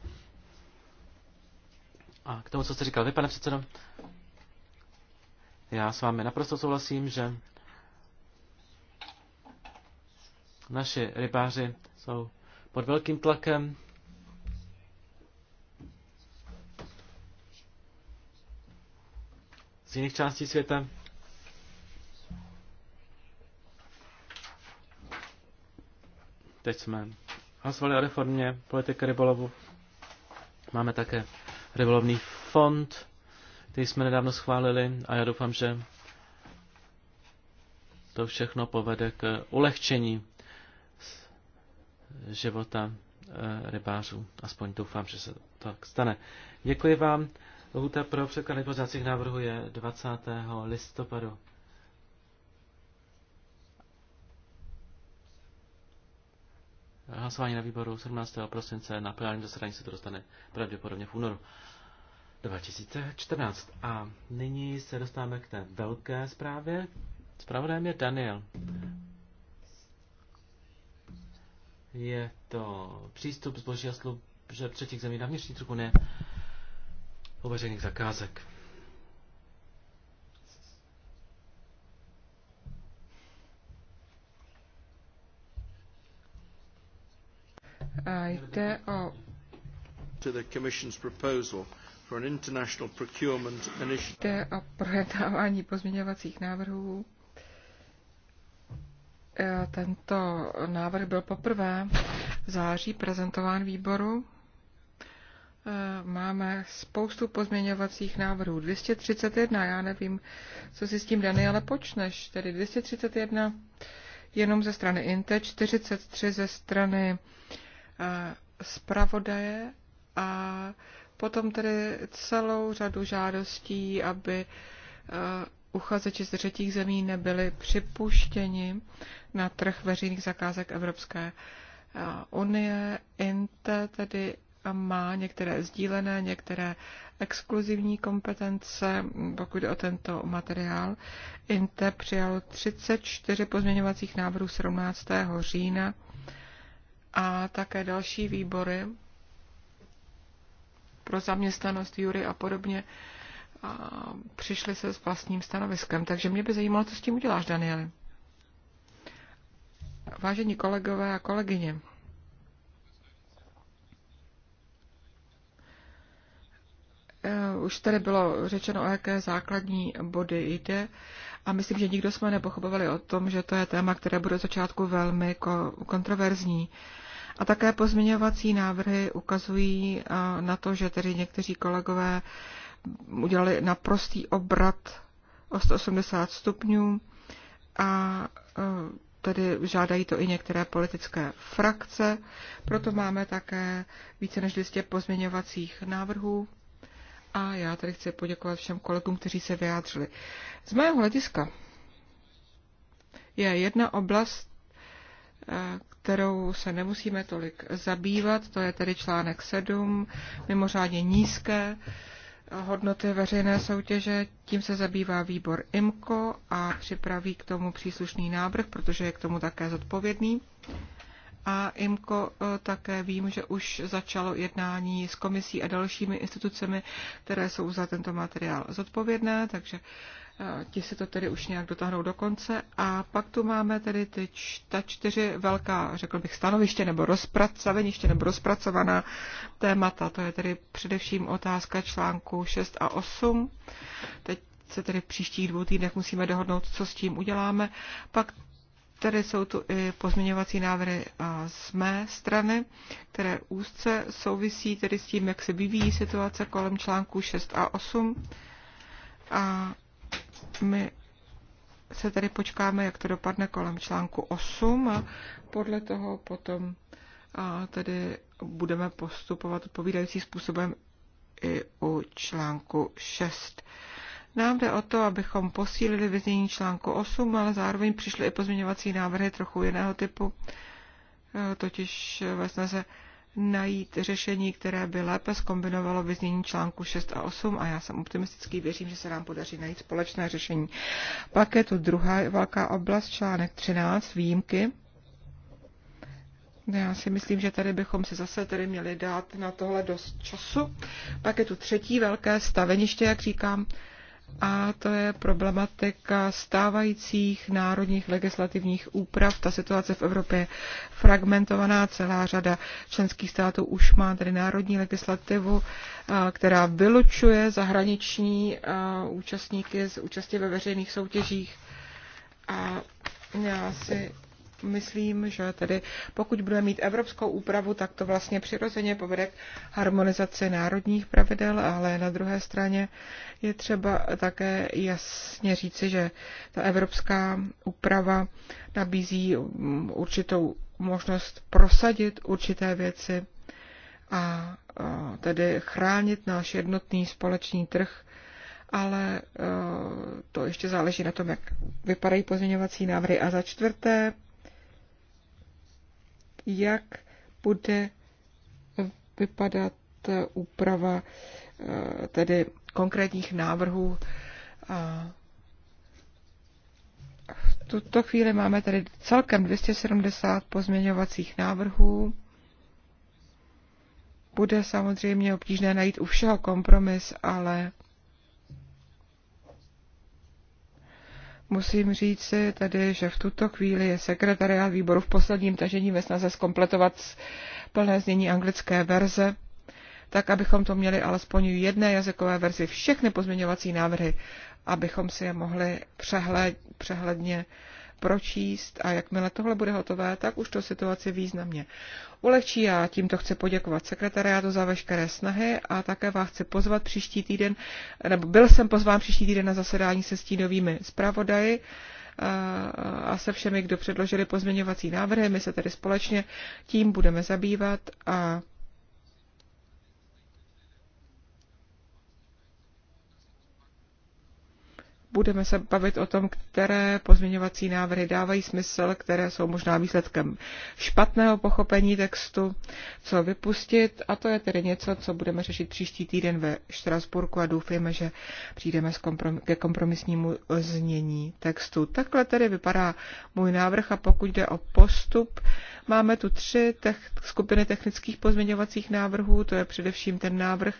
A k tomu, co jste říkal vy, pane předsedo, já s vámi naprosto souhlasím, že naši rybáři jsou pod velkým tlakem z jiných částí světa. Teď jsme hlasovali o reformě politiky rybolovu. Máme také rybolovný fond, který jsme nedávno schválili a já doufám, že to všechno povede k ulehčení života eh, rybářů. Aspoň doufám, že se tak stane. Děkuji vám. Lhůta pro překlady pozdacích návrhů je 20. listopadu. Hlasování na výboru 17. prosince na plenárním zasedání se to dostane pravděpodobně v únoru 2014. A nyní se dostáváme k té velké zprávě. Zpravodajem je Daniel. Je to přístup zboží a služeb třetích zemí na vnitřní ne o veřejných zakázek. A jde o to Jde o projednávání pozměňovacích návrhů. E, tento návrh byl poprvé v září prezentován výboru Eh, máme spoustu pozměňovacích návrhů. 231, já nevím, co si s tím, Dani, ale počneš. Tedy 231 jenom ze strany INTE, 43 ze strany eh, zpravodaje a potom tedy celou řadu žádostí, aby eh, uchazeči z třetích zemí nebyli připuštěni na trh veřejných zakázek Evropské unie. INTE tedy a má některé sdílené, některé exkluzivní kompetence, pokud jde o tento materiál. INTE přijal 34 pozměňovacích návrhů 17. října a také další výbory pro zaměstnanost, jury a podobně a přišli se s vlastním stanoviskem. Takže mě by zajímalo, co s tím uděláš, Daniele. Vážení kolegové a kolegyně, Už tady bylo řečeno, o jaké základní body jde a myslím, že nikdo jsme nepochopovali o tom, že to je téma, které bude od začátku velmi kontroverzní. A také pozměňovací návrhy ukazují na to, že tedy někteří kolegové udělali naprostý obrat o 180 stupňů a e, tedy žádají to i některé politické frakce. Proto máme také více než 200 pozměňovacích návrhů a já tady chci poděkovat všem kolegům, kteří se vyjádřili. Z mého hlediska je jedna oblast, eh, kterou se nemusíme tolik zabývat, to je tedy článek 7, mimořádně nízké eh, hodnoty veřejné soutěže, tím se zabývá výbor IMCO a připraví k tomu příslušný návrh, protože je k tomu také zodpovědný. A IMCO eh, také vím, že už začalo jednání s komisí a dalšími institucemi, které jsou za tento materiál zodpovědné, takže eh, ti si to tedy už nějak dotáhnou do konce. A pak tu máme tedy ty č, ta čtyři velká, řekl bych, stanoviště nebo rozpracovaniště nebo rozpracovaná témata. To je tedy především otázka článku 6 a 8. Teď se tedy v příštích dvou týdnech musíme dohodnout, co s tím uděláme. Pak Tady jsou tu i pozměňovací návrhy z mé strany, které úzce souvisí tedy s tím, jak se vyvíjí situace kolem článků 6 a 8. A my se tady počkáme, jak to dopadne kolem článku 8 a podle toho potom a tedy budeme postupovat odpovídající způsobem i u článku 6. Nám jde o to, abychom posílili vyznění článku 8, ale zároveň přišly i pozměňovací návrhy trochu jiného typu, e, totiž e, ve snaze najít řešení, které by lépe skombinovalo vyznění článku 6 a 8 a já jsem optimistický, věřím, že se nám podaří najít společné řešení. Pak je tu druhá velká oblast, článek 13, výjimky. Já si myslím, že tady bychom si zase tady měli dát na tohle dost času. Pak je tu třetí velké staveniště, jak říkám, a to je problematika stávajících národních legislativních úprav. Ta situace v Evropě je fragmentovaná, celá řada členských států už má tedy národní legislativu, eh, která vylučuje zahraniční eh, účastníky z účasti ve veřejných soutěžích. A já si myslím, že tedy pokud budeme mít evropskou úpravu, tak to vlastně přirozeně povede k harmonizaci národních pravidel, ale na druhé straně je třeba také jasně říci, že ta evropská úprava nabízí určitou možnost prosadit určité věci a tedy chránit náš jednotný společný trh ale e, to ještě záleží na tom, jak vypadají pozměňovací návrhy. A za čtvrté, jak bude vypadat úprava eh, tedy konkrétních návrhů. V tuto chvíli máme tady celkem 270 pozměňovacích návrhů. Bude samozřejmě obtížné najít u všeho kompromis, ale Musím říct si tedy, že v tuto chvíli je sekretariát výboru v posledním tažení ve snaze zkompletovat plné znění anglické verze, tak abychom to měli alespoň v jedné jazykové verzi všechny pozměňovací návrhy, abychom si je mohli přehled, přehledně pročíst a jakmile tohle bude hotové, tak už to situaci významně ulehčí Já tímto chci poděkovat sekretariátu za veškeré snahy a také vás chci pozvat příští týden, nebo byl jsem pozván příští týden na zasedání se stínovými zpravodaji a se všemi, kdo předložili pozměňovací návrhy. My se tedy společně tím budeme zabývat a budeme se bavit o tom, které pozměňovací návrhy dávají smysl, které jsou možná výsledkem špatného pochopení textu, co vypustit. A to je tedy něco, co budeme řešit příští týden ve Štrasburku a doufejme, že přijdeme ke kompromisnímu znění textu. Takhle tedy vypadá můj návrh a pokud jde o postup, máme tu tři tech- skupiny technických pozměňovacích návrhů. To je především ten návrh,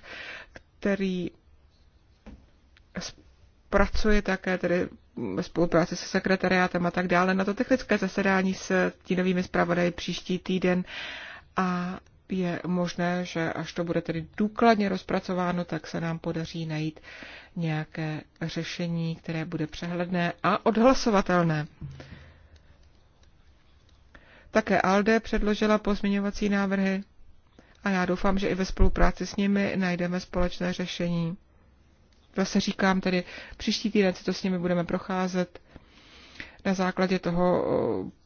který Pracuje také tedy ve spolupráci se sekretariátem a tak dále na to technické zasedání s tínovými zpravodaji příští týden a je možné, že až to bude tedy důkladně rozpracováno, tak se nám podaří najít nějaké řešení, které bude přehledné a odhlasovatelné. Také ALDE předložila pozměňovací návrhy a já doufám, že i ve spolupráci s nimi najdeme společné řešení zase říkám tedy, příští týden si to s nimi budeme procházet na základě toho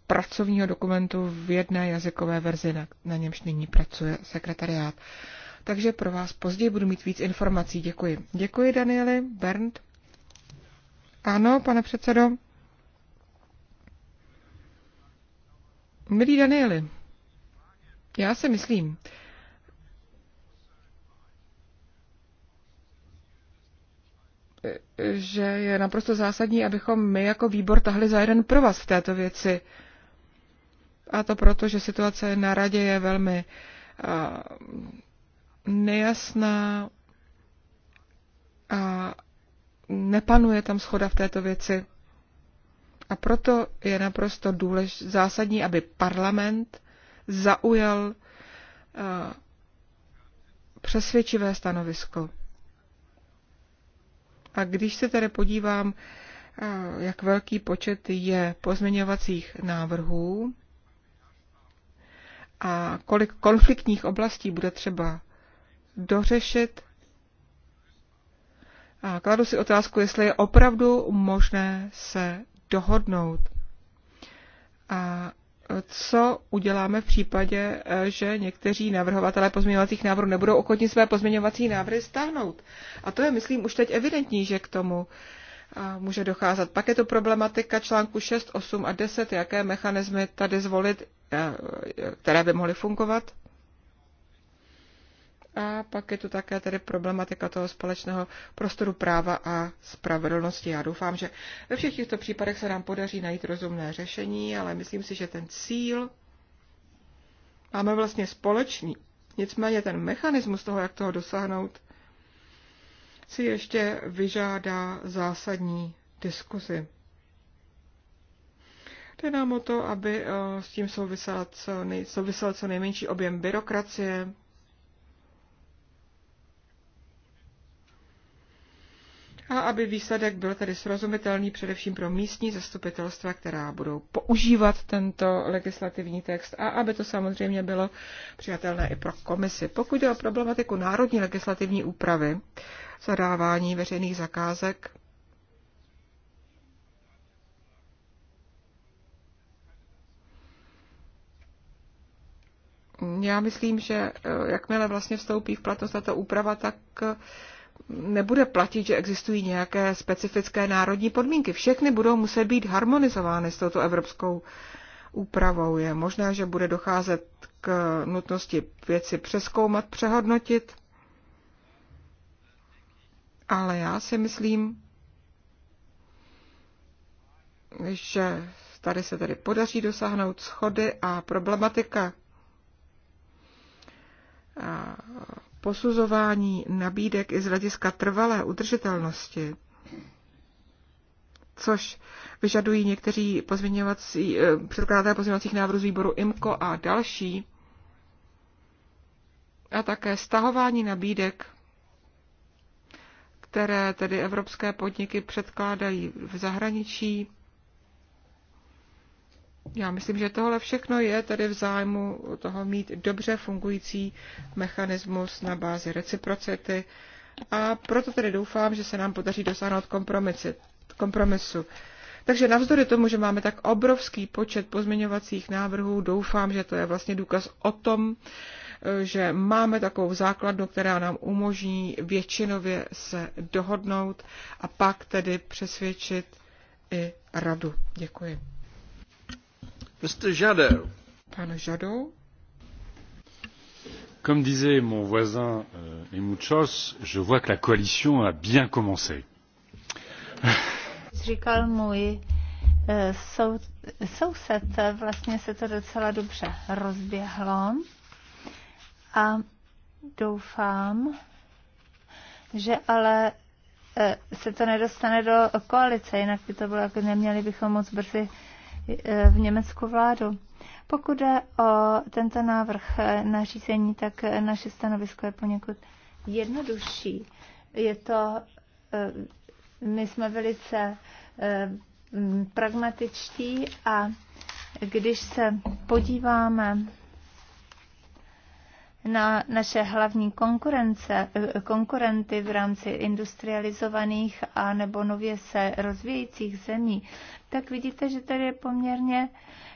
pracovního dokumentu v jedné jazykové verzi, na, na němž nyní pracuje sekretariát. Takže pro vás později budu mít víc informací. Děkuji. Děkuji, Danieli. Bernd? Ano, pane předsedo. Milí Danieli, já si myslím, že je naprosto zásadní, abychom my jako výbor tahli za jeden provaz v této věci. A to proto, že situace na radě je velmi nejasná a nepanuje tam schoda v této věci. A proto je naprosto důlež, zásadní, aby parlament zaujal přesvědčivé stanovisko. A když se tedy podívám, eh, jak velký počet je pozměňovacích návrhů a kolik konfliktních oblastí bude třeba dořešit, a kladu si otázku, jestli je opravdu možné se dohodnout. A co uděláme v případě, že někteří navrhovatelé pozměňovacích návrhů nebudou ochotni své pozměňovací návrhy stáhnout. A to je, myslím, už teď evidentní, že k tomu může docházet. Pak je to problematika článku 6, 8 a 10, jaké mechanismy tady zvolit, které by mohly fungovat. A pak je tu také tedy problematika toho společného prostoru práva a spravedlnosti. Já doufám, že ve všech těchto případech se nám podaří najít rozumné řešení, ale myslím si, že ten cíl máme vlastně společný. Nicméně ten mechanismus toho, jak toho dosáhnout, si ještě vyžádá zásadní diskuzi. Jde nám o to, aby eh, s tím souvisel co, nej, co nejmenší objem byrokracie, a aby výsledek byl tedy srozumitelný především pro místní zastupitelstva, která budou používat tento legislativní text a aby to samozřejmě bylo přijatelné i pro komisi. Pokud jde o problematiku národní legislativní úpravy, zadávání veřejných zakázek, Já myslím, že eh, jakmile vlastně vstoupí v platnost tato úprava, tak eh, nebude platit, že existují nějaké specifické národní podmínky. Všechny budou muset být harmonizovány s touto evropskou úpravou. Je možné, že bude docházet k nutnosti věci přeskoumat, přehodnotit, ale já si myslím, že tady se tedy podaří dosáhnout schody a problematika posuzování nabídek i z hlediska trvalé udržitelnosti, což vyžadují někteří pozměňovací, eh, předkladatelé pozměňovacích návrhů z výboru IMCO a další, a také stahování nabídek, které tedy evropské podniky předkládají v zahraničí, já myslím, že tohle všechno je tedy v zájmu toho mít dobře fungující mechanismus na bázi reciprocity a proto tedy doufám, že se nám podaří dosáhnout kompromisu. Takže navzdory tomu, že máme tak obrovský počet pozměňovacích návrhů, doufám, že to je vlastně důkaz o tom, že máme takovou základnu, která nám umožní většinově se dohodnout a pak tedy přesvědčit i radu. Děkuji. Mr. Jadot. Pane Jadot. Comme disait mon voisin euh, Emuchos, je vois que la coalition a bien commencé. Říkal můj eh, sou, soused, vlastně se to docela dobře rozběhlo a doufám, že ale eh, se to nedostane do koalice, jinak by to bylo, jako neměli bychom moc brzy v německou vládu. Pokud jde o tento návrh nařízení, tak naše stanovisko je poněkud jednodušší. Je to, eh, my jsme velice eh, pragmatičtí a když se podíváme na naše hlavní konkurence, eh, konkurenty v rámci industrializovaných a nebo nově se rozvíjejících zemí, tak vidíte, že tady je poměrně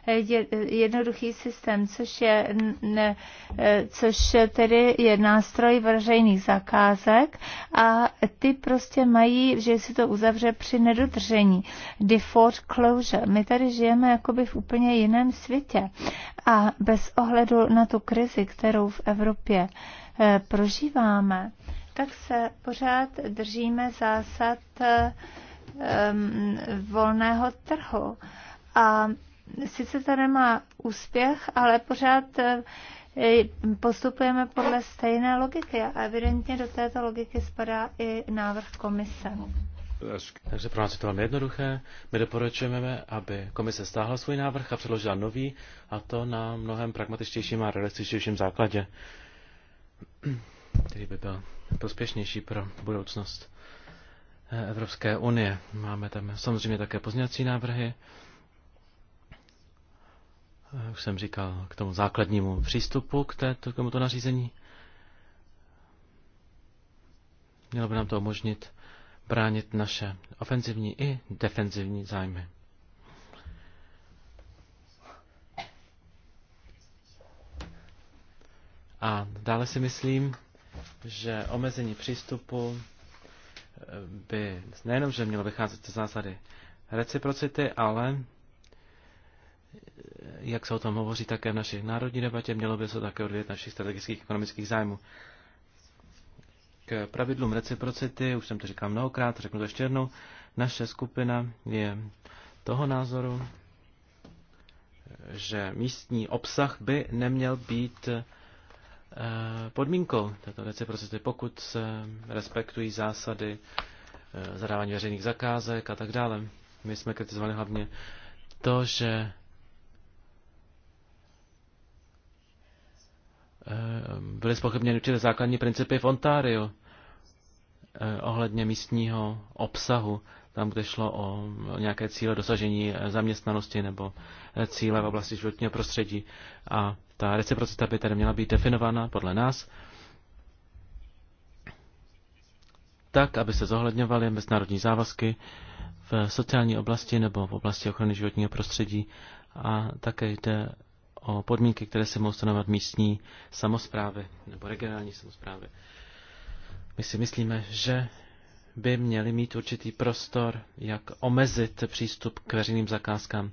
eh, eh, jednoduchý systém, což je, ne, eh, což tedy je nástroj veřejných zakázek a ty prostě mají, že si to uzavře při nedodržení. Default closure. My tady žijeme jakoby v úplně jiném světě a bez ohledu na tu krizi, kterou v Evropě prožíváme, tak se pořád držíme zásad Um, volného trhu. A sice to nemá úspěch, ale pořád eh, postupujeme podle stejné logiky a evidentně do této logiky spadá i návrh komise. Takže pro nás je to velmi jednoduché. My doporučujeme, aby komise stáhla svůj návrh a předložila nový, a to na mnohem pragmatičtějším a realističtějším základě, který by byl prospěšnější pro budoucnost. Evropské unie. Máme tam samozřejmě také pozněcí návrhy. Už jsem říkal k tomu základnímu přístupu k, této, k tomuto nařízení. Mělo by nám to umožnit bránit naše ofenzivní i defenzivní zájmy. A dále si myslím, že omezení přístupu by nejenom, že mělo vycházet ze zásady reciprocity, ale eh, jak se o tom hovoří také v naší národní debatě, mělo by se také odvět našich strategických ekonomických zájmů. K pravidlům reciprocity, už jsem to říkal mnohokrát, řeknu to ještě jednou, naše skupina je toho názoru, že místní obsah by neměl být Eh, podmínkou této reciprocity, pokud se respektují zásady eh, zadávání veřejných zakázek a tak dále. My jsme kritizovali hlavně to, že eh, byly spochybněny určité základní principy v Ontáriu ohledně místního obsahu. Tam, kde šlo o nějaké cíle dosažení zaměstnanosti nebo cíle v oblasti životního prostředí. A ta reciprocita by tedy měla být definována podle nás tak, aby se zohledňovaly mezinárodní závazky v sociální oblasti nebo v oblasti ochrany životního prostředí a také jde o podmínky, které se mohou stanovat místní samozprávy nebo regionální samozprávy. My si myslíme, že by měli mít určitý prostor, jak omezit přístup k veřejným zakázkám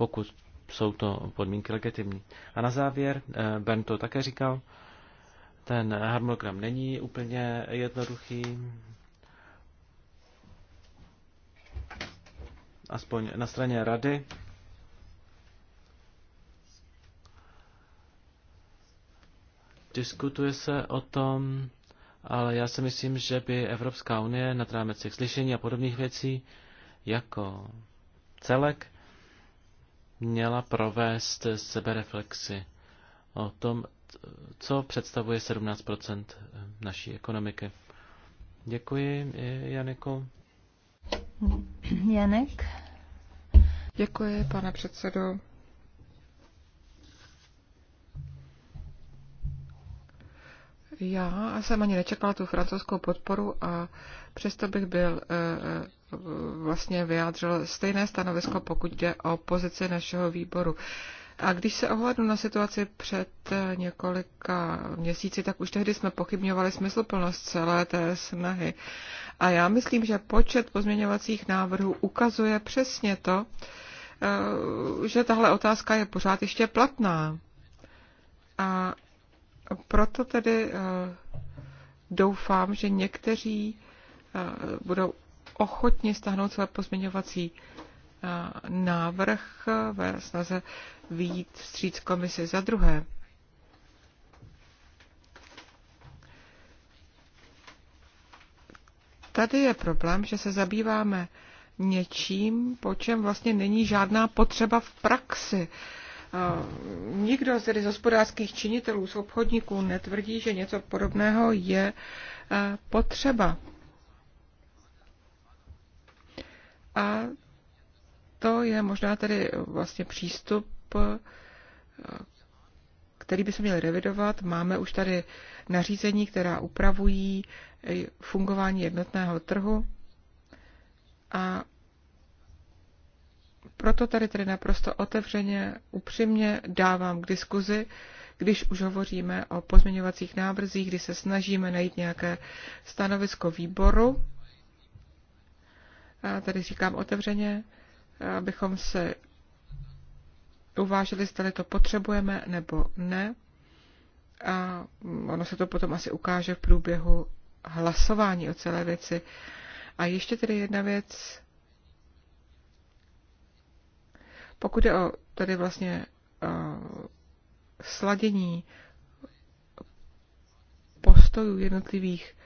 pokud jsou to podmínky legitimní. A na závěr, eh, Ben to také říkal, ten harmonogram není úplně jednoduchý, aspoň na straně rady. Diskutuje se o tom, ale já si myslím, že by Evropská unie na rámec těch slyšení a podobných věcí jako celek měla provést sebereflexi o tom, co představuje 17 naší ekonomiky. Děkuji, Janeku. Janek. Děkuji, pane předsedo. Já jsem ani nečekala tu francouzskou podporu a přesto bych byl eh, eh, vlastně vyjádřil stejné stanovisko, pokud jde o pozici našeho výboru. A když se ohlednu na situaci před eh, několika měsíci, tak už tehdy jsme pochybňovali smysluplnost celé té snahy. A já myslím, že počet pozměňovacích návrhů ukazuje přesně to, že tahle otázka je pořád ještě platná. A proto tedy eh, doufám, že někteří eh, budou ochotni stáhnout své pozměňovací eh, návrh ve snaze výjít vstříc komisi za druhé. Tady je problém, že se zabýváme něčím, po čem vlastně není žádná potřeba v praxi. Mm, nikdo z hospodářských činitelů, z obchodníků netvrdí, že něco podobného je potřeba. A to je možná tedy vlastně přístup, který by se měl revidovat. Máme už tady nařízení, která upravují e, fungování jednotného trhu a proto tady tedy naprosto otevřeně, upřímně dávám k diskuzi, když už hovoříme o pozměňovacích návrzích, kdy se snažíme najít nějaké stanovisko výboru. A tady říkám otevřeně, abychom se uvážili, zda to potřebujeme nebo ne. A ono se to potom asi ukáže v průběhu hlasování o celé věci. A ještě tedy jedna věc, Pokud je o tady vlastně uh, sladění postojů jednotlivých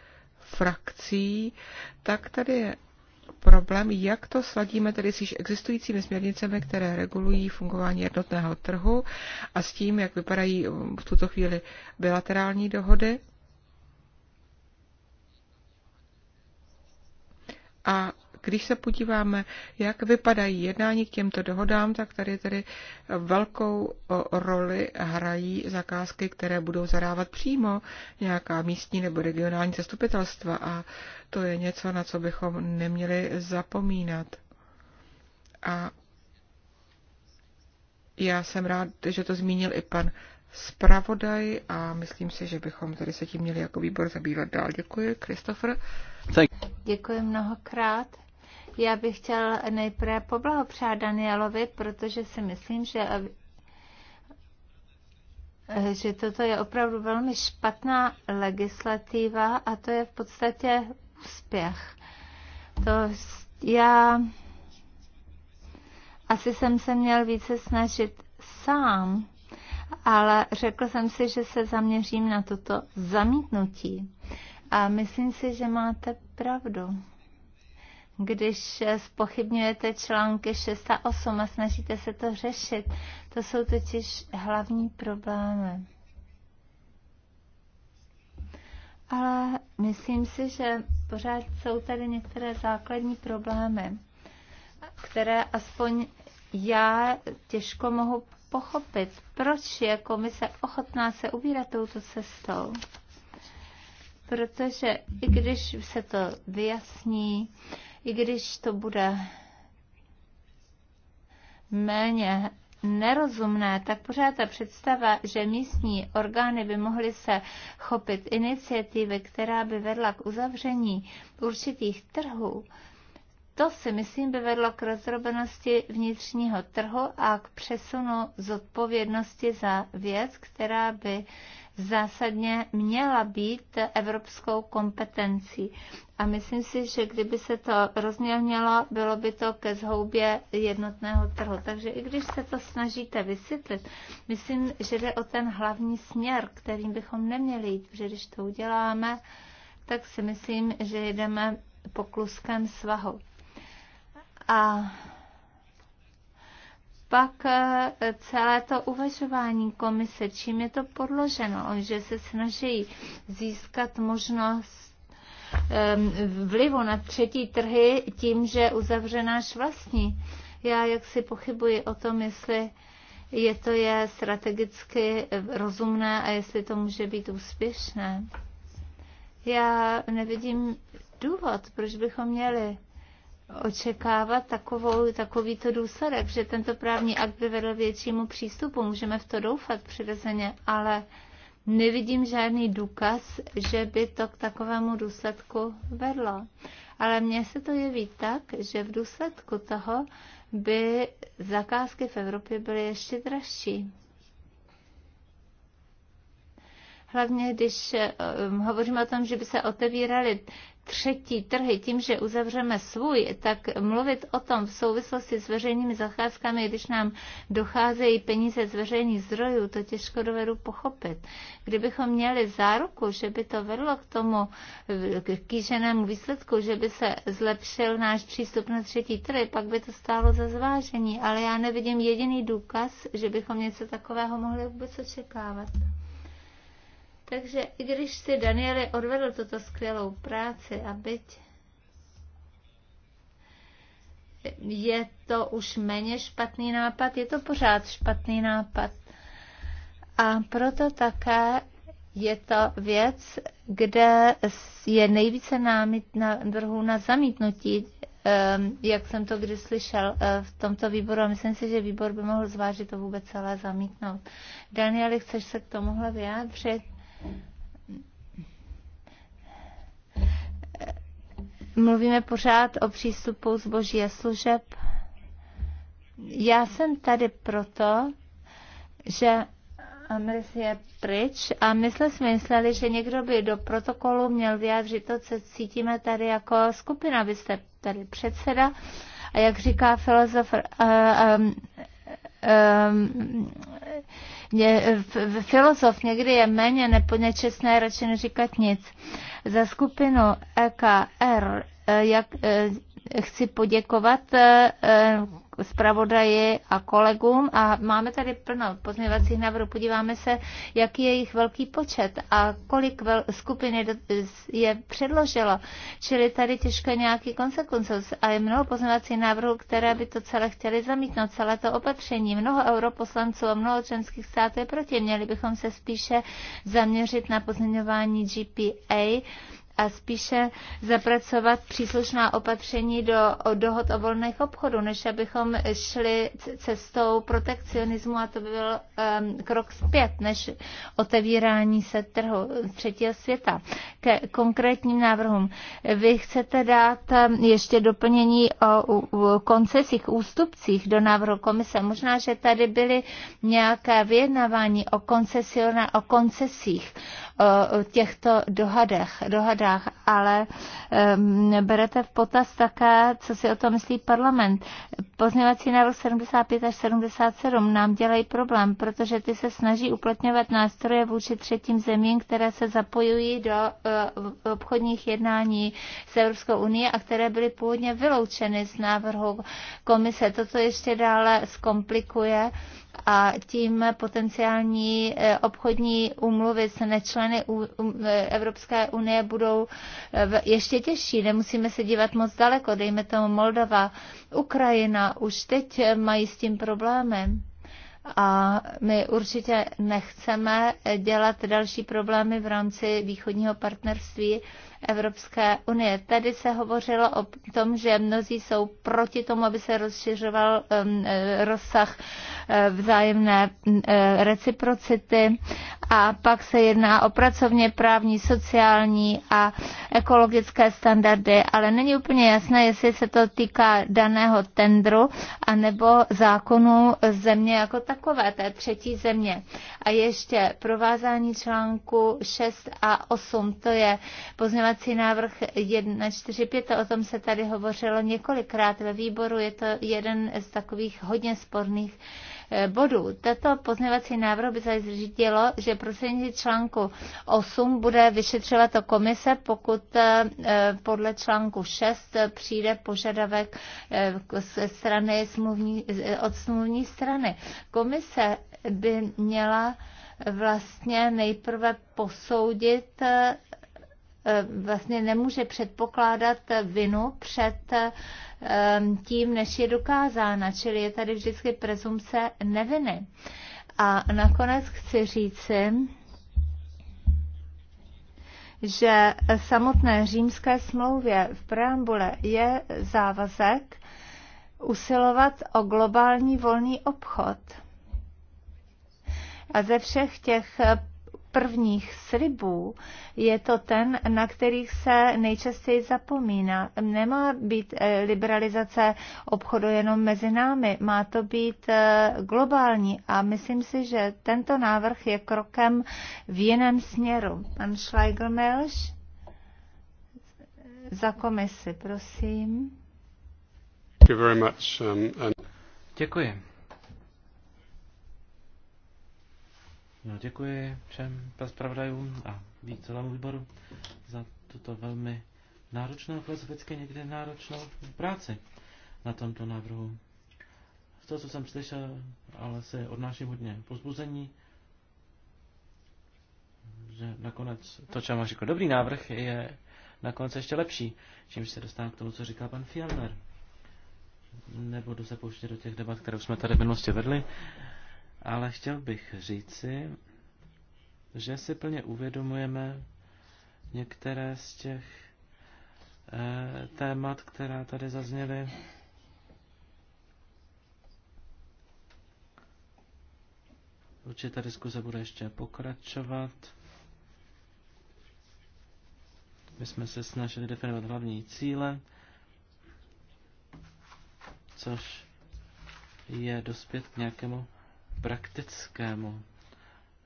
frakcí, tak tady je problém, jak to sladíme tedy s již existujícími směrnicemi, které regulují fungování jednotného trhu a s tím, jak vypadají eh, v tuto chvíli bilaterální dohody. A když se podíváme, jak vypadají jednání k těmto dohodám, tak tady tedy velkou roli hrají zakázky, které budou zadávat přímo nějaká místní nebo regionální zastupitelstva a to je něco, na co bychom neměli zapomínat. A já jsem rád, že to zmínil i pan zpravodaj a myslím si, že bychom tady se tím měli jako výbor zabývat dál. Děkuji, Christopher. Děkuji mnohokrát. Já bych chtěl nejprve poblahopřát Danielovi, protože si myslím, že že toto je opravdu velmi špatná legislativa a to je v podstatě úspěch. To já asi jsem se měl více snažit sám, ale řekl jsem si, že se zaměřím na toto zamítnutí. A myslím si, že máte pravdu když spochybňujete články 6 a 8 a snažíte se to řešit. To jsou totiž hlavní problémy. Ale myslím si, že pořád jsou tady některé základní problémy, které aspoň já těžko mohu pochopit, proč je komise ochotná se ubírat touto cestou. Protože i když se to vyjasní, i když to bude méně nerozumné, tak pořád ta představa, že místní orgány by mohly se chopit iniciativy, která by vedla k uzavření určitých trhů, to si myslím by vedlo k rozrobenosti vnitřního trhu a k přesunu zodpovědnosti za věc, která by zásadně měla být evropskou kompetencí. A myslím si, že kdyby se to rozmělnilo, bylo by to ke zhoubě jednotného trhu. Takže i když se to snažíte vysvětlit, myslím, že jde o ten hlavní směr, kterým bychom neměli jít, protože když to uděláme, tak si myslím, že jdeme pokluskem svahu. A pak eh, celé to uvažování komise, čím je to podloženo, že se snaží získat možnost vlivu na třetí trhy tím, že uzavře náš vlastní. Já jak si pochybuji o tom, jestli je to je strategicky rozumné a jestli to může být úspěšné. Já nevidím důvod, proč bychom měli očekávat takovou, takovýto důsledek, že tento právní akt by vedl většímu přístupu. Můžeme v to doufat přirozeně, ale nevidím žádný důkaz, že by to k takovému důsledku vedlo. Ale mně se to jeví tak, že v důsledku toho by zakázky v Evropě byly ještě dražší. Hlavně když eh, hovoříme o tom, že by se otevíraly třetí trhy tím, že uzavřeme svůj, tak mluvit o tom v souvislosti s veřejnými zacházkami, když nám docházejí peníze z veřejných zdrojů, to těžko dovedu pochopit. Kdybychom měli záruku, že by to vedlo k tomu eh, k kýženému výsledku, že by se zlepšil náš přístup na třetí trhy, pak by to stálo za zvážení, ale já nevidím jediný důkaz, že bychom něco takového mohli vůbec očekávat. Takže i když si Daniele odvedl tuto skvělou práci a byť je to už méně špatný nápad, je to pořád špatný nápad. A proto také je to věc, kde je nejvíce námit na druhů na zamítnutí, ehm, jak jsem to kdy slyšel eh, v tomto výboru a myslím si, že výbor by mohl zvážit to vůbec celé zamítnout. Danieli, chceš se k tomuhle vyjádřit? Mluvíme pořád o přístupu zboží a služeb. Já jsem tady proto, že Amnesty je pryč a my jsme si mysleli, že někdo by do protokolu měl vyjádřit to, co cítíme tady jako skupina. Vy jste tady předseda a jak říká filozof um, um, filozof někdy je méně nebo nečestné radši neříkat nic. Za skupinu EKR eh, jak, eh, chci poděkovat eh, eh, zpravodaji a kolegům a máme tady plno pozměvacích návrhů. Podíváme se, jaký je jejich velký počet a kolik vel, skupin je, předložilo. Čili tady těžko je nějaký konsekvences a je mnoho pozměvacích návrhů, které by to celé chtěli zamítnout, celé to opatření. Mnoho europoslanců a mnoho členských států je proti. Měli bychom se spíše zaměřit na pozměňování GPA a spíše zapracovat příslušná opatření do dohod o volných obchodu, než abychom šli cestou protekcionismu a to by byl um, krok zpět, než otevírání se trhu třetího světa. Ke konkrétním návrhům. Vy chcete dát ještě doplnění o, o koncesích, ústupcích do návrhu komise. Možná, že tady byly nějaké vyjednávání o, o koncesích, těchto dohadech, dohadách, ale berete v potaz také, co si o tom myslí parlament. Pozněvací návrh 75 až 77 nám dělají problém, protože ty se snaží uplatňovat nástroje vůči třetím zemím, které se zapojují do e, obchodních jednání s Evropskou unii a které byly původně vyloučeny z návrhu komise. Toto ještě dále zkomplikuje a tím potenciální eh, obchodní úmluvy s nečleny Evropské unie budou eh, ještě těžší. Nemusíme se dívat moc daleko, dejme tomu Moldova, Ukrajina už teď eh, mají s tím problémy. A my určitě nechceme dělat další problémy v rámci východního partnerství Evropské unie. Tady se hovořilo o tom, že mnozí jsou proti tomu, aby se rozšiřoval um, eh, rozsah eh, vzájemné mm, eh, reciprocity a pak se jedná o pracovně právní, sociální a ekologické standardy, ale není úplně jasné, jestli se to týká daného tendru anebo zákonu země jako takové, té třetí země. A ještě provázání článku 6 a 8, to je poznávací Pozměňovací návrh 145, o tom se tady hovořilo několikrát ve výboru, je to jeden z takových hodně sporných eh, bodů. Tato pozměňovací návrh by zajistilo, že prostřednictvím článku 8 bude vyšetřovat to komise, pokud eh, eh, podle článku 6 přijde požadavek ze strany smluvní, od smluvní strany. Komise by měla vlastně nejprve posoudit vlastně nemůže předpokládat vinu před tím, než je dokázána, čili je tady vždycky prezumce neviny. A nakonec chci říci, že samotné římské smlouvě v preambule je závazek usilovat o globální volný obchod. A ze všech těch prvních slibů je to ten, na kterých se nejčastěji zapomíná. Nemá být eh, liberalizace obchodu jenom mezi námi, má to být eh, globální a myslím si, že tento návrh je krokem v jiném směru. Pan Schleigelmelš za komisi, prosím. Um, Děkuji. No, děkuji všem zpravodajům a celému výboru za tuto velmi náročnou, filozoficky někdy náročnou práci na tomto návrhu. Z toho, co jsem slyšel, ale se odnáším hodně pozbuzení, že nakonec to, co máš jako dobrý návrh, je nakonec ještě lepší, čímž se dostávám k tomu, co říkal pan Fielner. Nebudu se pouštět do těch debat, které jsme tady v minulosti vedli ale chtěl bych říci, že si plně uvědomujeme některé z těch eh, témat, která tady zazněly. Určitě ta diskuze bude ještě pokračovat. My jsme se snažili definovat hlavní cíle, což je dospět k nějakému praktickému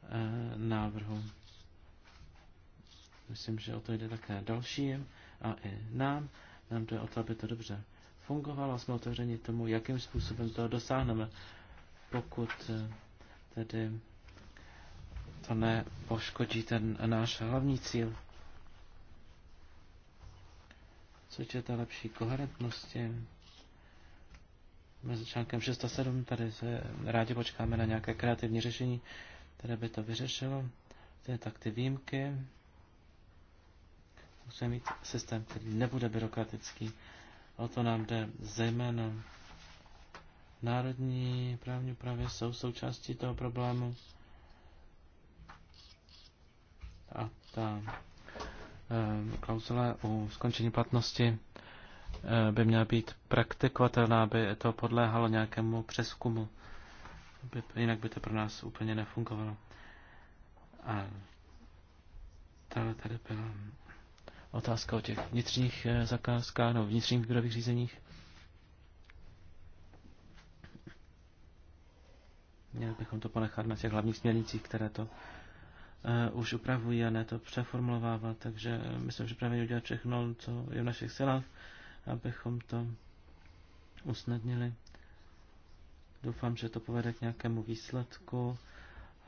eh, návrhu. Myslím, že o to jde také dalším a i nám. Nám jde o to, aby to dobře fungovalo. Jsme otevřeni tomu, jakým způsobem to dosáhneme, pokud eh, tedy to nepoškodí ten náš hlavní cíl. Co je ta lepší koherentnosti? mezi článkem 6 a 7. Tady se rádi počkáme na nějaké kreativní řešení, které by to vyřešilo. To je tak ty výjimky. Musíme mít systém, který nebude byrokratický. O to nám jde zejména. Národní právní právě jsou součástí toho problému. A ta um, klauzule u skončení platnosti Eh, by měla být praktikovatelná, aby to podléhalo nějakému přeskumu. Jinak by to pro nás úplně nefungovalo. A tady, tady byla otázka o těch vnitřních eh, zakázkách, no vnitřních výběrových řízeních. Měli bychom to ponechat na těch hlavních směrnicích, které to uh, už upravují a ne to přeformulovávat, takže myslím, že právě udělat všechno, co je v našich silách. Uh, abychom to usnadnili. Doufám, že to povede k nějakému výsledku.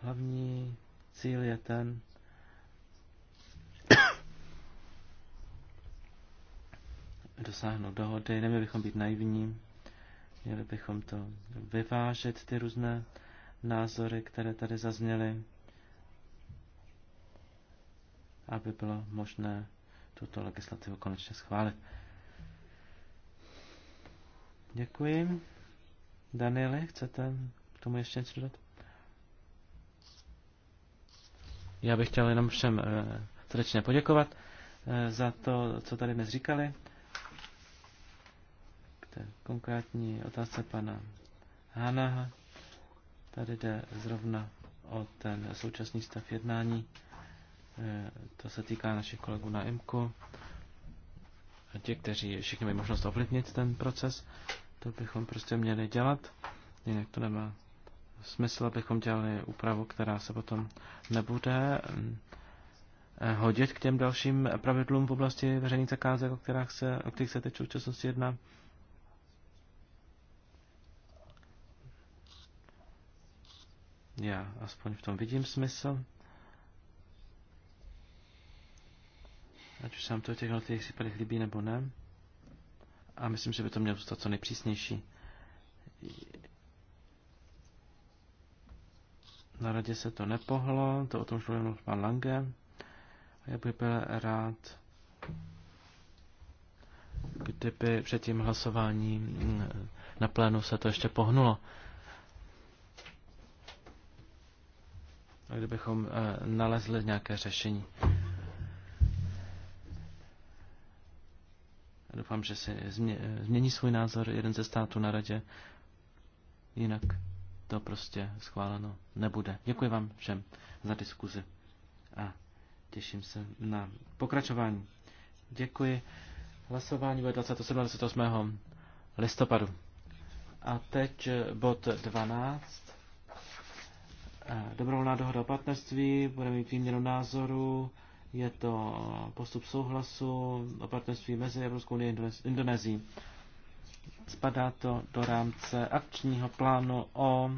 Hlavní cíl je ten, dosáhnout dohody, neměli bychom být naivní, měli bychom to vyvážet, ty různé názory, které tady zazněly, aby bylo možné tuto legislativu konečně schválit. Děkuji. Danieli, chcete k tomu ještě něco dodat? Já bych chtěl jenom všem eh, srdečně poděkovat eh, za to, co tady dnes říkali. K té konkrétní otázce pana Hanaha. Tady jde zrovna o ten současný stav jednání. Eh, to se týká našich kolegů na IMKU a ti, kteří všichni mají možnost ovlivnit ten proces, to bychom prostě měli dělat, jinak to nemá smysl, abychom dělali úpravu, která se potom nebude mm, eh, hodit k těm dalším pravidlům v oblasti veřejných zakázek, o, se, o kterých se teď v současnosti jedná. Já aspoň v tom vidím smysl. ať už se nám to v těch jednotlivých případech líbí nebo ne. A myslím, že by to mělo zůstat co nejpřísnější. Na radě se to nepohlo, to o tom mluvil pan Lange. A já bych byl rád, kdyby před tím hlasováním mm, na plénu se to ještě pohnulo. A kdybychom eh, nalezli nějaké řešení. Doufám, že si změní svůj názor jeden ze států na radě. Jinak to prostě schváleno nebude. Děkuji vám všem za diskuzi a těším se na pokračování. Děkuji. Hlasování bude 27. listopadu. A teď eh, bod 12. Eh, Dobrovolná dohoda o partnerství, budeme mít výměnu názoru. Je to postup souhlasu o partnerství mezi Evropskou unii a Indonésií. Spadá to do rámce akčního plánu o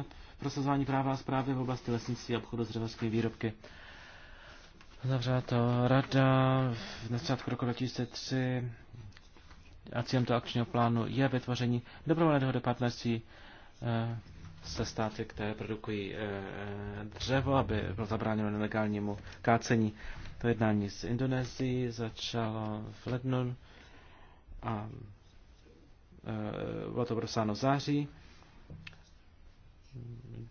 e, prosazování práva a zprávy v oblasti lesnictví a obchodu s dřevěnskými výrobky. Zavřela to rada v začátku roku 2003 a cílem toho akčního plánu je vytvoření dobrovolného partnerství e, eh, se státy, které produkují eh, dřevo, aby bylo zabráněno nelegálnímu kácení. To jednání s Indonésií začalo v lednu a eh, bylo to prosáno v září.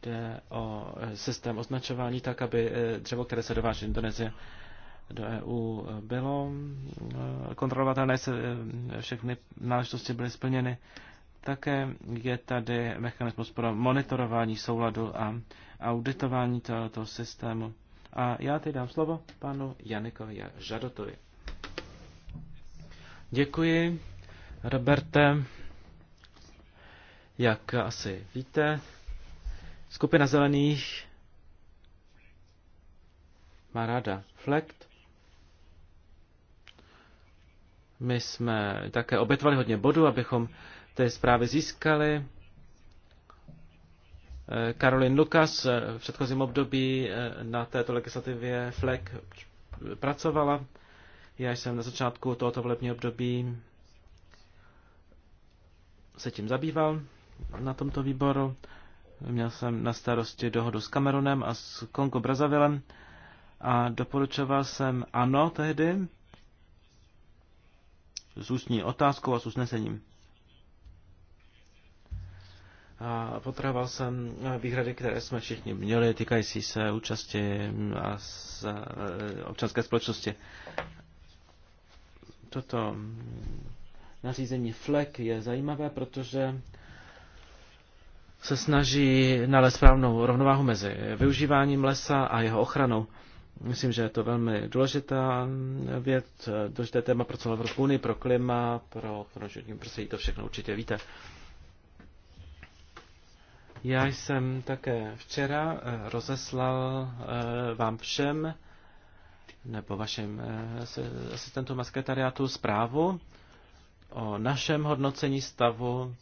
Jde o eh, systém označování tak, aby dřevo, které se dováží Indonésie do EU, bylo kontrolovatelné, se všechny náležitosti byly splněny. Také je tady mechanismus pro monitorování souladu a auditování tohoto systému. A já teď dám slovo panu Janikovi Žadotovi. Děkuji, Roberte. Jak asi víte, skupina zelených má ráda Flekt. My jsme také obětovali hodně bodů, abychom Té zprávy získali. Eh, Karolin Lukas eh, v předchozím období eh, na této legislativě FLEG pracovala. Já jsem na začátku tohoto volebního období se tím zabýval na tomto výboru. Měl jsem na starosti dohodu s Kamerunem a s Kongo Brazavilem a doporučoval jsem ano tehdy s ústní otázkou a s usnesením a potrával jsem eh, výhrady, které jsme všichni měli, týkající se účasti a z, eh, občanské společnosti. Toto mm, nařízení FLEC je zajímavé, protože se snaží nalézt správnou rovnováhu mezi využíváním lesa a jeho ochranou. Myslím, že je to velmi důležitá mm, věc, eh, důležité téma pro celou Evropskou unii, pro klima, pro, pro životní prostředí, to všechno určitě víte. Já jsem také včera eh, rozeslal eh, vám všem nebo vašim eh, asistentům a sekretariátu zprávu o našem hodnocení stavu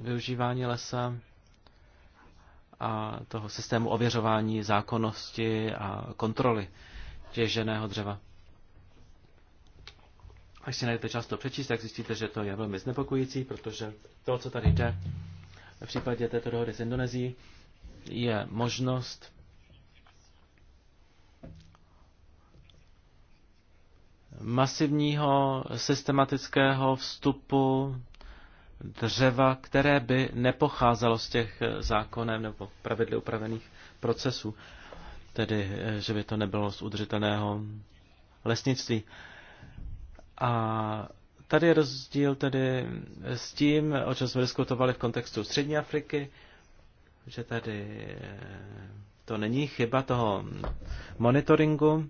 využívání lesa a toho systému ověřování zákonnosti a kontroly těženého dřeva. Až si najdete často přečíst, tak zjistíte, že to je velmi znepokojící, protože to, co tady jde, v případě této dohody s Indonésií je možnost masivního systematického vstupu dřeva, které by nepocházelo z těch zákonem nebo pravidly upravených procesů. Tedy, eh, že by to nebylo z udržitelného lesnictví. A Tady je rozdíl tedy s tím, o čem jsme diskutovali v kontextu Střední Afriky, že tady eh, to není chyba toho monitoringu,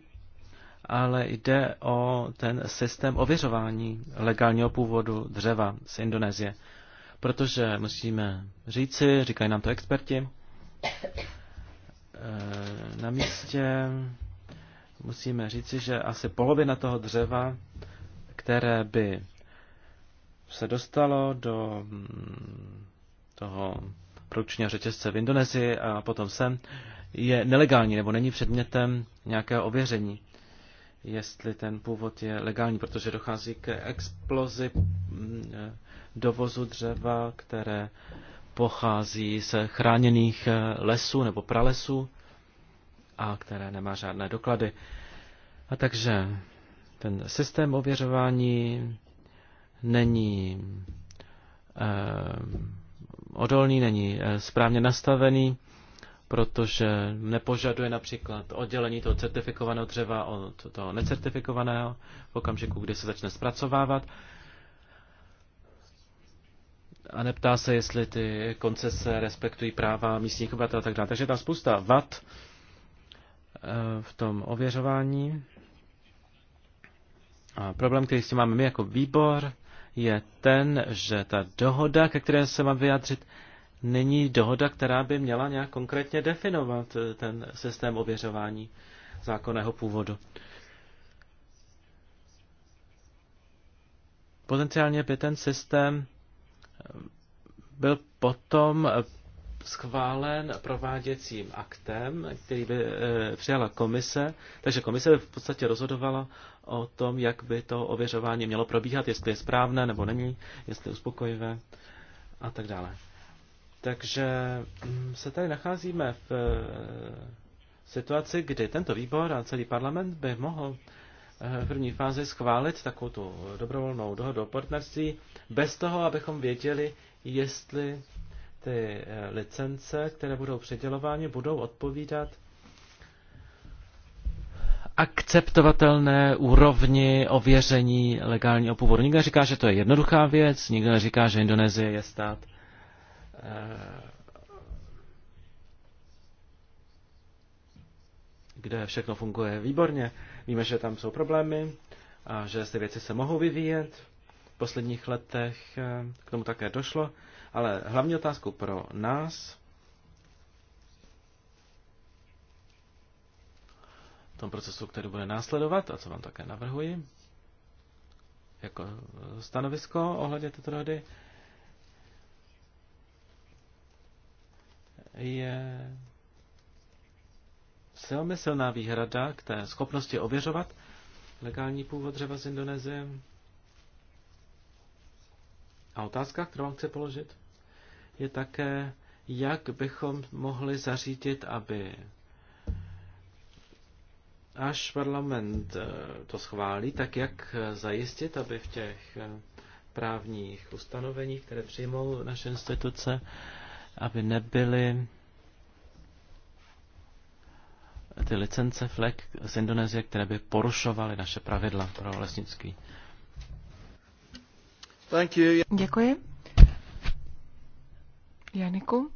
ale jde o ten systém ověřování legálního původu dřeva z Indonésie. Protože musíme říci, říkají nám to experti, eh, na místě musíme říci, že asi polovina toho dřeva, které by se dostalo do mm, toho produkčního řetězce v Indonésii a potom sem, je nelegální nebo není předmětem nějakého ověření, jestli ten původ je legální, protože dochází k explozi mm, eh, dovozu dřeva, které pochází z chráněných eh, lesů nebo pralesů a které nemá žádné doklady. A takže ten systém ověřování není eh, odolný, není eh, správně nastavený, protože nepožaduje například oddělení toho certifikovaného dřeva od toho necertifikovaného v okamžiku, kdy se začne zpracovávat. A neptá se, jestli ty koncese respektují práva místních obyvatel a tak dále. Takže tam spousta vad eh, v tom ověřování. A problém, který s tím máme my jako výbor, je ten, že ta dohoda, ke které se mám vyjádřit, není dohoda, která by měla nějak konkrétně definovat eh, ten systém ověřování zákonného původu. Potenciálně by ten systém eh, byl potom eh, schválen prováděcím aktem, který by eh, přijala komise. Takže komise by v podstatě rozhodovala o tom, jak by to ověřování mělo probíhat, jestli je správné nebo není, jestli je uspokojivé a tak dále. Takže mm, se tady nacházíme v eh, situaci, kdy tento výbor a celý parlament by mohl eh, v první fázi schválit takovou tu dobrovolnou dohodu o partnerství bez toho, abychom věděli, jestli ty eh, licence, které budou předělovány, budou odpovídat akceptovatelné úrovni ověření legálního původu. Nikdo říká, že to je jednoduchá věc, nikdo neříká, že Indonésie je stát eh, kde všechno funguje výborně. Víme, že tam jsou problémy a že ty věci se mohou vyvíjet. V posledních letech eh, k tomu také došlo. Ale hlavní otázku pro nás v tom procesu, který bude následovat a co vám také navrhuji, jako stanovisko ohledně této dohody, je velmi silná výhrada k té schopnosti ověřovat legální původ dřeva z Indonésie. A otázka, kterou vám chci položit? je také, jak bychom mohli zařídit, aby až parlament eh, to schválí, tak jak zajistit, aby v těch eh, právních ustanoveních, které přijmou naše instituce, aby nebyly ty licence flek z Indonésie, které by porušovaly naše pravidla pro lesnictví. Děkuji. Janiku.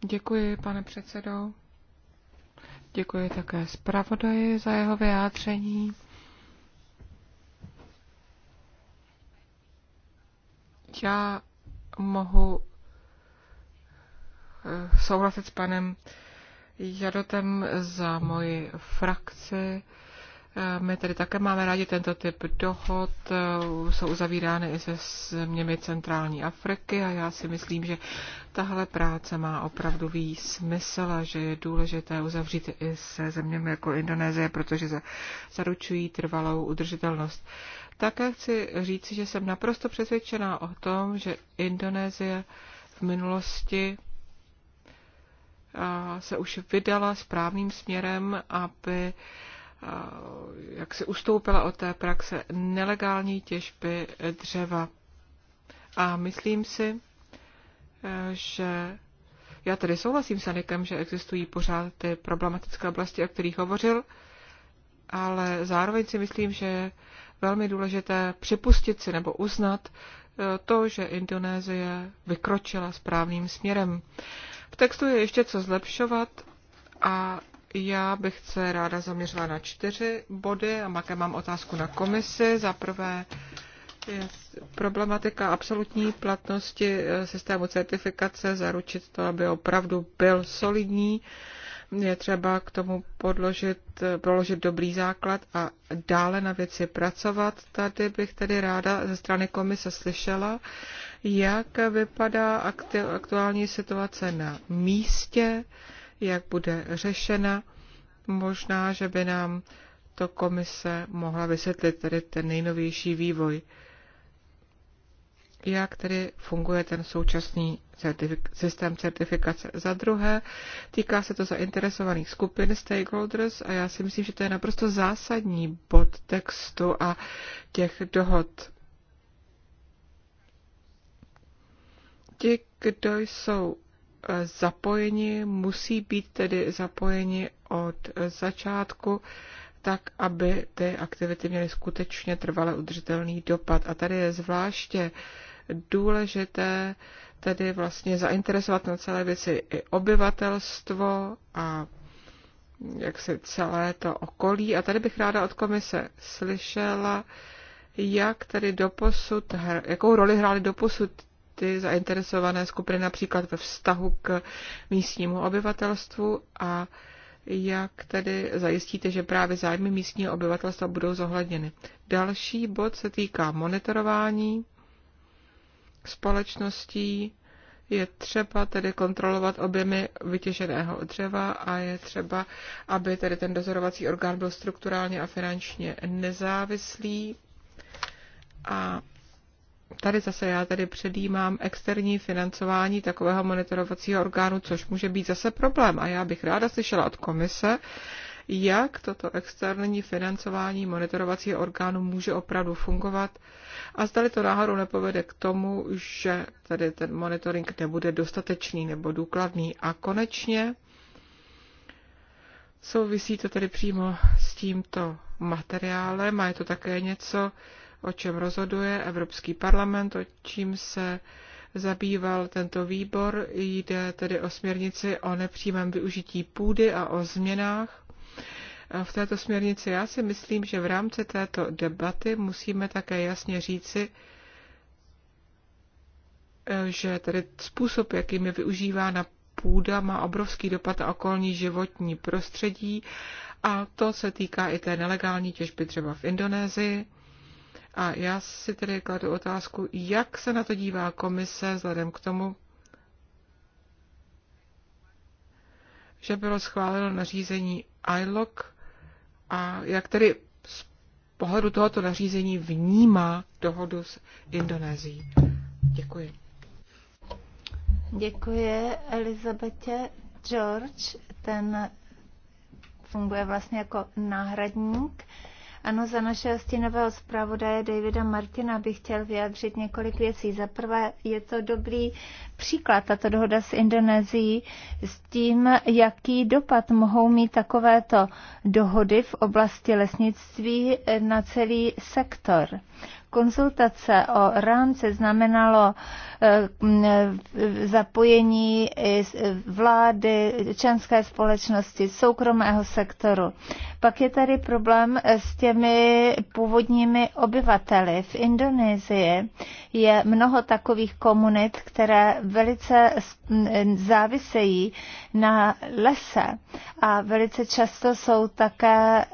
Děkuji, pane předsedo. Děkuji také zpravodaji za jeho vyjádření. Já mohu eh, souhlasit s panem Jadotem za moji frakci. Eh, my tedy také máme rádi tento typ dohod, eh, jsou uzavírány i se zeměmi centrální Afriky a já si myslím, že tahle práce má opravdu smysl a že je důležité uzavřít i se zeměmi jako Indonésie, protože se zaručují trvalou udržitelnost. Také chci říct, že jsem naprosto přesvědčená o tom, že Indonésie v minulosti eh, se už vydala správným směrem, aby jak se ustoupila od té praxe nelegální těžby dřeva. A myslím si, že já tedy souhlasím s Anikem, že existují pořád ty problematické oblasti, o kterých hovořil, ale zároveň si myslím, že je velmi důležité připustit si nebo uznat eh, to, že Indonésie vykročila správným směrem. V textu je ještě co zlepšovat a já bych se ráda zaměřila na čtyři body a také mám otázku na komisi. Za prvé je problematika absolutní platnosti eh, systému certifikace, zaručit to, aby opravdu byl solidní. Je třeba k tomu podložit, eh, položit dobrý základ a dále na věci pracovat. Tady bych tedy ráda ze strany komise slyšela, jak vypadá aktuální situace na místě, jak bude řešena. Možná, že by nám to komise mohla vysvětlit, tedy ten nejnovější vývoj. Jak tedy funguje ten současný certifik- systém certifikace? Za druhé, týká se to zainteresovaných skupin, stakeholders, a já si myslím, že to je naprosto zásadní bod textu a těch dohod. Ti, kdo jsou zapojeni, musí být tedy zapojeni od začátku, tak aby ty aktivity měly skutečně trvale udržitelný dopad. A tady je zvláště důležité tedy vlastně zainteresovat na celé věci i obyvatelstvo a jak se celé to okolí. A tady bych ráda od komise slyšela, jak tedy doposud, jakou roli hrály doposud ty zainteresované skupiny například ve vztahu k místnímu obyvatelstvu a jak tedy zajistíte, že právě zájmy místního obyvatelstva budou zohledněny. Další bod se týká monitorování společností. Je třeba tedy kontrolovat objemy vytěženého dřeva a je třeba, aby tedy ten dozorovací orgán byl strukturálně a finančně nezávislý. A tady zase já tady předjímám externí financování takového monitorovacího orgánu, což může být zase problém. A já bych ráda slyšela od komise, jak toto externí financování monitorovacího orgánu může opravdu fungovat a zdali to náhodou nepovede k tomu, že tady ten monitoring nebude dostatečný nebo důkladný. A konečně souvisí to tedy přímo s tímto materiálem a je to také něco, o čem rozhoduje Evropský parlament, o čím se zabýval tento výbor. Jde tedy o směrnici o nepřímém využití půdy a o změnách. V této směrnici já si myslím, že v rámci této debaty musíme také jasně říci, že tedy způsob, jakým je využívána půda, má obrovský dopad na okolní životní prostředí a to se týká i té nelegální těžby třeba v Indonésii. A já si tedy kladu otázku, jak se na to dívá komise vzhledem k tomu, že bylo schváleno nařízení ILOC a jak tedy z pohledu tohoto nařízení vnímá dohodu s Indonésií. Děkuji. Děkuji Elizabetě. George, ten funguje vlastně jako náhradník ano, za našeho stínového zpravodaje Davida Martina bych chtěl vyjádřit několik věcí. Za prvé je to dobrý příklad, tato dohoda s Indonésií, s tím, jaký dopad mohou mít takovéto dohody v oblasti lesnictví na celý sektor konsultace o rámci znamenalo eh, eh, zapojení eh, vlády, členské společnosti, soukromého sektoru. Pak je tady problém s těmi původními obyvateli. V Indonésii je mnoho takových komunit, které velice závisejí na lese a velice často jsou také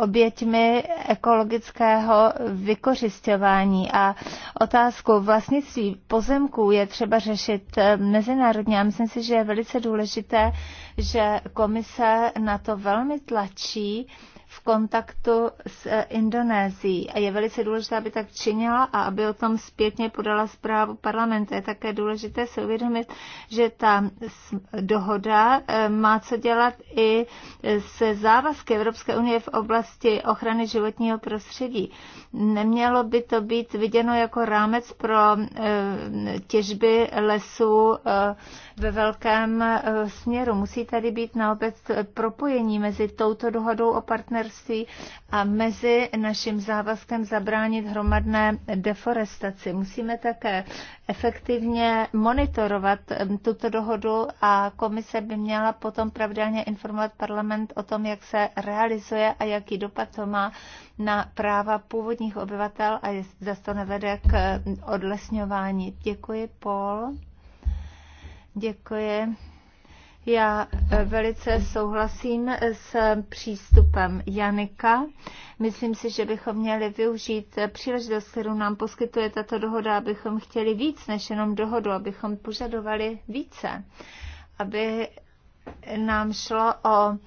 oběťmi ekologického vykořistění vykořišťování a otázku vlastnictví pozemků je třeba řešit eh, mezinárodně a myslím si, že je velice důležité, že komise na to velmi tlačí v kontaktu s eh, Indonésií a je velice důležité, aby tak činila a aby o tom zpětně podala zprávu parlamentu. Je také důležité si uvědomit, že ta dohoda eh, má co dělat i se závazky Evropské unie v oblasti ochrany životního prostředí. Nemělo by to být viděno jako rámec pro eh, těžby lesů ve velkém směru. Musí tady být naopak propojení mezi touto dohodou o partnerství partnerství a mezi naším závazkem zabránit hromadné deforestaci. Musíme také efektivně monitorovat tuto dohodu a komise by měla potom pravidelně informovat parlament o tom, jak se realizuje a jaký dopad to má na práva původních obyvatel a za to nevede k odlesňování. Děkuji, Paul. Děkuji. Já eh, velice souhlasím s přístupem Janika. Myslím si, že bychom měli využít eh, příležitost, kterou nám poskytuje tato dohoda, abychom chtěli víc než jenom dohodu, abychom požadovali více, aby nám šlo o eh,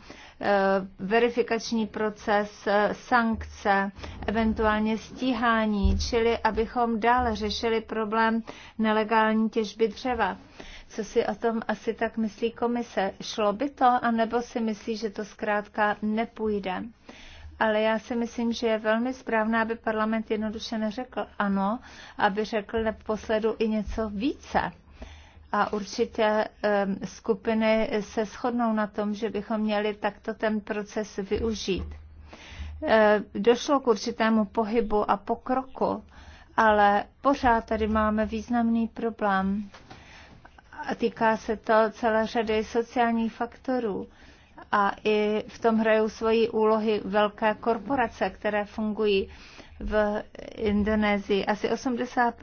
verifikační proces, sankce, eventuálně stíhání, čili abychom dále řešili problém nelegální těžby dřeva. Co si o tom asi tak myslí komise? Šlo by to, anebo si myslí, že to zkrátka nepůjde? ale já si myslím, že je velmi správné, aby parlament jednoduše neřekl ano, aby řekl posledu i něco více. A určitě um, skupiny se shodnou na tom, že bychom měli takto ten proces využít. E, došlo k určitému pohybu a pokroku, ale pořád tady máme významný problém a týká se to celé řady sociálních faktorů a i v tom hrajou svoji úlohy velké korporace, které fungují v Indonésii. Asi 80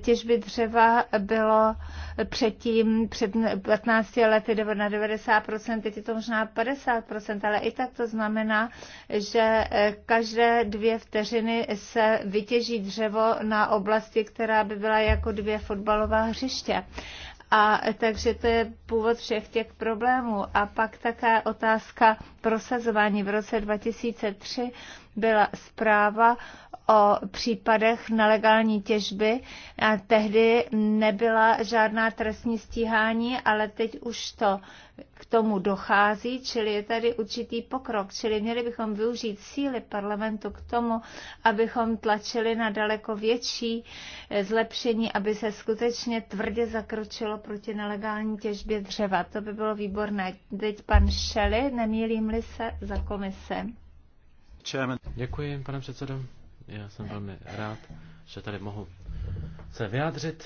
těžby dřeva bylo předtím, před 15 lety na 90 teď je to možná 50 ale i tak to znamená, že každé dvě vteřiny se vytěží dřevo na oblasti, která by byla jako dvě fotbalová hřiště. A takže to je původ všech těch problémů. A pak také otázka prosazování. V roce 2003 byla zpráva o případech nelegální těžby. A tehdy nebyla žádná trestní stíhání, ale teď už to k tomu dochází, čili je tady určitý pokrok. Čili měli bychom využít síly parlamentu k tomu, abychom tlačili na daleko větší eh, zlepšení, aby se skutečně tvrdě zakročilo proti nelegální těžbě dřeva. To by bylo výborné. Teď pan Šeli, nemýlím-li se, za komise. Děkuji, pane předsedo. Já jsem velmi rád, že tady mohu se vyjádřit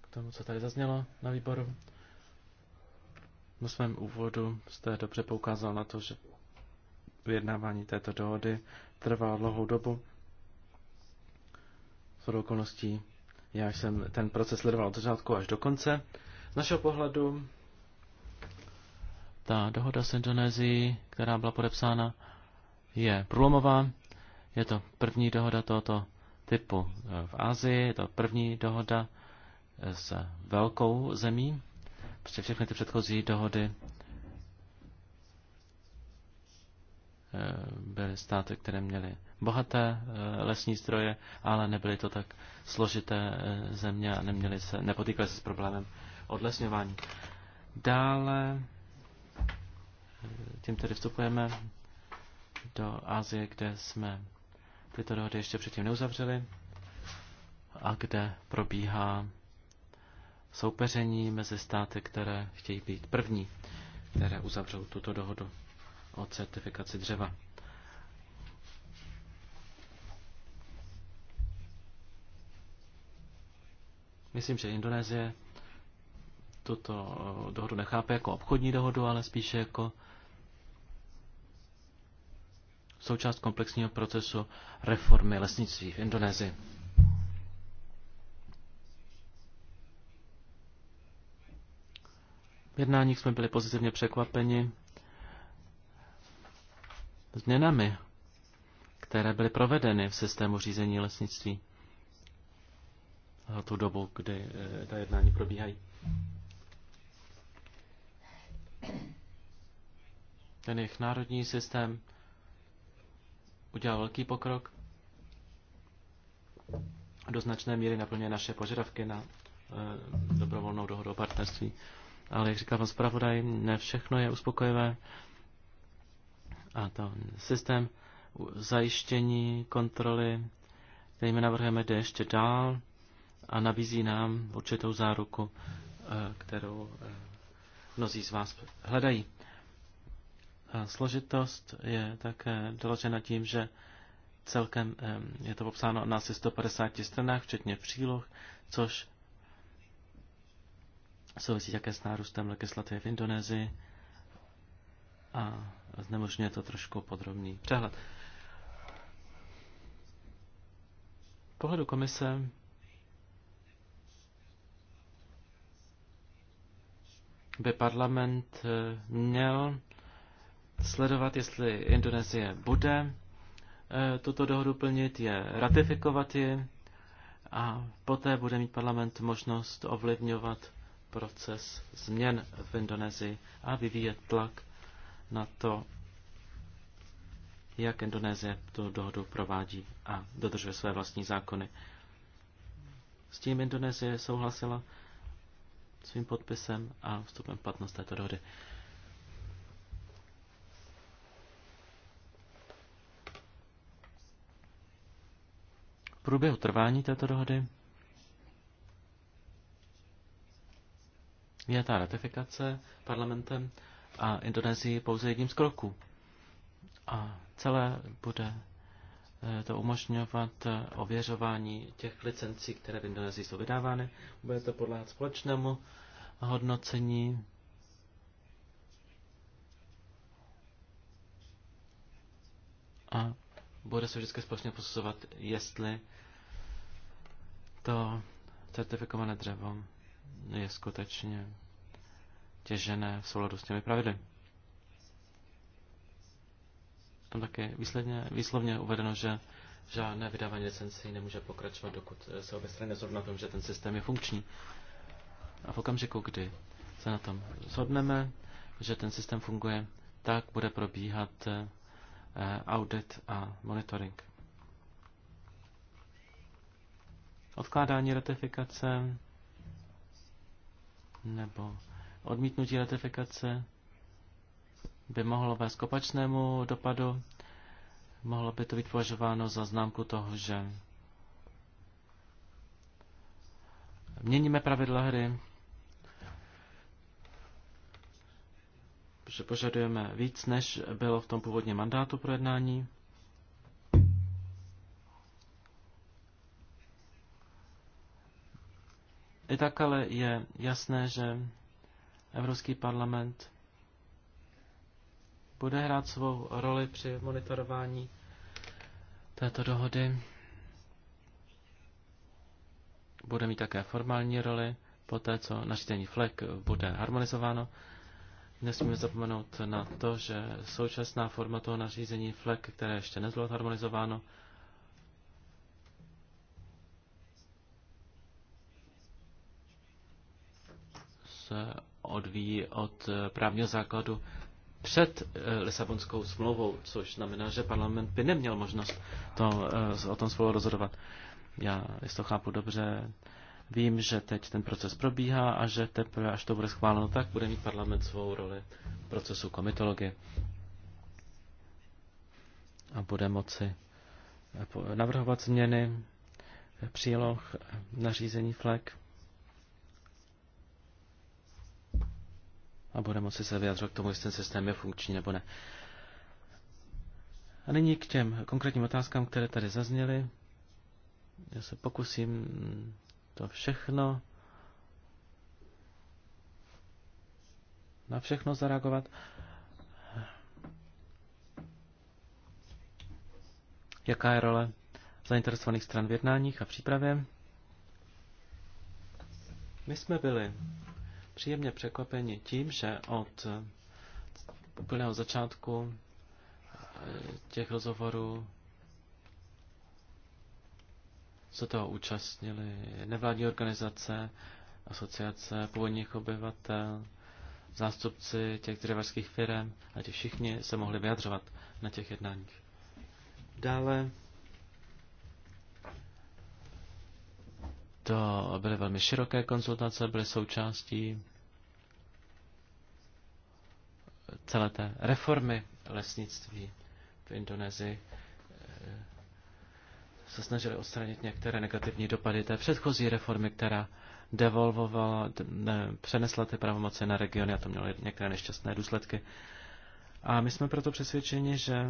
k tomu, co tady zaznělo na výboru. Na svém úvodu jste dobře poukázal na to, že vyjednávání této dohody trvá dlouhou dobu. S okolností já jsem ten proces sledoval od začátku až do konce. Z našeho pohledu ta dohoda s Indonésií, která byla podepsána, je průlomová. Je to první dohoda tohoto typu eh, v Asii, je to první dohoda eh, s velkou zemí. Prostě všechny ty předchozí dohody eh, byly státy, které měly bohaté lesní stroje, ale nebyly to tak složité země a neměly se, nepotýkaly se s problémem odlesňování. Dále tím tedy vstupujeme do Asie, kde jsme tyto dohody ještě předtím neuzavřeli a kde probíhá soupeření mezi státy, které chtějí být první, které uzavřou tuto dohodu o certifikaci dřeva. Myslím, že Indonésie tuto dohodu nechápe jako obchodní dohodu, ale spíše jako součást komplexního procesu reformy lesnictví v Indonésii. V jednáních jsme byli pozitivně překvapeni změnami, které byly provedeny v systému řízení lesnictví za tu dobu, kdy eh, ta jednání probíhají. Ten jejich národní systém udělal velký pokrok. Do značné míry naplňuje naše požadavky na eh, dobrovolnou dohodu o partnerství. Ale jak říkal pan zpravodaj, ne všechno je uspokojivé. A to systém zajištění kontroly, který my navrhujeme, jde ještě dál a nabízí nám určitou záruku, eh, kterou eh, mnozí z vás hledají složitost je také doložena tím, že celkem je to popsáno na asi 150 stranách, včetně příloh, což souvisí také s nárůstem legislativy v Indonésii a znemožňuje to trošku podrobný přehled. pohledu komise by parlament eh, měl sledovat, jestli Indonésie bude eh, tuto dohodu plnit, je ratifikovat ji a poté bude mít parlament možnost ovlivňovat proces změn v Indonésii a vyvíjet tlak na to, jak Indonésie tu dohodu provádí a dodržuje své vlastní zákony. S tím Indonésie souhlasila svým podpisem a vstupem v platnost této dohody. průběhu trvání této dohody je ta ratifikace parlamentem a Indonésii pouze jedním z kroků. A celé bude eh, to umožňovat eh, ověřování těch licencí, které v Indonésii jsou vydávány. Bude to podléhat společnému hodnocení. A bude se vždycky společně posuzovat, jestli to certifikované dřevo je skutečně těžené v souladu s těmi pravidly. Tam také výsledně, výslovně uvedeno, že žádné vydávání licencí nemůže pokračovat, dokud se obě strany nezhodnou na tom, že ten systém je funkční. A v okamžiku, kdy se na tom shodneme, že ten systém funguje, tak bude probíhat Eh, audit a monitoring. Odkládání ratifikace nebo odmítnutí ratifikace by mohlo vést k opačnému dopadu. Mohlo by to být považováno za známku toho, že měníme pravidla hry, že požadujeme víc, než bylo v tom původně mandátu projednání. I tak ale je jasné, že Evropský parlament bude hrát svou roli při monitorování této dohody. Bude mít také formální roli po té, co nařízení FLEG bude harmonizováno. Nesmíme zapomenout na to, že současná forma toho nařízení FLEC, které ještě nezlo harmonizováno, se odvíjí od právního základu před eh, Lisabonskou smlouvou, což znamená, že parlament by neměl možnost to, eh, o tom spolu rozhodovat. Já, jestli to chápu dobře, Vím, že teď ten proces probíhá a že teprve, až to bude schváleno, tak bude mít parlament svou roli v procesu komitologie a bude moci eh, navrhovat změny eh, příloh eh, nařízení FLEG a bude moci se vyjadřovat k tomu, jestli ten systém je funkční nebo ne. A nyní k těm konkrétním otázkám, které tady zazněly. Já se pokusím mm, to všechno na všechno zareagovat. Jaká je role zainteresovaných stran v jednáních a přípravě? My jsme byli příjemně překvapeni tím, že od úplného začátku eh, těch rozhovorů se toho účastnili nevládní organizace, asociace původních obyvatel, zástupci těch dřevařských firm a ti všichni se mohli vyjadřovat na těch jednáních. Dále to byly velmi široké konzultace, byly součástí celé té reformy lesnictví v Indonésii se snažili odstranit některé negativní dopady té předchozí reformy, která devolvovala, ne, přenesla ty pravomoce na regiony a to mělo některé nešťastné důsledky. A my jsme proto přesvědčeni, že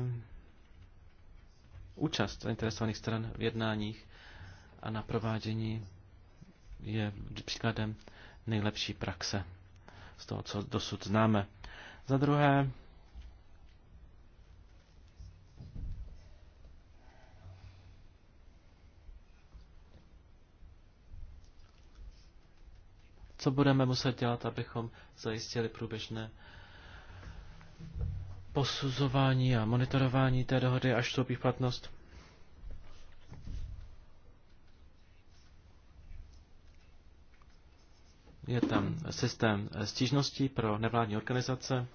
účast zainteresovaných stran v jednáních a na provádění je příkladem nejlepší praxe z toho, co dosud známe. Za druhé, co budeme muset dělat, abychom zajistili průběžné posuzování a monitorování té dohody, až vstoupí v platnost. Je tam systém stížností pro nevládní organizace,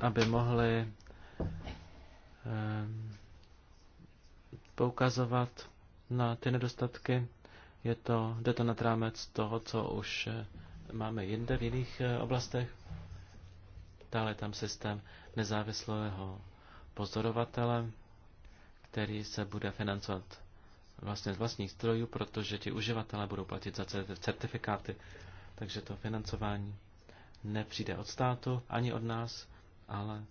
aby mohly eh, poukazovat na ty nedostatky. Je to, jde to nad rámec toho, co už eh, máme jinde v jiných eh, oblastech. Dále tam systém nezávislého pozorovatele, který se bude financovat vlastně z vlastních zdrojů, protože ti uživatelé budou platit za certifikáty. Takže to financování nepřijde od státu ani od nás, ale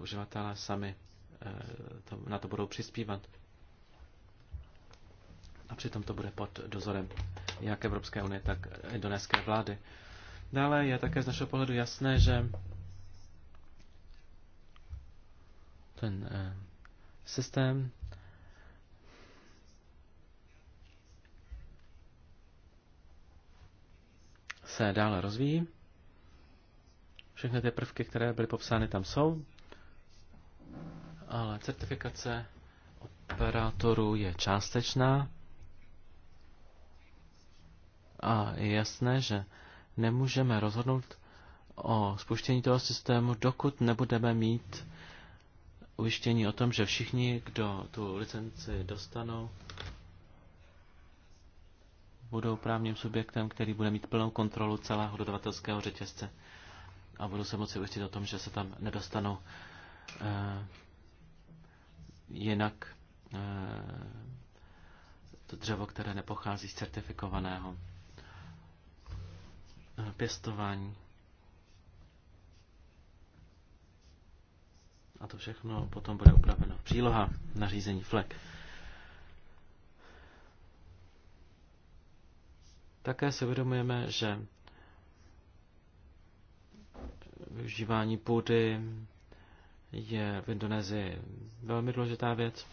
uživatelé sami eh, to, na to budou přispívat. A přitom to bude pod dozorem jak Evropské unie, tak indonéské vlády. Dále je také z našeho pohledu jasné, že ten eh, systém se dále rozvíjí. Všechny ty prvky, které byly popsány, tam jsou. Ale certifikace operátorů je částečná. A je jasné, že nemůžeme rozhodnout o spuštění toho systému, dokud nebudeme mít ujištění o tom, že všichni, kdo tu licenci dostanou, budou právním subjektem, který bude mít plnou kontrolu celého dodavatelského řetězce a budou se moci ujistit o tom, že se tam nedostanou eh, jinak eh, to dřevo, které nepochází z certifikovaného Eh, pěstování. A to všechno potom bude upraveno. Příloha nařízení FLEK. Také si uvědomujeme, že využívání půdy je v Indonésii velmi důležitá věc.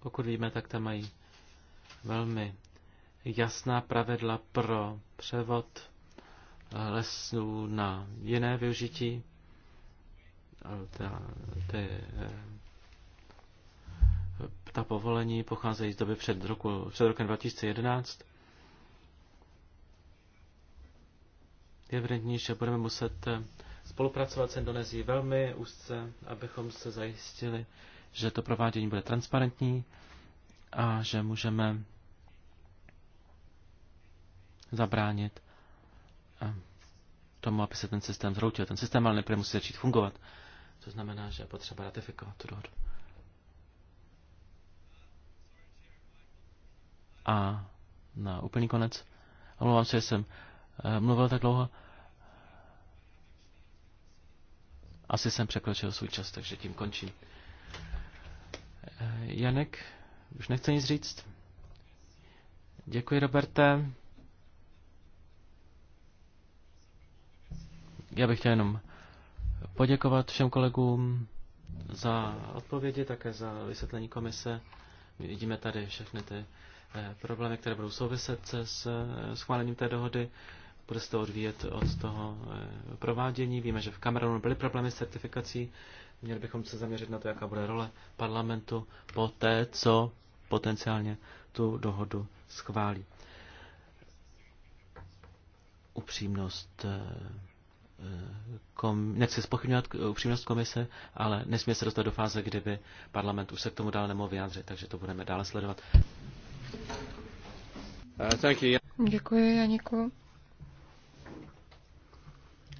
Pokud víme, tak tam mají velmi jasná pravidla pro převod eh, lesů na jiné využití. Ta, ty, eh, ta povolení pocházejí z doby před, roku, před rokem 2011. Je evidentní, že budeme muset eh, spolupracovat s Indonésií velmi úzce, abychom se zajistili, že to provádění bude transparentní, a že můžeme zabránit eh, tomu, aby se ten systém zhroutil. Ten systém ale nejprve musí začít fungovat. To znamená, že je potřeba ratifikovat tu dohodu. A na úplný konec, omlouvám se, že jsem eh, mluvil tak dlouho, asi jsem překročil svůj čas, takže tím končím. Eh, Janek? Už nechce nic říct. Děkuji, Roberte. Já bych chtěl jenom poděkovat všem kolegům za odpovědi, také za vysvětlení komise. My vidíme tady všechny ty eh, problémy, které budou souviset se s eh, schválením té dohody. Bude se to odvíjet od toho eh, provádění. Víme, že v Kamerunu byly problémy s certifikací Měli bychom se zaměřit na to, jaká bude role parlamentu po té, co potenciálně tu dohodu schválí. Upřímnost eh, eh, kom, nechci spochybňovat upřímnost komise, ale nesmí se dostat do fáze, kdyby parlament už se k tomu dál nemohl vyjádřit, takže to budeme dále sledovat. Eh, Děkuji, Janiku.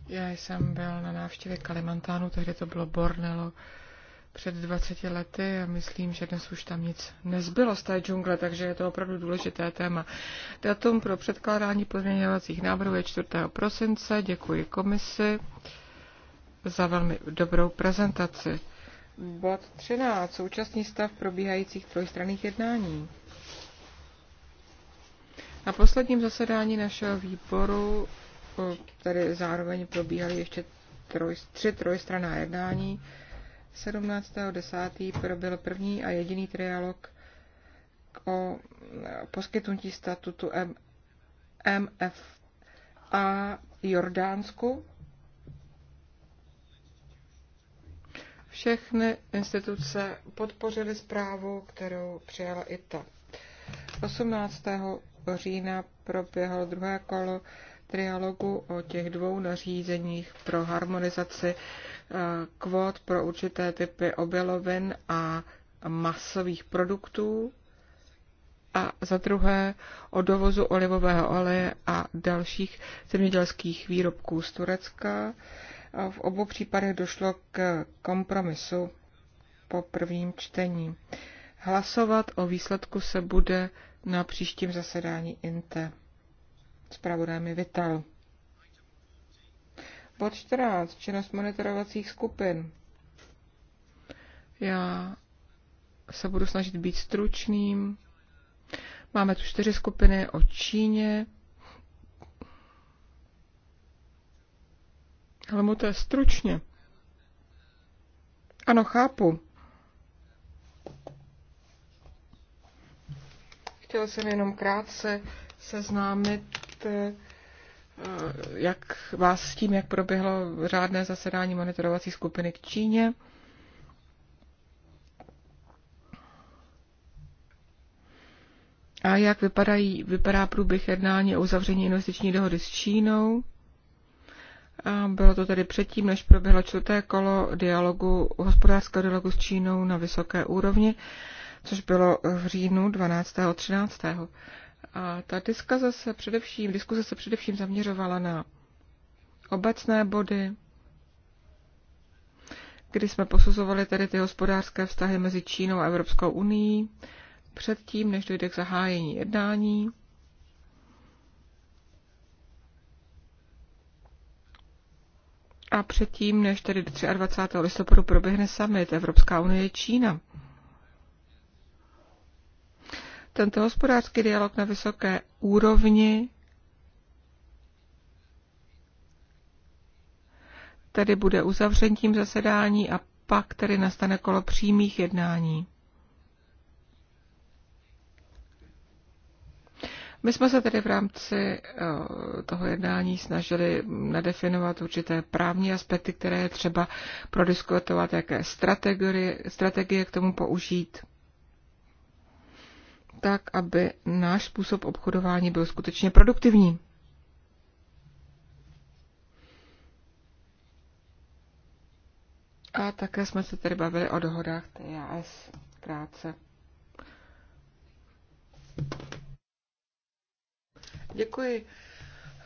Já jsem byl na návštěvě Kalimantánu, tehdy to bylo Bornelo před 20 lety a myslím, že dnes už tam nic nezbylo z té džungle, takže je to opravdu důležité téma. Datum pro předkládání pozměňovacích návrhů je 4. prosince. Děkuji komisi za velmi dobrou prezentaci. Bod 13. Současný stav probíhajících trojstranných jednání. Na posledním zasedání našeho výboru tady zároveň probíhaly ještě troj, tři trojstraná jednání. 17.10. probyl první a jediný trialog o poskytnutí statutu M- MFA Jordánsku. Všechny instituce podpořily zprávu, kterou přijala ITA. 18. října proběhlo druhé kolo trialogu o těch dvou nařízeních pro harmonizaci eh, kvót pro určité typy obilovin a masových produktů a za druhé o dovozu olivového oleje a dalších zemědělských výrobků z Turecka. V obou případech došlo k kompromisu po prvním čtení. Hlasovat o výsledku se bude na příštím zasedání INTE. Spravodajem mi Vital. Bod 14. Činnost monitorovacích skupin. Já se budu snažit být stručným. Máme tu čtyři skupiny o Číně. Ale mu to je stručně. Ano, chápu. Chtěl jsem jenom krátce seznámit Eh, jak vás s tím, jak proběhlo řádné zasedání monitorovací skupiny k Číně. A jak vypadají, vypadá průběh jednání o uzavření investiční dohody s Čínou? A bylo to tedy předtím, než proběhlo čtvrté kolo dialogu, hospodářského dialogu s Čínou na vysoké úrovni, což bylo v říjnu 12. a 13. A ta diskuze se především, diskuze se především zaměřovala na obecné body, kdy jsme posuzovali tedy ty hospodářské vztahy mezi Čínou a Evropskou unii, předtím, než dojde k zahájení jednání. A předtím, než tedy 23. listopadu proběhne summit Evropská unie Čína. Tento hospodářský dialog na vysoké úrovni tedy bude tím zasedání a pak tedy nastane kolo přímých jednání. My jsme se tedy v rámci eh, toho jednání snažili nadefinovat určité právní aspekty, které je třeba prodiskutovat, jaké strategie, strategie k tomu použít tak, aby náš způsob obchodování byl skutečně produktivní. A také jsme se tedy bavili o dohodách TAS krátce. Děkuji.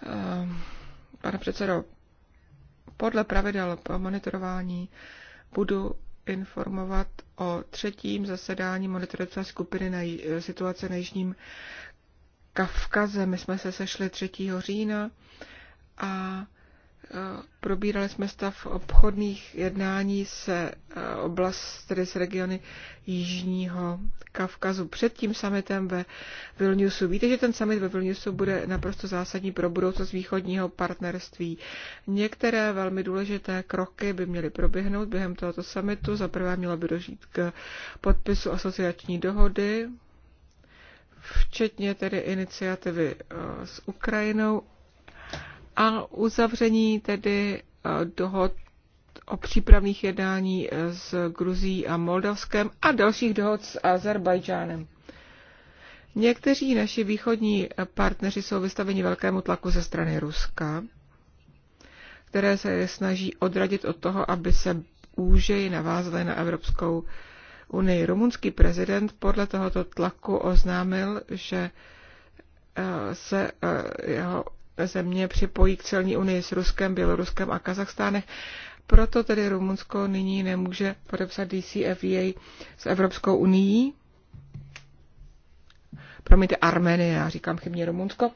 Ehm, pane předsedo, podle pravidel po monitorování budu informovat o třetím zasedání monitorace skupiny na situace na Jižním Kavkaze. My jsme se sešli 3. října a probírali jsme stav obchodných jednání se eh, oblast, tedy z regiony Jižního Kavkazu před tím summitem ve Vilniusu. Víte, že ten summit ve Vilniusu bude naprosto zásadní pro budoucnost východního partnerství. Některé velmi důležité kroky by měly proběhnout během tohoto summitu. Za prvé mělo by dožít k podpisu asociační dohody, včetně tedy iniciativy eh, s Ukrajinou a uzavření tedy eh, dohod o přípravných jednání eh, s Gruzí a Moldavskem a dalších dohod s Azerbajdžánem. Někteří naši východní eh, partneři jsou vystaveni velkému tlaku ze strany Ruska, které se snaží odradit od toho, aby se úžeji navázaly na Evropskou unii. Rumunský prezident podle tohoto tlaku oznámil, že se jeho země připojí k celní unii s Ruskem, Běloruskem a Kazachstánem. Proto tedy Rumunsko nyní nemůže podepsat DCFEA s Evropskou unii. Promiňte, Armenie, já říkám chybně Rumunsko.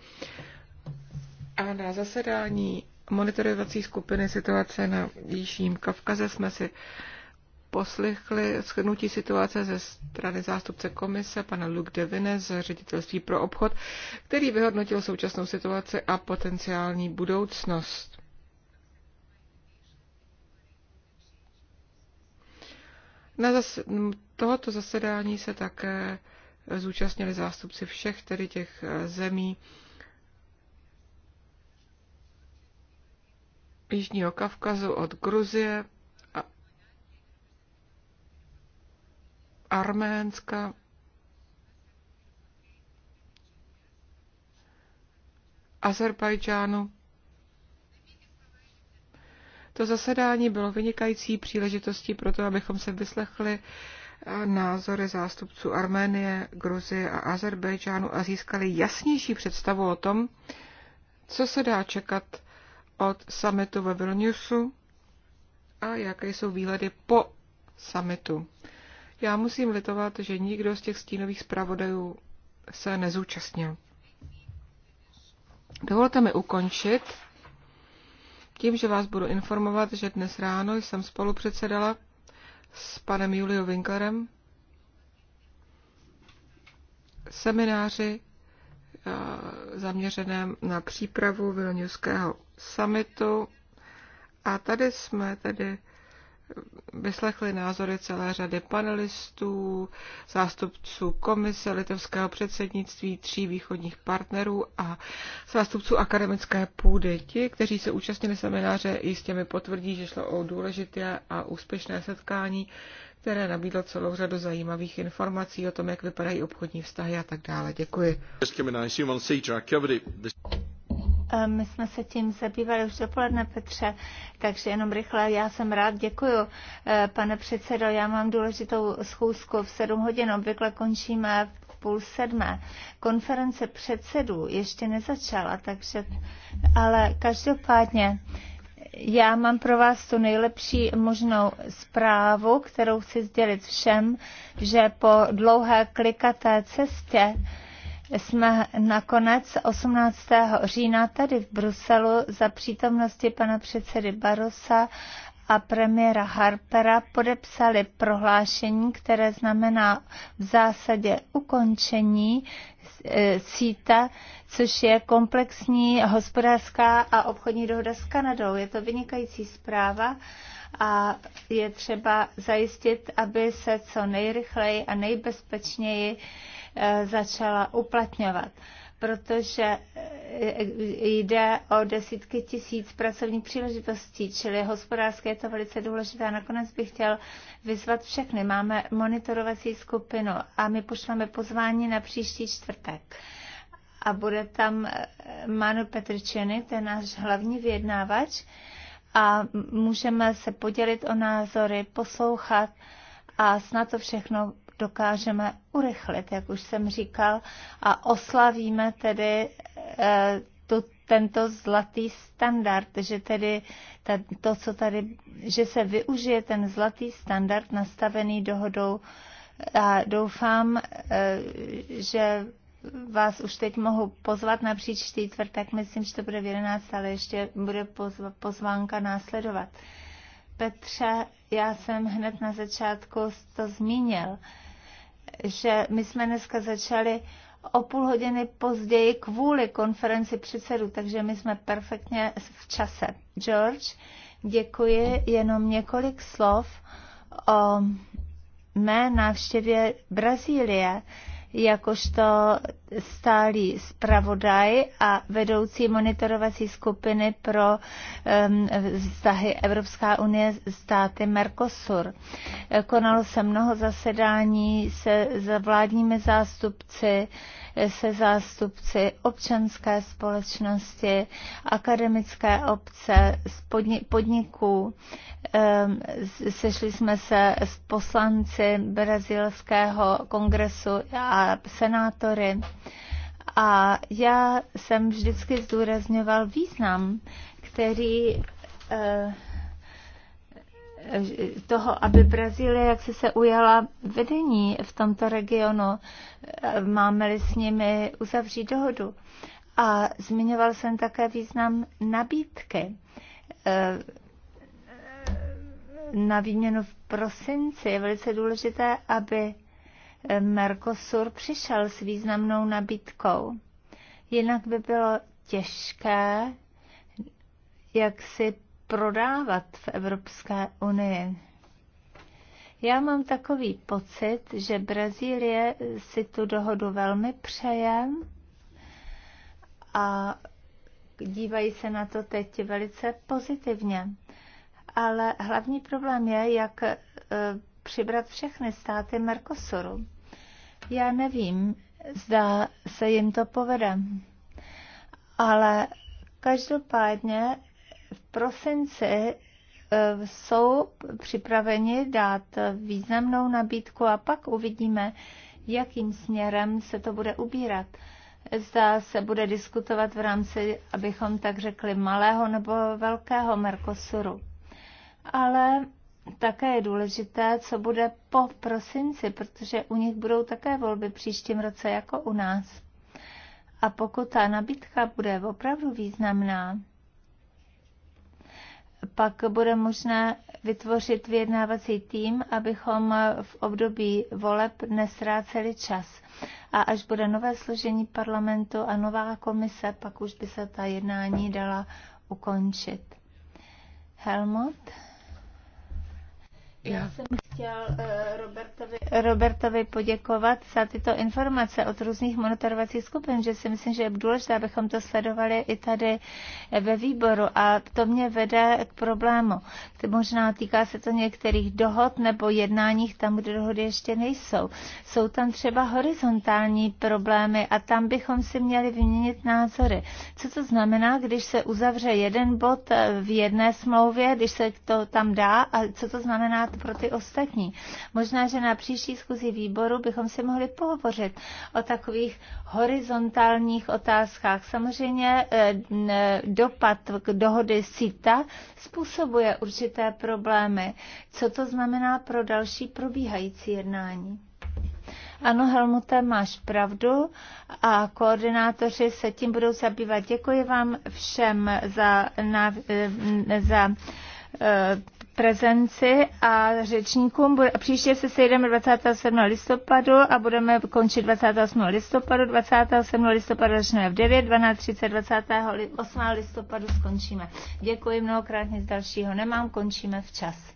A na zasedání monitorovací skupiny situace na Jižním Kavkaze jsme si poslechli shrnutí situace ze strany zástupce komise, pana Luke Devine z ředitelství pro obchod, který vyhodnotil současnou situaci a potenciální budoucnost. Na zas- tohoto zasedání se také zúčastnili zástupci všech tedy těch eh, zemí Jižního Kavkazu od Gruzie Arménska Azerbajdžánu. To zasedání bylo vynikající příležitostí pro to, abychom se vyslechli eh, názory zástupců Arménie, Gruzie a Azerbajdžánu a získali jasnější představu o tom, co se dá čekat od summitu ve Vilniusu a jaké jsou výhledy po summitu. Já musím litovat, že nikdo z těch stínových zpravodajů se nezúčastnil. Dovolte mi ukončit tím, že vás budu informovat, že dnes ráno jsem spolupředsedala s panem Julio Winklerem semináři eh, zaměřeném na přípravu Vilniuského summitu. A tady jsme tedy vyslechli názory celé řady panelistů, zástupců komise litovského předsednictví, tří východních partnerů a zástupců akademické půdy. Ti, kteří se účastnili semináře, jistě mi potvrdí, že šlo o důležité a úspěšné setkání, které nabídlo celou řadu zajímavých informací o tom, jak vypadají obchodní vztahy a tak dále. Děkuji. My jsme se tím zabývali už dopoledne, Petře, takže jenom rychle. Já jsem rád, děkuji, eh, pane předsedo. Já mám důležitou schůzku v 7 hodin, obvykle končíme v půl sedmé. Konference předsedů ještě nezačala, takže, ale každopádně já mám pro vás tu nejlepší možnou zprávu, kterou chci sdělit všem, že po dlouhé klikaté cestě jsme nakonec 18. října tady v Bruselu za přítomnosti pana předsedy Barosa a premiéra Harpera podepsali prohlášení, které znamená v zásadě ukončení e, CETA, což je komplexní hospodářská a obchodní dohoda s Kanadou. Je to vynikající zpráva a je třeba zajistit, aby se co nejrychleji a nejbezpečněji Eh, začala uplatňovat protože eh, jde o desítky tisíc pracovních příležitostí, čili hospodářské je to velice důležité. A nakonec bych chtěl vyzvat všechny. Máme monitorovací skupinu a my pošleme pozvání na příští čtvrtek. A bude tam eh, Manu Petrčeny, to je náš hlavní vyjednávač. A můžeme se podělit o názory, poslouchat a snad to všechno dokážeme urychlit, jak už jsem říkal, a oslavíme tedy eh, tu, tento zlatý standard, že tedy ta, to, co tady, že se využije ten zlatý standard nastavený dohodou a doufám, eh, že vás už teď mohu pozvat na příští čtvrtek, myslím, že to bude v 11, ale ještě bude pozv- pozvánka následovat. Petře, já jsem hned na začátku to zmínil. Uh, že my jsme dneska začali o půl hodiny později kvůli konferenci předsedů, takže my jsme perfektně v čase. George, děkuji jenom několik slov o mé návštěvě Brazílie jakožto stálý zpravodaj a vedoucí monitorovací skupiny pro um, vztahy Evropská unie státy Mercosur. Konalo se mnoho zasedání se za vládními zástupci, uh, se zástupci občanské společnosti, akademické obce, podniků. Sešli jsme se s poslanci brazilského kongresu a senátory. A já jsem vždycky zdůrazňoval význam, který eh, toho, aby Brazílie jak se se ujala vedení v tomto regionu, máme-li s nimi uzavřít dohodu. A zmiňoval jsem také význam nabídky eh, na výměnu v prosinci. Je velice důležité, aby Mercosur přišel s významnou nabídkou. Jinak by bylo těžké jak si prodávat v Evropské unii. Já mám takový pocit, že Brazílie si tu dohodu velmi přeje a dívají se na to teď velice pozitivně. Ale hlavní problém je, jak e, přibrat všechny státy Mercosuru. Já nevím, zda se jim to povede. Ale každopádně v prosinci eh, jsou připraveni dát významnou nabídku a pak uvidíme, jakým směrem se to bude ubírat. Zda se bude diskutovat v rámci, abychom tak řekli, malého nebo velkého Mercosuru. Ale také je důležité, co bude po prosinci, protože u nich budou také volby příštím roce jako u nás. A pokud ta nabídka bude opravdu významná, pak bude možné vytvořit vyjednávací tým, abychom v období voleb nesráceli čas. A až bude nové složení parlamentu a nová komise, pak už by se ta jednání dala ukončit. Helmut? Já jsem chtěl eh, Robertovi, Robertovi poděkovat za tyto informace od různých monitorovacích skupin, že si myslím, že je důležité, abychom to sledovali i tady eh, ve výboru a to mě vede k problému. To možná týká se to některých dohod nebo jednáních tam, kde dohody ještě nejsou. Jsou tam třeba horizontální problémy a tam bychom si měli vyměnit názory. Co to znamená, když se uzavře jeden bod eh, v jedné smlouvě, když se to tam dá a co to znamená pro ty ostatní? ostatní. Možná, že na příští schůzi výboru bychom si mohli pohovořit o takových horizontálních otázkách. Samozřejmě eh, dopad dohody CITA způsobuje určité problémy. Co to znamená pro další probíhající jednání? Ano, Helmute, máš pravdu a koordinátoři se tím budou zabývat. Děkuji vám všem za, na, eh, za eh, prezenci a řečníkům. Příště se sejdeme 27. listopadu a budeme končit 28. listopadu. 27. listopadu začneme v 9, 12.30, 28. listopadu skončíme. Děkuji mnohokrát, nic dalšího nemám, končíme včas.